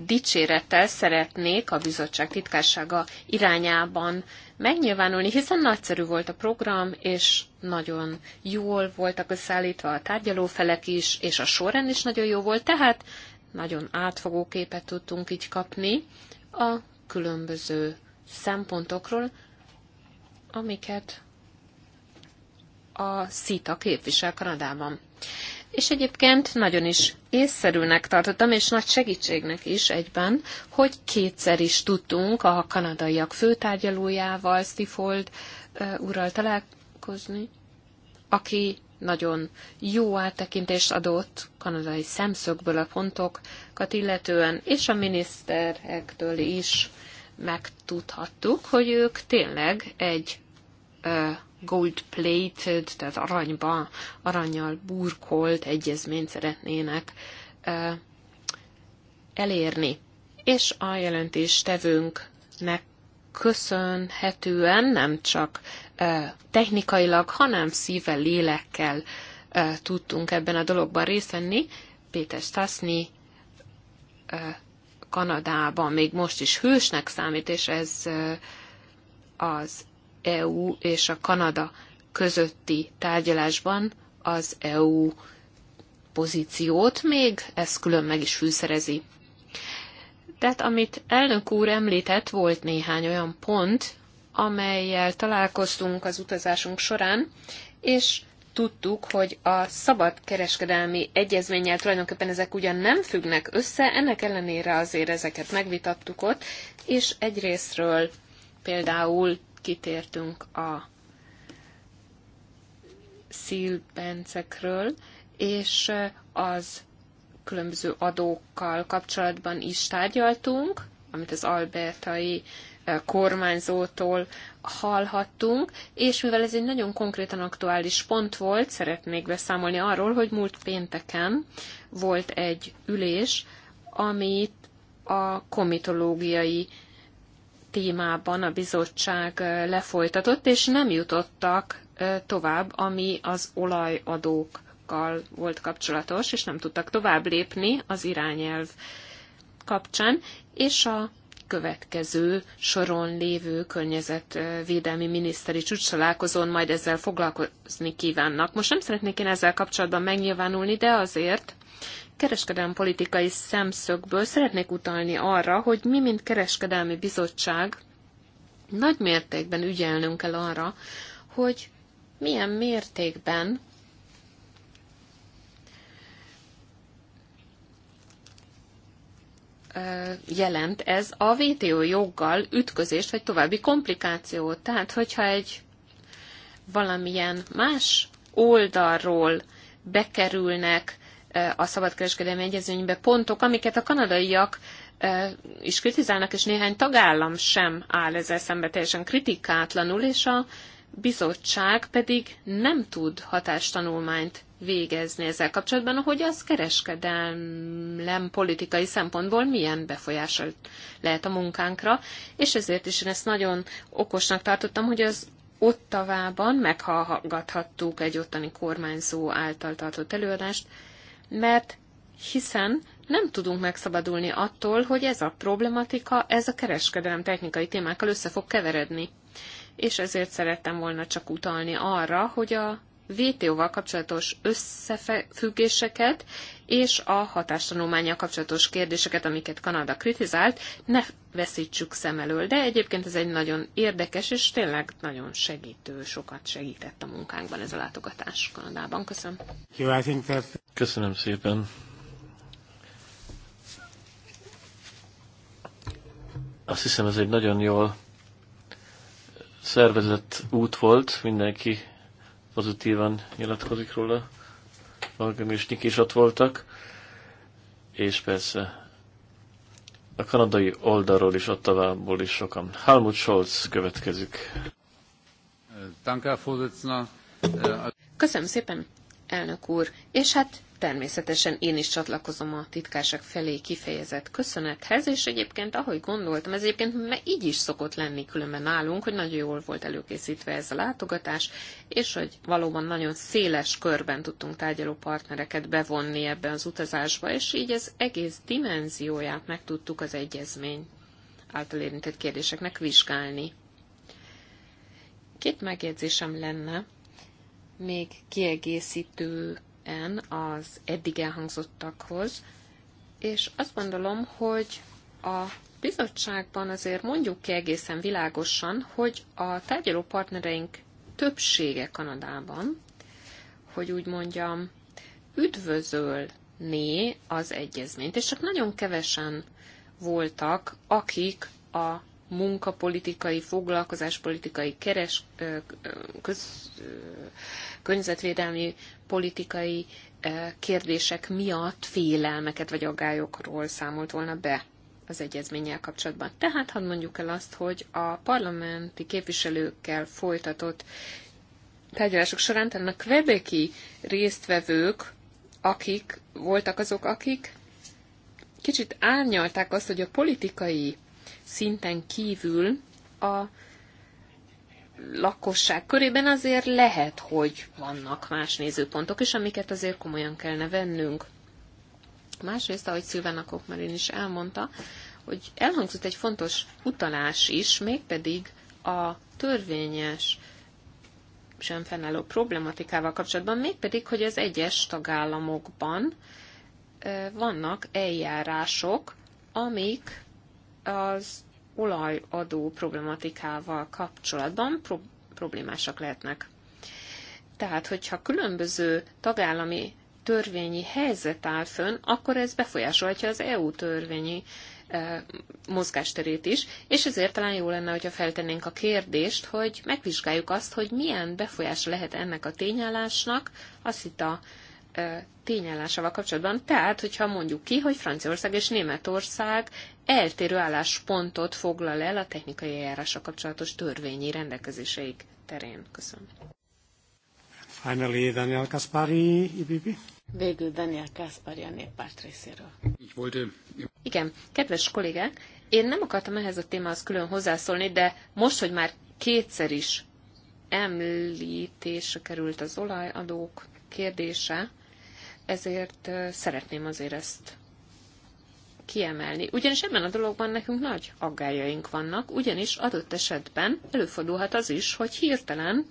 [SPEAKER 3] dicsérettel szeretnék a bizottság titkársága irányában megnyilvánulni, hiszen nagyszerű volt a program, és nagyon jól voltak összeállítva a tárgyalófelek is, és a sorrend is nagyon jó volt, tehát nagyon átfogó képet tudtunk így kapni a különböző szempontokról, amiket a CITA képvisel Kanadában és egyébként nagyon is észszerűnek tartottam, és nagy segítségnek is egyben, hogy kétszer is tudtunk a kanadaiak főtárgyalójával, Stifold uh, úrral találkozni, aki nagyon jó áttekintést adott kanadai szemszögből a pontokat illetően, és a miniszterektől is megtudhattuk, hogy ők tényleg egy gold plated, tehát aranyba, aranyjal burkolt egyezményt szeretnének elérni. És a jelentéstevőnknek köszönhetően nem csak technikailag, hanem szívvel, lélekkel tudtunk ebben a dologban részt venni. Péter Stasny Kanadában még most is hősnek számít, és ez az EU és a Kanada közötti tárgyalásban az EU pozíciót még, ez külön meg is fűszerezi. Tehát amit elnök úr említett, volt néhány olyan pont, amelyel találkoztunk az utazásunk során, és tudtuk, hogy a szabad kereskedelmi egyezménnyel tulajdonképpen ezek ugyan nem függnek össze, ennek ellenére azért ezeket megvitattuk ott, és egyrésztről például kitértünk a szilbencekről, és az különböző adókkal kapcsolatban is tárgyaltunk, amit az albertai eh, kormányzótól hallhattunk, és mivel ez egy nagyon konkrétan aktuális pont volt, szeretnék beszámolni arról, hogy múlt pénteken volt egy ülés, amit a komitológiai témában a bizottság lefolytatott, és nem jutottak tovább, ami az olajadókkal volt kapcsolatos, és nem tudtak tovább lépni az irányelv kapcsán, és a következő soron lévő környezetvédelmi miniszteri csúcsalálkozón majd ezzel foglalkozni kívánnak. Most nem szeretnék én ezzel kapcsolatban megnyilvánulni, de azért kereskedelmi politikai szemszögből szeretnék utalni arra, hogy mi, mint kereskedelmi bizottság, nagy mértékben ügyelnünk kell arra, hogy milyen mértékben jelent ez a VTO joggal ütközést, vagy további komplikációt. Tehát, hogyha egy valamilyen más oldalról bekerülnek a szabadkereskedelmi egyezménybe pontok, amiket a kanadaiak is kritizálnak, és néhány tagállam sem áll ezzel szembe teljesen kritikátlanul, és a bizottság pedig nem tud hatástanulmányt végezni ezzel kapcsolatban, hogy az kereskedelem politikai szempontból milyen befolyással lehet a munkánkra, és ezért is én ezt nagyon okosnak tartottam, hogy az Ottavában meghallgathattuk egy ottani kormányzó által tartott előadást, mert hiszen nem tudunk megszabadulni attól, hogy ez a problematika, ez a kereskedelem technikai témákkal össze fog keveredni. És ezért szerettem volna csak utalni arra, hogy a VTO-val kapcsolatos összefüggéseket és a hatástanulmányjal kapcsolatos kérdéseket, amiket Kanada kritizált, ne veszítsük szem elől. De egyébként ez egy nagyon érdekes, és tényleg nagyon segítő, sokat segített a munkánkban ez a látogatás Kanadában. Köszönöm.
[SPEAKER 4] Köszönöm szépen. Azt hiszem ez egy nagyon jól szervezett út volt, mindenki pozitívan nyilatkozik róla. Valgami és Nick is ott voltak, és persze a kanadai oldalról is, Ottavából is sokan. Helmut Scholz következik.
[SPEAKER 3] Köszönöm szépen, elnök úr. És hát természetesen én is csatlakozom a titkárság felé kifejezett köszönethez, és egyébként ahogy gondoltam, ez egyébként mert így is szokott lenni különben nálunk, hogy nagyon jól volt előkészítve ez a látogatás, és hogy valóban nagyon széles körben tudtunk tárgyaló partnereket bevonni ebbe az utazásba, és így az egész dimenzióját meg tudtuk az egyezmény által érintett kérdéseknek vizsgálni. Két megjegyzésem lenne, még kiegészítő en az eddig elhangzottakhoz, és azt gondolom, hogy a bizottságban azért mondjuk ki egészen világosan, hogy a tárgyaló partnereink többsége Kanadában, hogy úgy mondjam, üdvözölné az egyezményt, és csak nagyon kevesen voltak, akik a munkapolitikai, foglalkozáspolitikai, keres, köz, környezetvédelmi politikai kérdések miatt félelmeket vagy aggályokról számolt volna be az egyezménnyel kapcsolatban. Tehát hadd mondjuk el azt, hogy a parlamenti képviselőkkel folytatott tárgyalások során talán a kvebeki résztvevők, akik voltak azok, akik kicsit árnyalták azt, hogy a politikai szinten kívül a lakosság körében azért lehet, hogy vannak más nézőpontok is, amiket azért komolyan kellene vennünk. Másrészt, ahogy Szilvának Okmarin is elmondta, hogy elhangzott egy fontos utalás is, mégpedig a törvényes sem fennálló problematikával kapcsolatban, mégpedig, hogy az egyes tagállamokban vannak eljárások, amik az olajadó problematikával kapcsolatban pro- problémásak lehetnek. Tehát, hogyha különböző tagállami törvényi helyzet áll fönn, akkor ez befolyásolhatja az EU törvényi e, mozgásterét is, és ezért talán jó lenne, hogyha feltennénk a kérdést, hogy megvizsgáljuk azt, hogy milyen befolyás lehet ennek a tényállásnak azt itt a tényállásával kapcsolatban. Tehát, hogyha mondjuk ki, hogy Franciaország és Németország eltérő álláspontot foglal el a technikai eljárása kapcsolatos törvényi rendelkezéseik terén. Köszönöm.
[SPEAKER 1] Finally, Daniel Kaspari, IBB. E
[SPEAKER 3] Végül Daniel Kaspari a néppárt részéről. Így volt ő. Igen, kedves kollégák, én nem akartam ehhez a témához külön hozzászólni, de most, hogy már kétszer is említésre került az olajadók kérdése, ezért szeretném azért ezt kiemelni. Ugyanis ebben a dologban nekünk nagy aggájaink vannak, ugyanis adott esetben előfordulhat az is, hogy hirtelen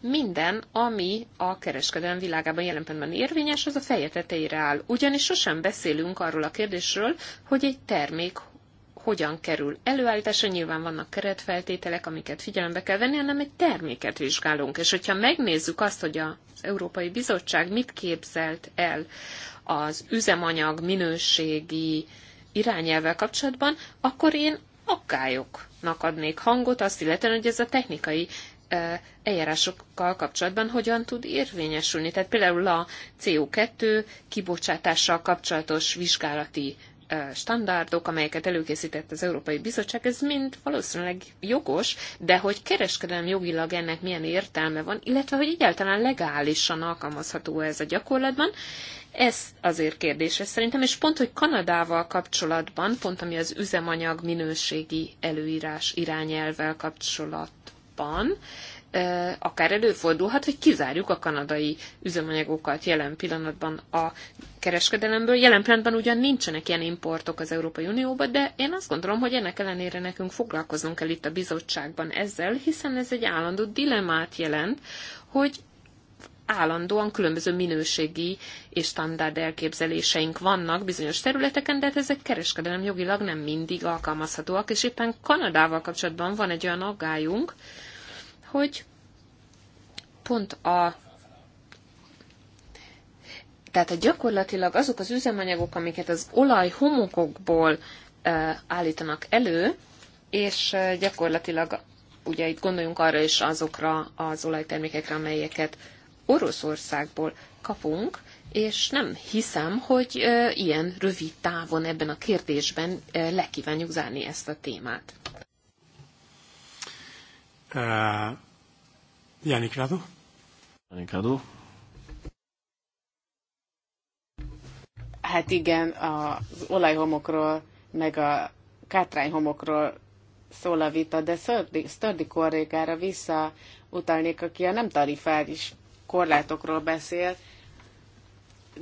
[SPEAKER 3] minden, ami a kereskedelem világában jelen pillanatban érvényes, az a feje tetejére áll. Ugyanis sosem beszélünk arról a kérdésről, hogy egy termék hogyan kerül előállításra. Nyilván vannak keretfeltételek, amiket figyelembe kell venni, hanem egy terméket vizsgálunk. És hogyha megnézzük azt, hogy az Európai Bizottság mit képzelt el az üzemanyag minőségi irányelvvel kapcsolatban, akkor én akályoknak adnék hangot, azt illetően, hogy ez a technikai eljárásokkal kapcsolatban hogyan tud érvényesülni. Tehát például a CO2 kibocsátással kapcsolatos vizsgálati standardok, amelyeket előkészített az Európai Bizottság, ez mind valószínűleg jogos, de hogy kereskedelmi jogilag ennek milyen értelme van, illetve hogy egyáltalán legálisan alkalmazható ez a gyakorlatban, ez azért kérdéses szerintem, és pont, hogy Kanadával kapcsolatban, pont ami az üzemanyag minőségi előírás irányelvvel kapcsolatban, akár előfordulhat, hogy kizárjuk a kanadai üzemanyagokat jelen pillanatban a kereskedelemből. Jelen pillanatban ugyan nincsenek ilyen importok az Európai Unióba, de én azt gondolom, hogy ennek ellenére nekünk foglalkoznunk kell itt a bizottságban ezzel, hiszen ez egy állandó dilemát jelent, hogy állandóan különböző minőségi és standard elképzeléseink vannak bizonyos területeken, de hát ezek kereskedelem jogilag nem mindig alkalmazhatóak, és éppen Kanadával kapcsolatban van egy olyan aggályunk, hogy pont a tehát a gyakorlatilag azok az üzemanyagok, amiket az olaj homokokból állítanak elő, és gyakorlatilag ugye itt gondoljunk arra is azokra az olajtermékekre, amelyeket Oroszországból kapunk, és nem hiszem, hogy ilyen rövid távon ebben a kérdésben lekívánjuk zárni ezt a témát.
[SPEAKER 1] Janik eh, Radu. Janik Radu.
[SPEAKER 2] Hát igen, az olajhomokról, meg a kátrányhomokról szól a vita, de Stördi korrégára visszautalnék, aki a nem tarifális korlátokról beszél,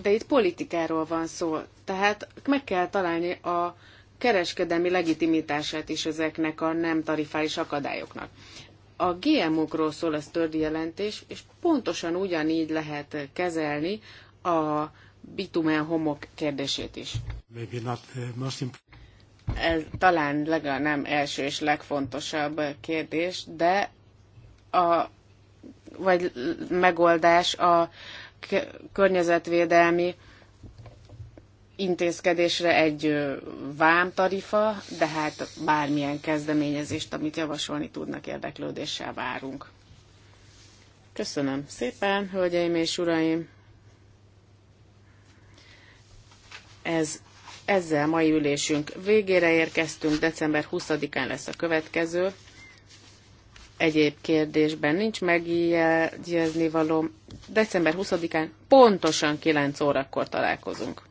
[SPEAKER 2] de itt politikáról van szó. Tehát meg kell találni a kereskedelmi legitimitását is ezeknek a nem tarifális akadályoknak. A GMO-król szól ez tördi jelentés, és pontosan ugyanígy lehet kezelni a bitumen homok kérdését is. Ez talán legalább nem első és legfontosabb kérdés, de a, vagy megoldás a környezetvédelmi intézkedésre egy vámtarifa, de hát bármilyen kezdeményezést, amit javasolni tudnak, érdeklődéssel várunk. Köszönöm szépen, hölgyeim és uraim! Ez, ezzel mai ülésünk végére érkeztünk, december 20-án lesz a következő. Egyéb kérdésben nincs megjegyezni való. December 20-án pontosan 9 órakor találkozunk.